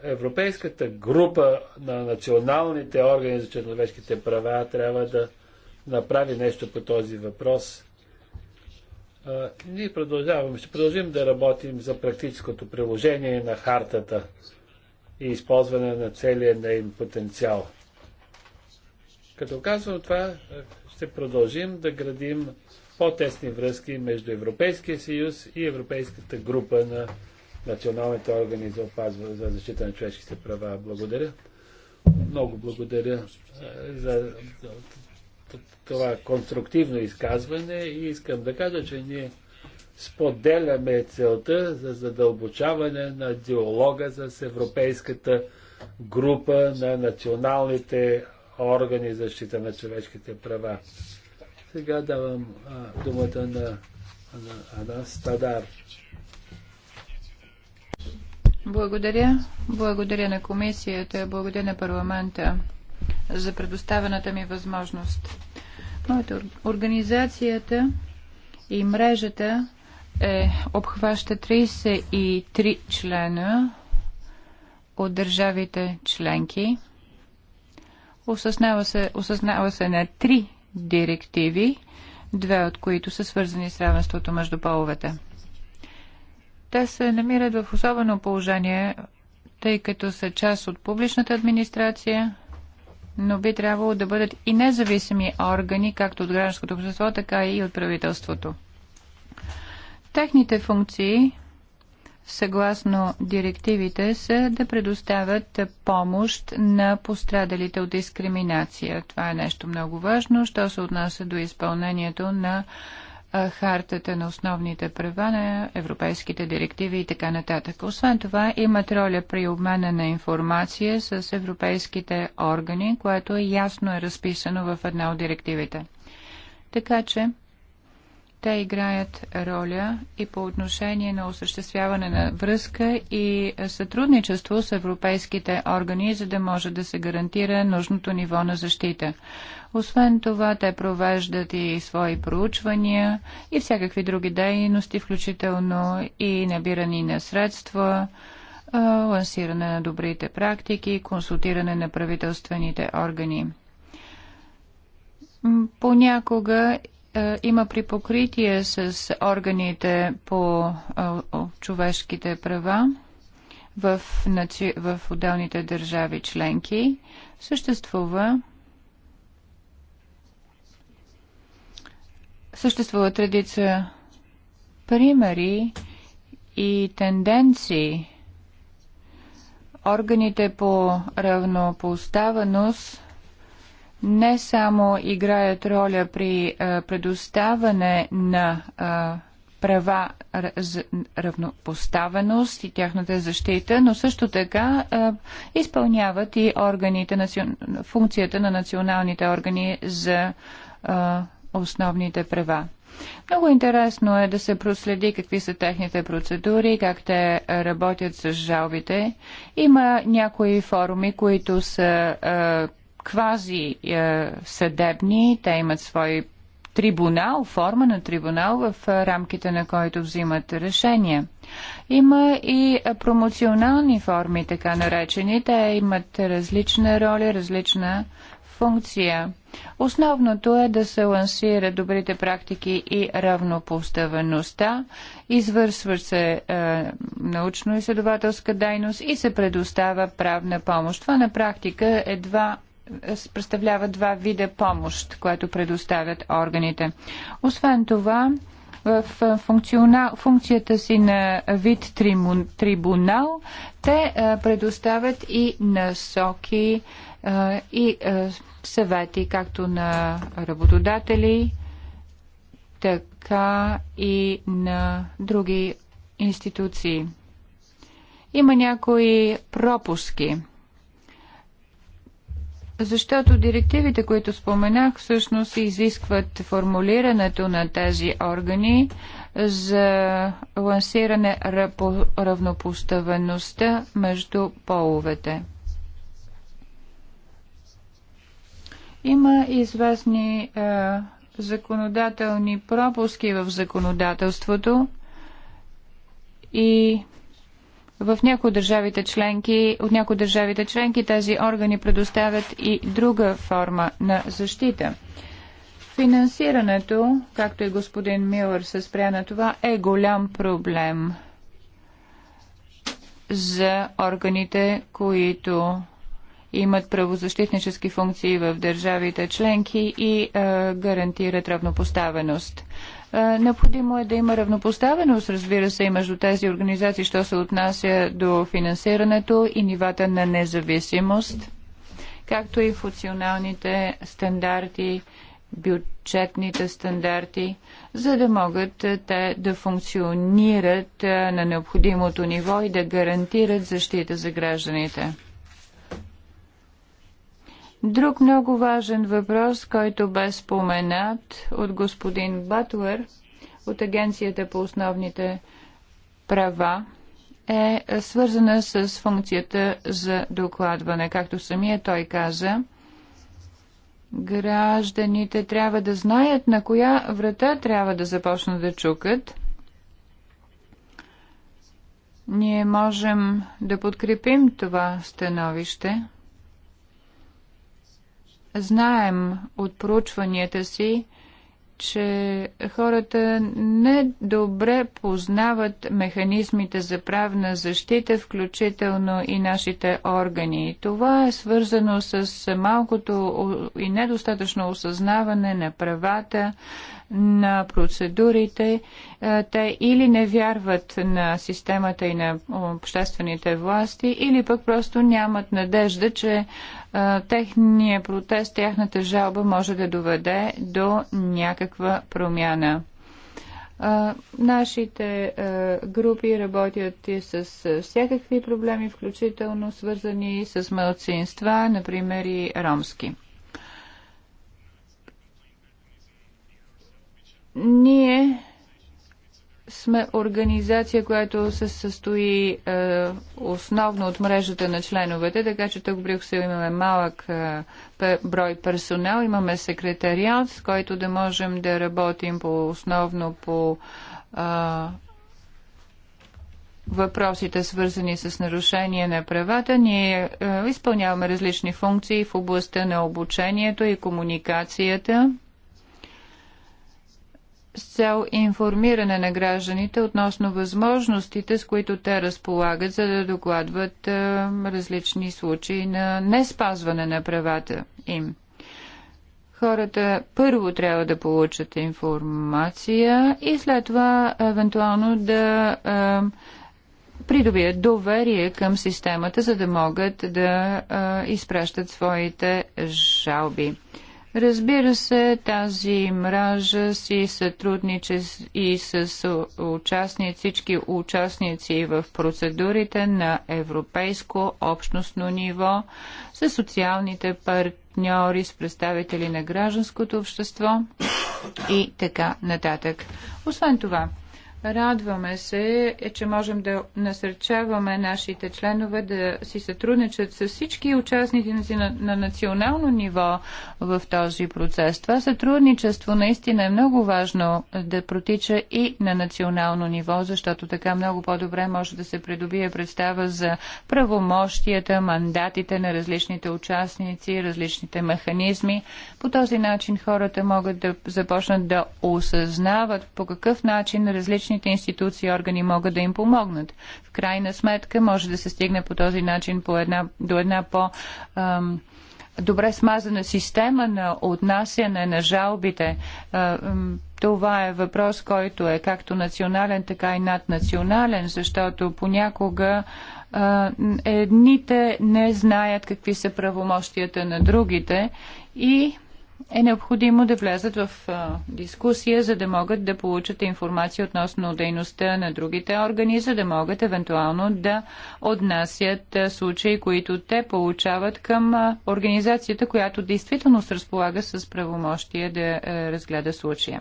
Европейската група на националните органи за човешките права трябва да направи нещо по този въпрос ние продължаваме, ще продължим да работим за практическото приложение на хартата и използване на целия нейн потенциал. Като казвам това, ще продължим да градим по-тесни връзки между Европейския съюз и Европейската група на националните органи за, опазване, за защита на човешките права. Благодаря. Много благодаря за това конструктивно изказване и искам да кажа, че ние споделяме целта за задълбочаване на диалога с Европейската група на националните органи за защита на човешките права. Сега давам а, думата на Ана Стадар. Благодаря. Благодаря на комисията, благодаря на парламента за предоставената ми възможност. Моята организацията и мрежата е, обхваща 33 члена от държавите членки. Осъзнава се, осъзнава се на три директиви, две от които са свързани с равенството между половете. Те се намират в особено положение, тъй като са част от публичната администрация, но би трябвало да бъдат и независими органи, както от гражданското общество, така и от правителството. Техните функции, съгласно директивите, са да предоставят помощ на пострадалите от дискриминация. Това е нещо много важно, що се отнася до изпълнението на хартата на основните права на европейските директиви и така нататък. Освен това, имат роля при обмена на информация с европейските органи, което ясно е разписано в една от директивите. Така че, те играят роля и по отношение на осъществяване на връзка и сътрудничество с европейските органи, за да може да се гарантира нужното ниво на защита. Освен това, те провеждат и свои проучвания и всякакви други дейности, включително и набирани на средства, лансиране на добрите практики, консултиране на правителствените органи. Понякога има припокритие с органите по човешките права в, в отделните държави членки. Съществува Съществува традиция. примери и тенденции. Органите по равнопоставеност не само играят роля при предоставане на права за равнопоставеност и тяхната защита, но също така изпълняват и органите, функцията на националните органи за е, основните права. Много интересно е да се проследи какви са техните процедури, как те работят с жалбите. Има някои форуми, които са е, квази е, съдебни, те имат свой трибунал, форма на трибунал, в рамките на който взимат решения. Има и промоционални форми, така наречени. Те имат различна роля, различна функция. Основното е да се лансира добрите практики и равнопоставеността, извършва се е, научно-изследователска дейност и се предоставя правна помощ. Това на практика е два е, представлява два вида помощ, което предоставят органите. Освен това, в е, функцията си на вид трибунал, те е, предоставят и насоки и съвети както на работодатели, така и на други институции. Има някои пропуски, защото директивите, които споменах, всъщност изискват формулирането на тези органи за лансиране равнопоставеността между половете. Има известни е, законодателни пропуски в законодателството и в някои държавите членки, от някои държавите членки тези органи предоставят и друга форма на защита. Финансирането, както и господин Милър се спря на това, е голям проблем за органите, които имат правозащитнически функции в държавите членки и е, гарантират равнопоставеност. Е, необходимо е да има равнопоставеност, разбира се, и между тези организации, що се отнася до финансирането и нивата на независимост, както и функционалните стандарти, бюджетните стандарти, за да могат е, те да функционират на необходимото ниво и да гарантират защита за гражданите. Друг много важен въпрос, който бе споменат от господин Батлер от Агенцията по основните права, е свързана с функцията за докладване. Както самия той каза, гражданите трябва да знаят на коя врата трябва да започнат да чукат. Ние можем да подкрепим това становище. Знаем от проучванията си, че хората не добре познават механизмите за правна защита, включително и нашите органи. Това е свързано с малкото и недостатъчно осъзнаване на правата, на процедурите. Е, те или не вярват на системата и на обществените власти, или пък просто нямат надежда, че е, техния протест, тяхната жалба може да доведе до някаква промяна. Нашите групи работят и с всякакви проблеми, включително свързани с малцинства, например и ромски. Ние сме организация, която се състои е, основно от мрежата на членовете, така че тук в Брюксел имаме малък е, брой персонал, имаме секретариат, с който да можем да работим по, основно по е, въпросите, свързани с нарушение на правата. Ние е, изпълняваме различни функции в областта на обучението и комуникацията с цел информиране на гражданите относно възможностите, с които те разполагат, за да докладват е, различни случаи на не спазване на правата им. Хората първо трябва да получат информация и след това евентуално да е, придобият доверие към системата, за да могат да а, е, изпращат своите жалби. Разбира се, тази мража си сътрудниче и с участници, всички участници в процедурите на европейско общностно ниво, с социалните партньори, с представители на гражданското общество и така нататък. Освен това, Радваме се, е, че можем да насърчаваме нашите членове да си сътрудничат с всички участници на, на национално ниво в този процес. Това сътрудничество наистина е много важно да протича и на национално ниво, защото така много по-добре може да се придобие представа за правомощията, мандатите на различните участници, различните механизми. По този начин хората могат да започнат да осъзнават по какъв начин различни различните институции и органи могат да им помогнат. В крайна сметка може да се стигне по този начин по една, до една по- ам, добре смазана система на отнасяне на жалбите. Това е въпрос, който е както национален, така и наднационален, защото понякога едните не знаят какви са правомощията на другите и е необходимо да влязат в дискусия, за да могат да получат информация относно дейността на другите органи, за да могат евентуално да отнасят случаи, които те получават към организацията, която действително се разполага с правомощие да разгледа случая.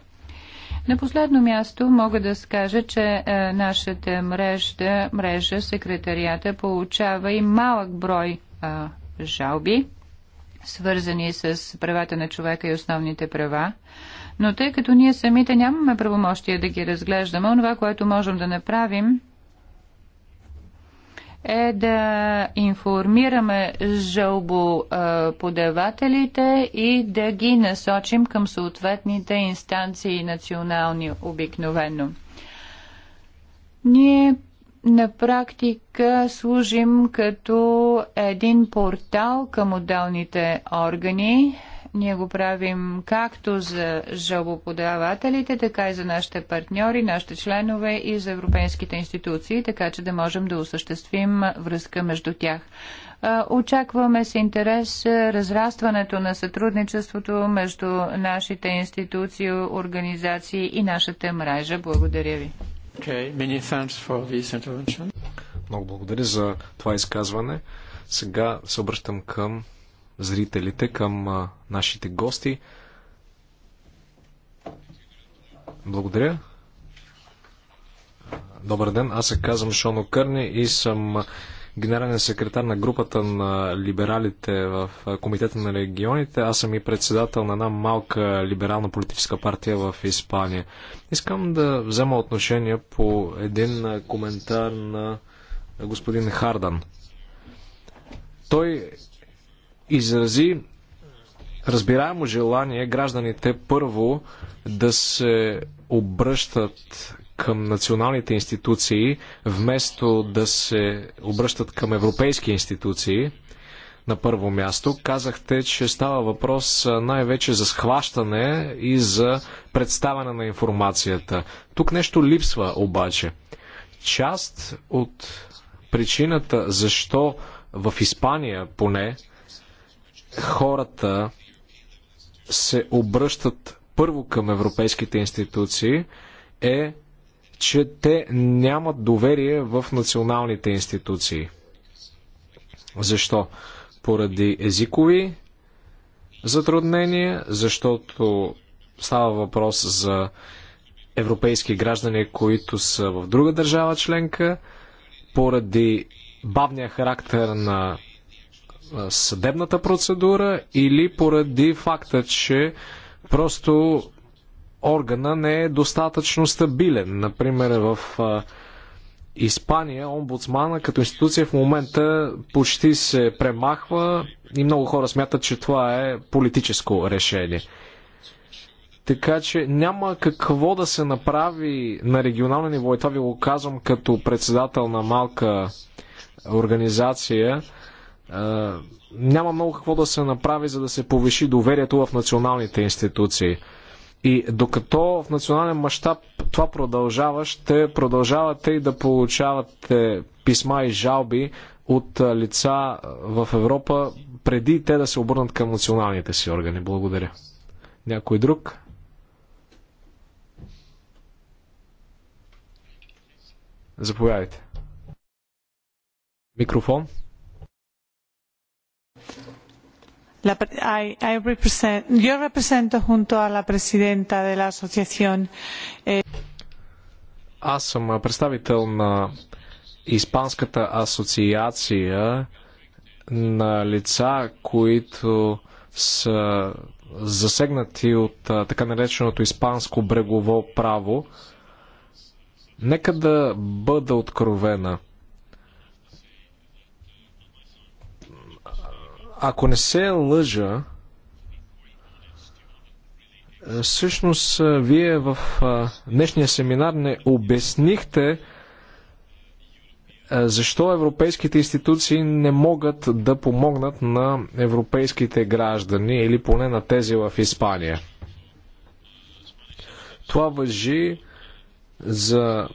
На последно място мога да скажа, че а, нашата мрежа, мрежа секретарията получава и малък брой а, жалби свързани с правата на човека и основните права, но тъй като ние самите нямаме правомощия да ги разглеждаме, това, което можем да направим, е да информираме жалбоподавателите и да ги насочим към съответните инстанции национални обикновено. Ние на практика служим като един портал към отделните органи. Ние го правим както за жалбоподавателите, така и за нашите партньори, нашите членове и за европейските институции, така че да можем да осъществим връзка между тях. Очакваме с интерес разрастването на сътрудничеството между нашите институции, организации и нашата мрежа. Благодаря ви. Okay, many thanks for this intervention. Много благодаря за това изказване. Сега се обръщам към зрителите, към нашите гости. Благодаря. Добър ден, аз се казвам Шоно Кърни и съм генерален секретар на групата на либералите в Комитета на регионите. Аз съм и председател на една малка либерална политическа партия в Испания. Искам да взема отношение по един коментар на господин Хардан. Той изрази разбираемо желание гражданите първо да се обръщат към националните институции, вместо да се обръщат към европейски институции на първо място. Казахте, че става въпрос най-вече за схващане и за представяне на информацията. Тук нещо липсва обаче. Част от причината защо в Испания поне хората се обръщат първо към европейските институции е че те нямат доверие в националните институции. Защо? Поради езикови затруднения, защото става въпрос за европейски граждани, които са в друга държава членка, поради бавния характер на съдебната процедура или поради факта, че просто органа не е достатъчно стабилен. Например, е в Испания омбудсмана като институция в момента почти се премахва и много хора смятат, че това е политическо решение. Така че няма какво да се направи на регионално ниво и това ви го казвам като председател на малка организация. няма много какво да се направи, за да се повиши доверието в националните институции. И докато в национален мащаб това продължава, ще продължавате и да получавате писма и жалби от лица в Европа, преди те да се обърнат към националните си органи. Благодаря. Някой друг? Заповядайте. Микрофон yo represento junto a la presidenta de la asociación. Eh, Аз съм представител на Испанската асоциация на лица, които са засегнати от така нареченото испанско брегово право. Нека да бъда откровена – Ако не се лъжа, е, всъщност е, вие в е, днешния семинар не обяснихте защо европейските институции не могат да помогнат на европейските граждани или поне на тези в Испания. Това въжи за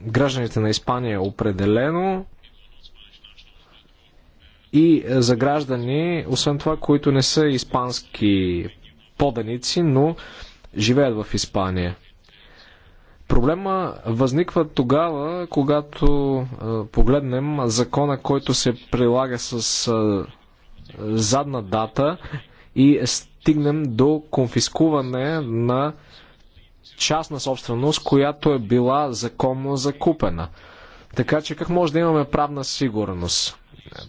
гражданите на Испания определено, и е, за граждани, освен това, които не са испански поданици, но живеят в Испания. Проблема възниква тогава, когато е, погледнем закона, който се прилага с е, задна дата и стигнем до конфискуване на частна собственост, която е била законно закупена. Така че как може да имаме правна сигурност?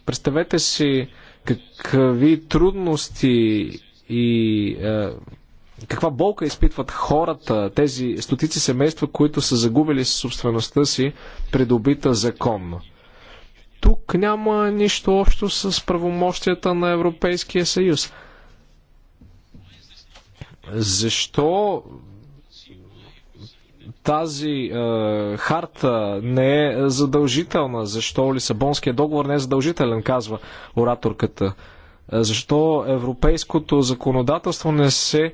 Представете си какви трудности и е, каква болка изпитват хората, тези стотици семейства, които са загубили собствеността си, придобита законно. Тук няма нищо общо с правомощията на Европейския съюз. Защо тази е, харта не е задължителна. Защо Лисабонския договор не е задължителен, казва ораторката. Е, защо европейското законодателство не се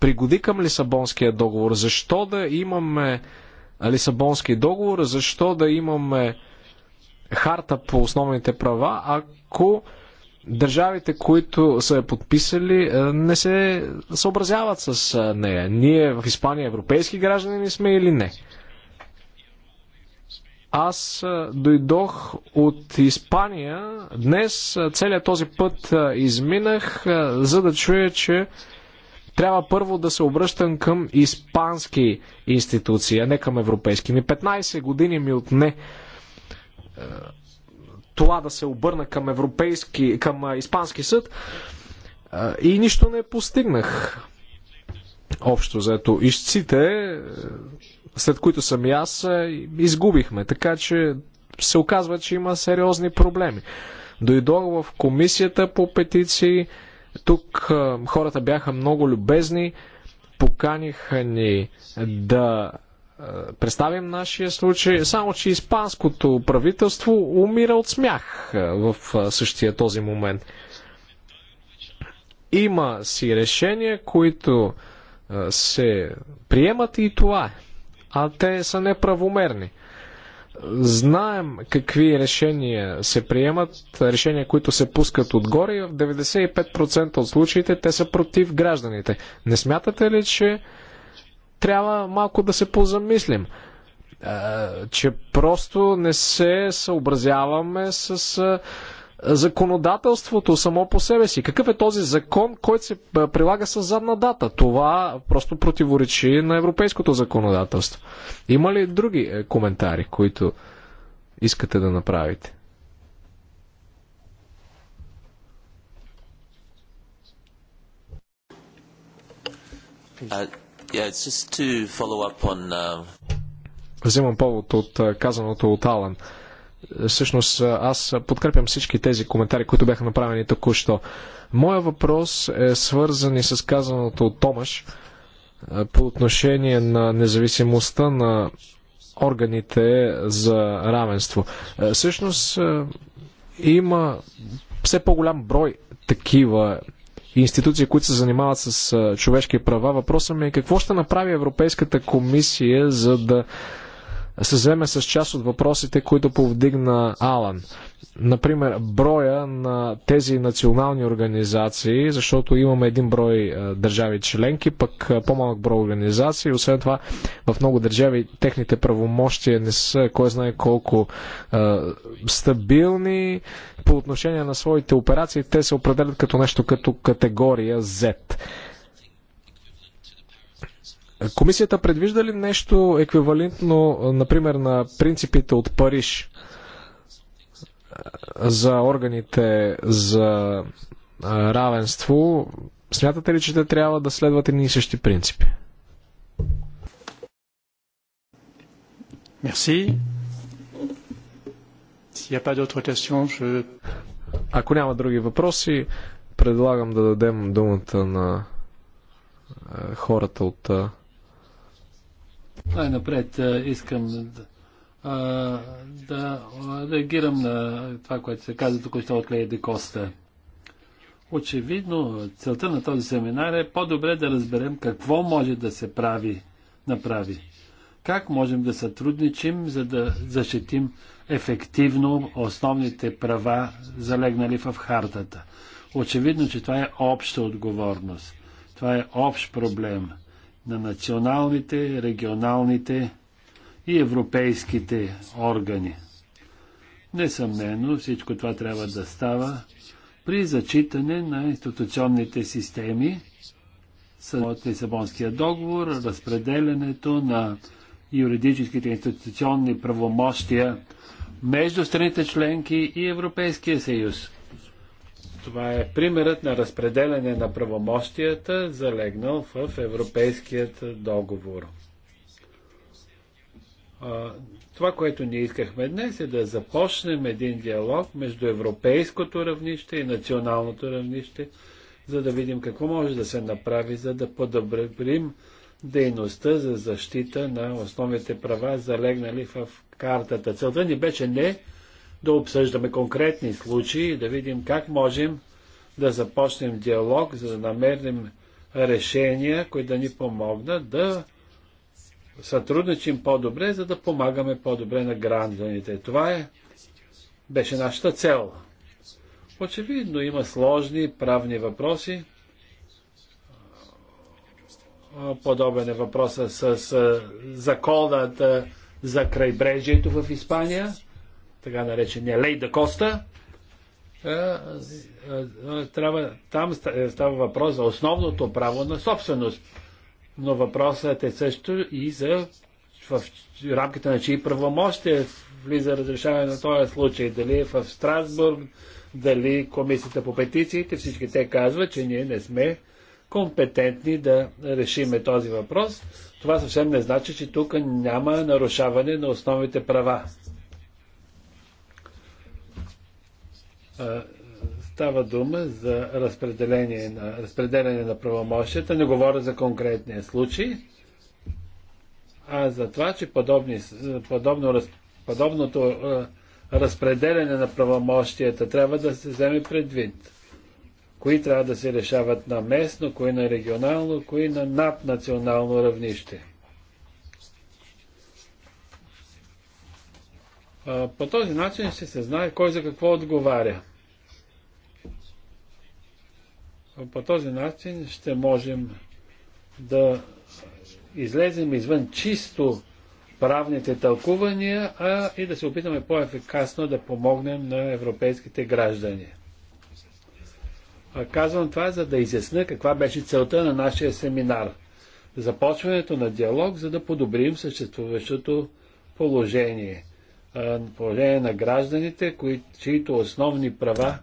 пригоди към Лисабонския договор? Защо да имаме Лисабонски договор? Защо да имаме харта по основните права, ако държавите, които са я подписали, е, не се съобразяват с е, нея. Ние в Испания европейски граждани сме или не? Аз е, дойдох от Испания. Днес целият този път изминах, за да чуя, че трябва първо да се обръщам към испански институции, а не към европейски. Ми 15 години ми отне това да се обърна към, европейски, към Испански съд и нищо не постигнах. Общо заето ищците, е, след които съм и аз, е, изгубихме. Така че се оказва, че има сериозни проблеми. Дойдох в комисията по петиции. Тук е, хората бяха много любезни. Поканиха ни да е, представим нашия случай, само че испанското правителство умира от смях е, в е, същия този момент. Има си решения, които се приемат и това е. А те са неправомерни. Знаем какви решения се приемат, решения, които се пускат отгоре и в 95% от случаите те са против гражданите. Не смятате ли, че трябва малко да се позамислим е, че просто не се съобразяваме с е, законодателството само по себе си. Какъв е този закон, който се е, прилага с задна дата? Това просто противоречи на европейското законодателство. Има ли други коментари, които искате да направите? Uh, Yeah, it's just to follow up on, uh... Взимам повод от казаното от Алан. Всъщност аз подкрепям всички тези коментари, които бяха направени току-що. Моя въпрос е свързан и с казаното от Томаш по отношение на независимостта на органите за равенство. Всъщност има все по-голям брой такива институции, които се занимават с човешки права. Въпросът ми е какво ще направи Европейската комисия, за да се вземе с част от въпросите, които повдигна Алан. Например, броя на тези национални организации, защото имаме един брой е, държави членки, пък е, по-малък брой организации. Освен това, в много държави техните правомощия не са кой знае колко е, стабилни. По отношение на своите операции, те се определят като нещо като категория Z. Комисията предвижда ли нещо еквивалентно, например, на принципите от Париж за органите за равенство? Смятате ли, че те трябва да следват едни и същи принципи? Ако няма други въпроси, предлагам да дадем думата на хората от най-напред искам да, да реагирам на това, което се каза току-що от Лея Коста. Очевидно, целта на този семинар е по-добре да разберем какво може да се прави, направи. Как можем да сътрудничим, за да защитим ефективно основните права, залегнали в хартата. Очевидно, че това е обща отговорност. Това е общ проблем – на националните, регионалните и европейските органи. Несъмнено всичко това трябва да става при зачитане на институционните системи от Лисабонския договор, разпределянето на юридическите институционни правомощия между страните членки и Европейския съюз. Това е примерът на разпределяне на правомощията, залегнал в Европейският договор. Това, което ние искахме днес е да започнем един диалог между европейското равнище и националното равнище, за да видим какво може да се направи, за да подобрим дейността за защита на основните права, залегнали в картата. Целта ни беше не да обсъждаме конкретни случаи и да видим как можем да започнем диалог, за да намерим решения, които да ни помогнат да сътрудничим по-добре, за да помагаме по-добре на гражданите. Това е, беше нашата цел. Очевидно има сложни правни въпроси. Подобен е въпроса с законът за крайбрежието в Испания така наречения Лейда Коста, трябва, там е, става въпрос за основното право на собственост. Но въпросът е също и за в рамките на чии правомощие влиза разрешаване на този случай. Дали е в Страсбург, дали комисията по петициите, всички те казват, че ние не сме компетентни да решиме този въпрос. Това съвсем не значи, че тук няма нарушаване на основните права. Става дума за разпределение на, разпределение на правомощията. Не говоря за конкретния случай, а за това, че подобни, подобно, подобното разпределяне на правомощията трябва да се вземе предвид. Кои трябва да се решават на местно, кои на регионално, кои на наднационално равнище. По този начин ще се знае кой за какво отговаря. По този начин ще можем да излезем извън чисто правните тълкувания, а и да се опитаме по-ефикасно да помогнем на европейските граждани. Казвам това, за да изясня каква беше целта на нашия семинар. Започването на диалог, за да подобрим съществуващото положение – положение на гражданите, кои, чието основни права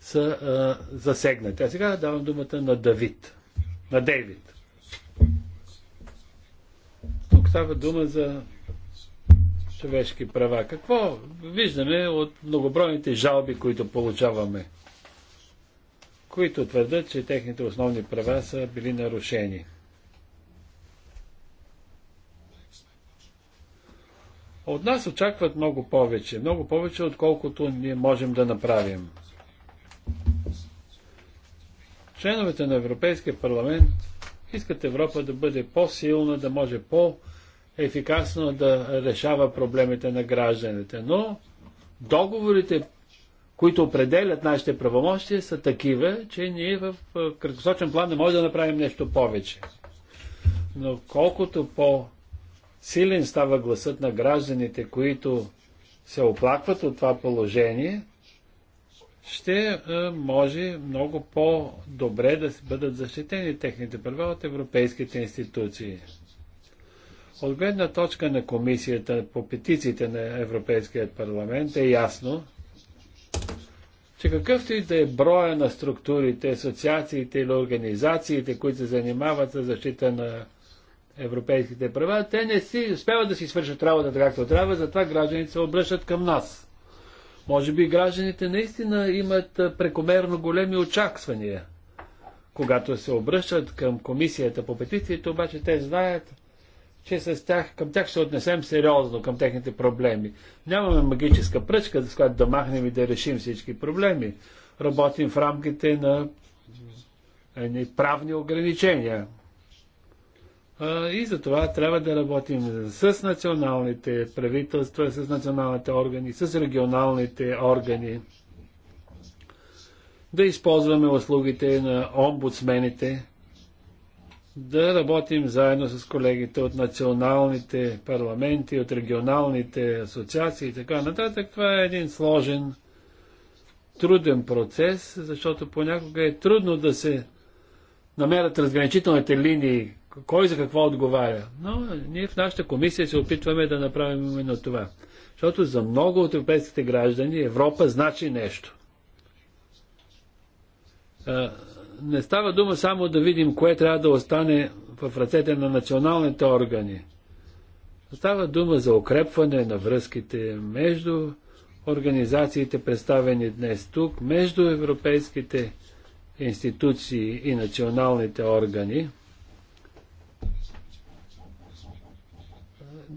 са а, засегнати. А сега давам думата на Давид. На Дейвид. Тук става дума за човешки права. Какво виждаме от многобройните жалби, които получаваме? които твърдят, че техните основни права са били нарушени. От нас очакват много повече, много повече, отколкото ние можем да направим. Членовете на Европейския парламент искат Европа да бъде по-силна, да може по-ефикасно да решава проблемите на гражданите. Но договорите, които определят нашите правомощия, са такива, че ние в краткосрочен план не можем да направим нещо повече. Но колкото по- силен става гласът на гражданите, които се оплакват от това положение, ще е, може много по-добре да бъдат защитени техните права от европейските институции. От гледна точка на комисията по петициите на Европейският парламент е ясно, че какъвто и да е броя на структурите, асоциациите или организациите, които се занимават с защита на европейските права, те не си успяват да си свършат работата както трябва, затова гражданите се обръщат към нас. Може би гражданите наистина имат прекомерно големи очаквания. Когато се обръщат към комисията по петициите, обаче те знаят, че с тях, към тях ще отнесем сериозно, към техните проблеми. Нямаме магическа пръчка, с която да махнем и да решим всички проблеми. Работим в рамките на правни ограничения. И за това трябва да работим с националните правителства, с националните органи, с регионалните органи. Да използваме услугите на омбудсмените, да работим заедно с колегите от националните парламенти, от регионалните асоциации и така нататък. Това е един сложен, труден процес, защото понякога е трудно да се намерят разграничителните линии кой за какво отговаря. Но ние в нашата комисия се опитваме да направим именно това. Защото за много от европейските граждани Европа значи нещо. Не става дума само да видим кое трябва да остане в ръцете на националните органи. Става дума за укрепване на връзките между организациите, представени днес тук, между европейските институции и националните органи.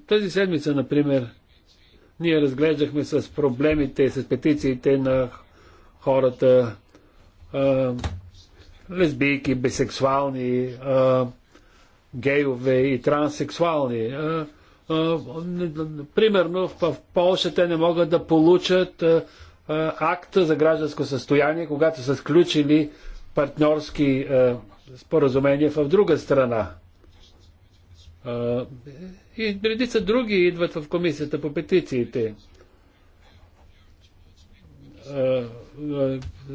Тази седмица, например, ние разглеждахме с проблемите, с петициите на хората, а, лесбийки, бисексуални, а, гейове и транссексуални. А, примерно в, в Полша те не могат да получат акта за гражданско състояние, когато са сключили партньорски споразумения в друга страна. И редица други идват в комисията по петициите.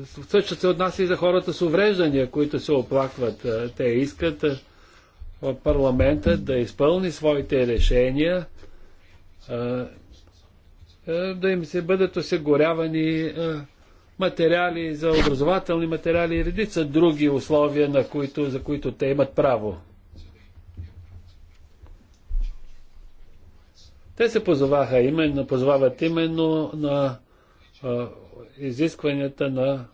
Също се отнася и за хората с увреждания, които се оплакват. Те искат парламента да изпълни своите решения, да им се бъдат осигурявани материали за образователни материали и редица други условия, на които, за които те имат право. Те се позоваха именно, позовават именно на а, изискванията на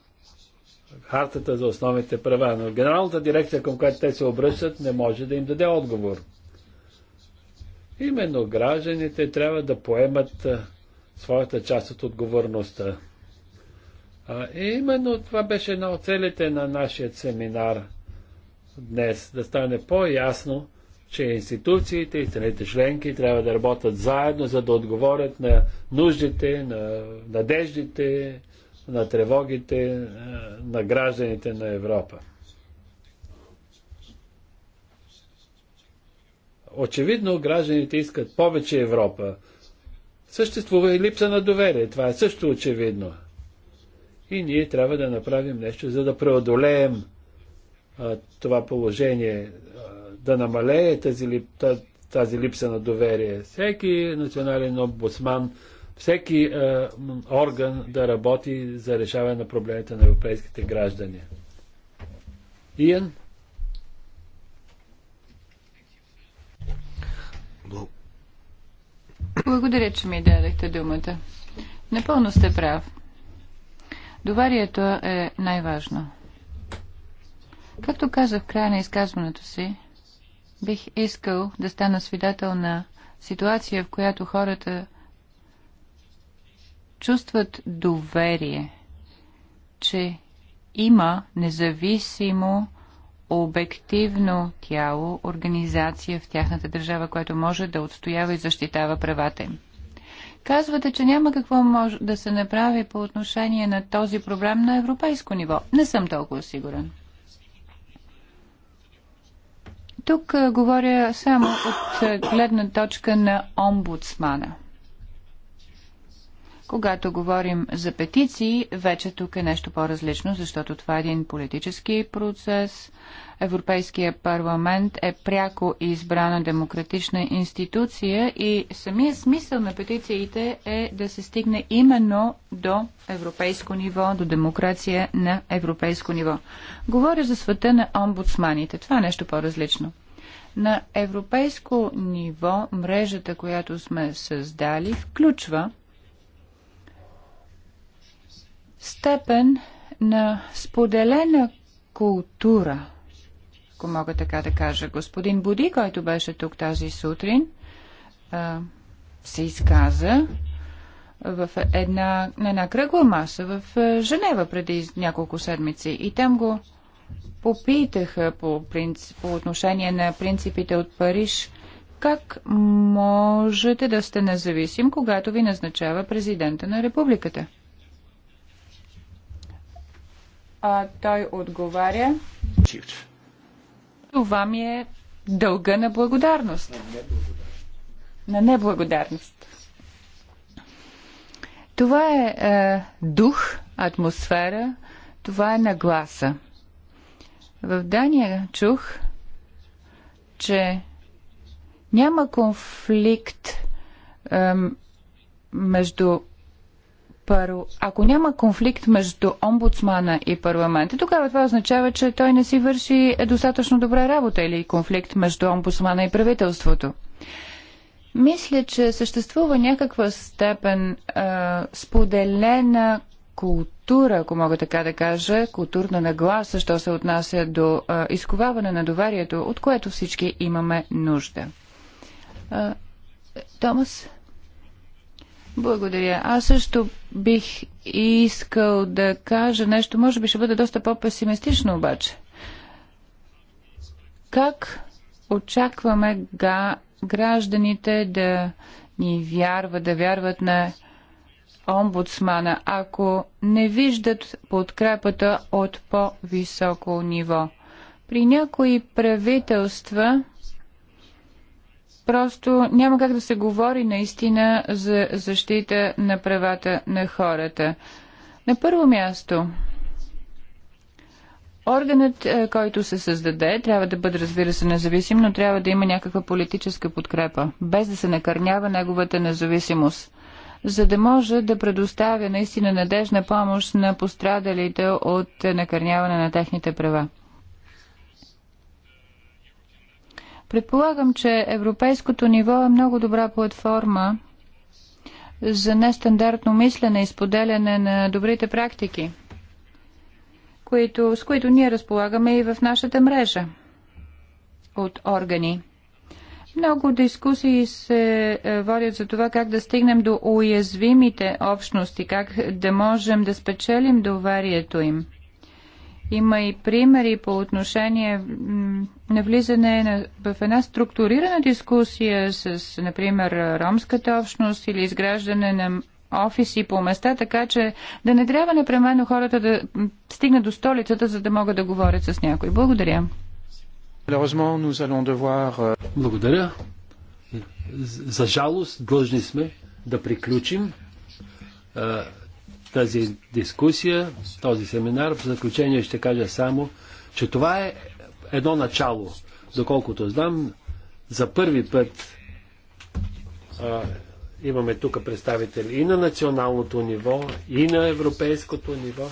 хартата за основните права. Но генералната дирекция, към която те се обръщат, не може да им даде отговор. Именно гражданите трябва да поемат своята част от отговорността. А, и именно това беше една от целите на нашия семинар днес, да стане по-ясно, че институциите и страните членки трябва да работят заедно, за да отговорят на нуждите, на надеждите, на тревогите е, на гражданите на Европа. Очевидно, гражданите искат повече Европа. Съществува и липса на доверие. Това е също очевидно. И ние трябва да направим нещо, за да преодолеем а, това положение да намалее тази, тази липса на доверие. Всеки национален обосман, всеки е, орган да работи за решаване на проблемите на европейските граждани. Иен? Благодаря, че ми дадахте думата. Напълно сте прав. Доварието е най-важно. Както казах в края на изказването си, Бих искал да стана свидетел на ситуация, в която хората чувстват доверие, че има независимо обективно тяло, организация в тяхната държава, която може да отстоява и защитава правата им. Казвате, че няма какво може да се направи по отношение на този проблем на европейско ниво. Не съм толкова сигурен. Тук говоря само от гледна точка на омбудсмана. Когато говорим за петиции, вече тук е нещо по-различно, защото това е един политически процес, Европейския парламент е пряко избрана демократична институция и самия смисъл на петициите е да се стигне именно до европейско ниво, до демокрация на европейско ниво. Говоря за света на омбудсманите. Това е нещо по-различно. На европейско ниво мрежата, която сме създали, включва степен на споделена култура – ако мога така да кажа. Господин Буди, който беше тук тази сутрин, се изказа в една, на една кръгла маса в Женева преди няколко седмици. И там го попитаха по, принцип, по отношение на принципите от Париж. Как можете да сте независим, когато ви назначава президента на републиката? А той отговаря. Чифт. Това ми е дълга на благодарност. На неблагодарност. Това е, е дух, атмосфера, това е нагласа. В Дания чух, че няма конфликт е, между първо, ако няма конфликт между омбудсмана и парламента, тогава това означава, че той не си върши достатъчно добра работа или конфликт между омбудсмана и правителството. Мисля, че съществува някаква степен а, споделена култура, ако мога така да кажа, културна нагласа, що се отнася до а, изковаване на доверието, от което всички имаме нужда. А, Томас? Благодаря. Аз също бих искал да кажа нещо, може би ще бъде доста по-песимистично обаче. Как очакваме га, гражданите да ни вярват, да вярват на омбудсмана, ако не виждат подкрепата от по-високо ниво? При някои правителства просто няма как да се говори наистина за защита на правата на хората. На първо място, органът, е, който се създаде, трябва да бъде, разбира се, независим, но трябва да има някаква политическа подкрепа, без да се накърнява неговата независимост за да може да предоставя наистина надежна помощ на пострадалите от накърняване на техните права. Предполагам, че европейското ниво е много добра платформа за нестандартно мислене и споделяне на добрите практики, които, с които ние разполагаме и в нашата мрежа от органи. Много дискусии се е, водят за това как да стигнем до уязвимите общности, как да можем да спечелим доверието им. Има и примери по отношение на влизане в една структурирана дискусия с, например, ромската общност или изграждане на офиси по места, така че да не трябва непременно хората да стигнат до столицата, за да могат да говорят с някой. Благодаря. Euh, Благодаря. За жалост, длъжни сме да приключим. Е, тази дискусия, този семинар. В заключение ще кажа само, че това е едно начало. Доколкото знам, за първи път а, имаме тук представители и на националното ниво, и на европейското ниво,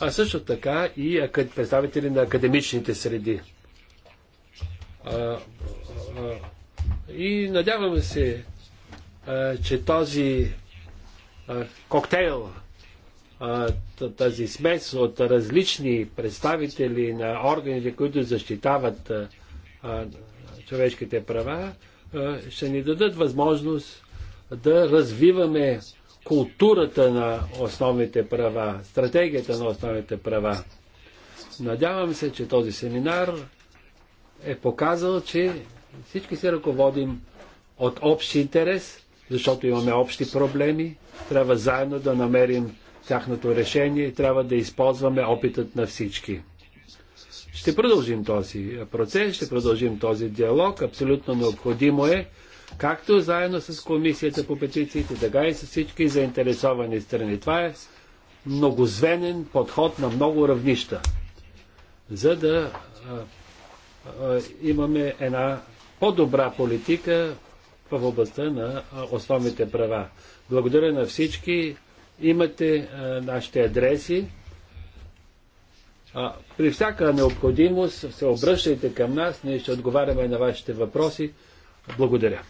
а също така и представители на академичните среди. А, а, и надяваме се, а, че този коктейл, тази смес от различни представители на органите, които защитават човешките права, ще ни дадат възможност да развиваме културата на основните права, стратегията на основните права. Надявам се, че този семинар е показал, че всички се ръководим от общ интерес защото имаме общи проблеми, трябва заедно да намерим тяхното решение и трябва да използваме опитът на всички. Ще продължим този процес, ще продължим този диалог. Абсолютно необходимо е, както заедно с Комисията по петициите, така и с всички заинтересовани страни. Това е многозвенен подход на много равнища, за да а, а, имаме една по-добра политика, в областта на основните права. Благодаря на всички. Имате нашите адреси. При всяка необходимост се обръщайте към нас. Ние ще отговаряме на вашите въпроси. Благодаря.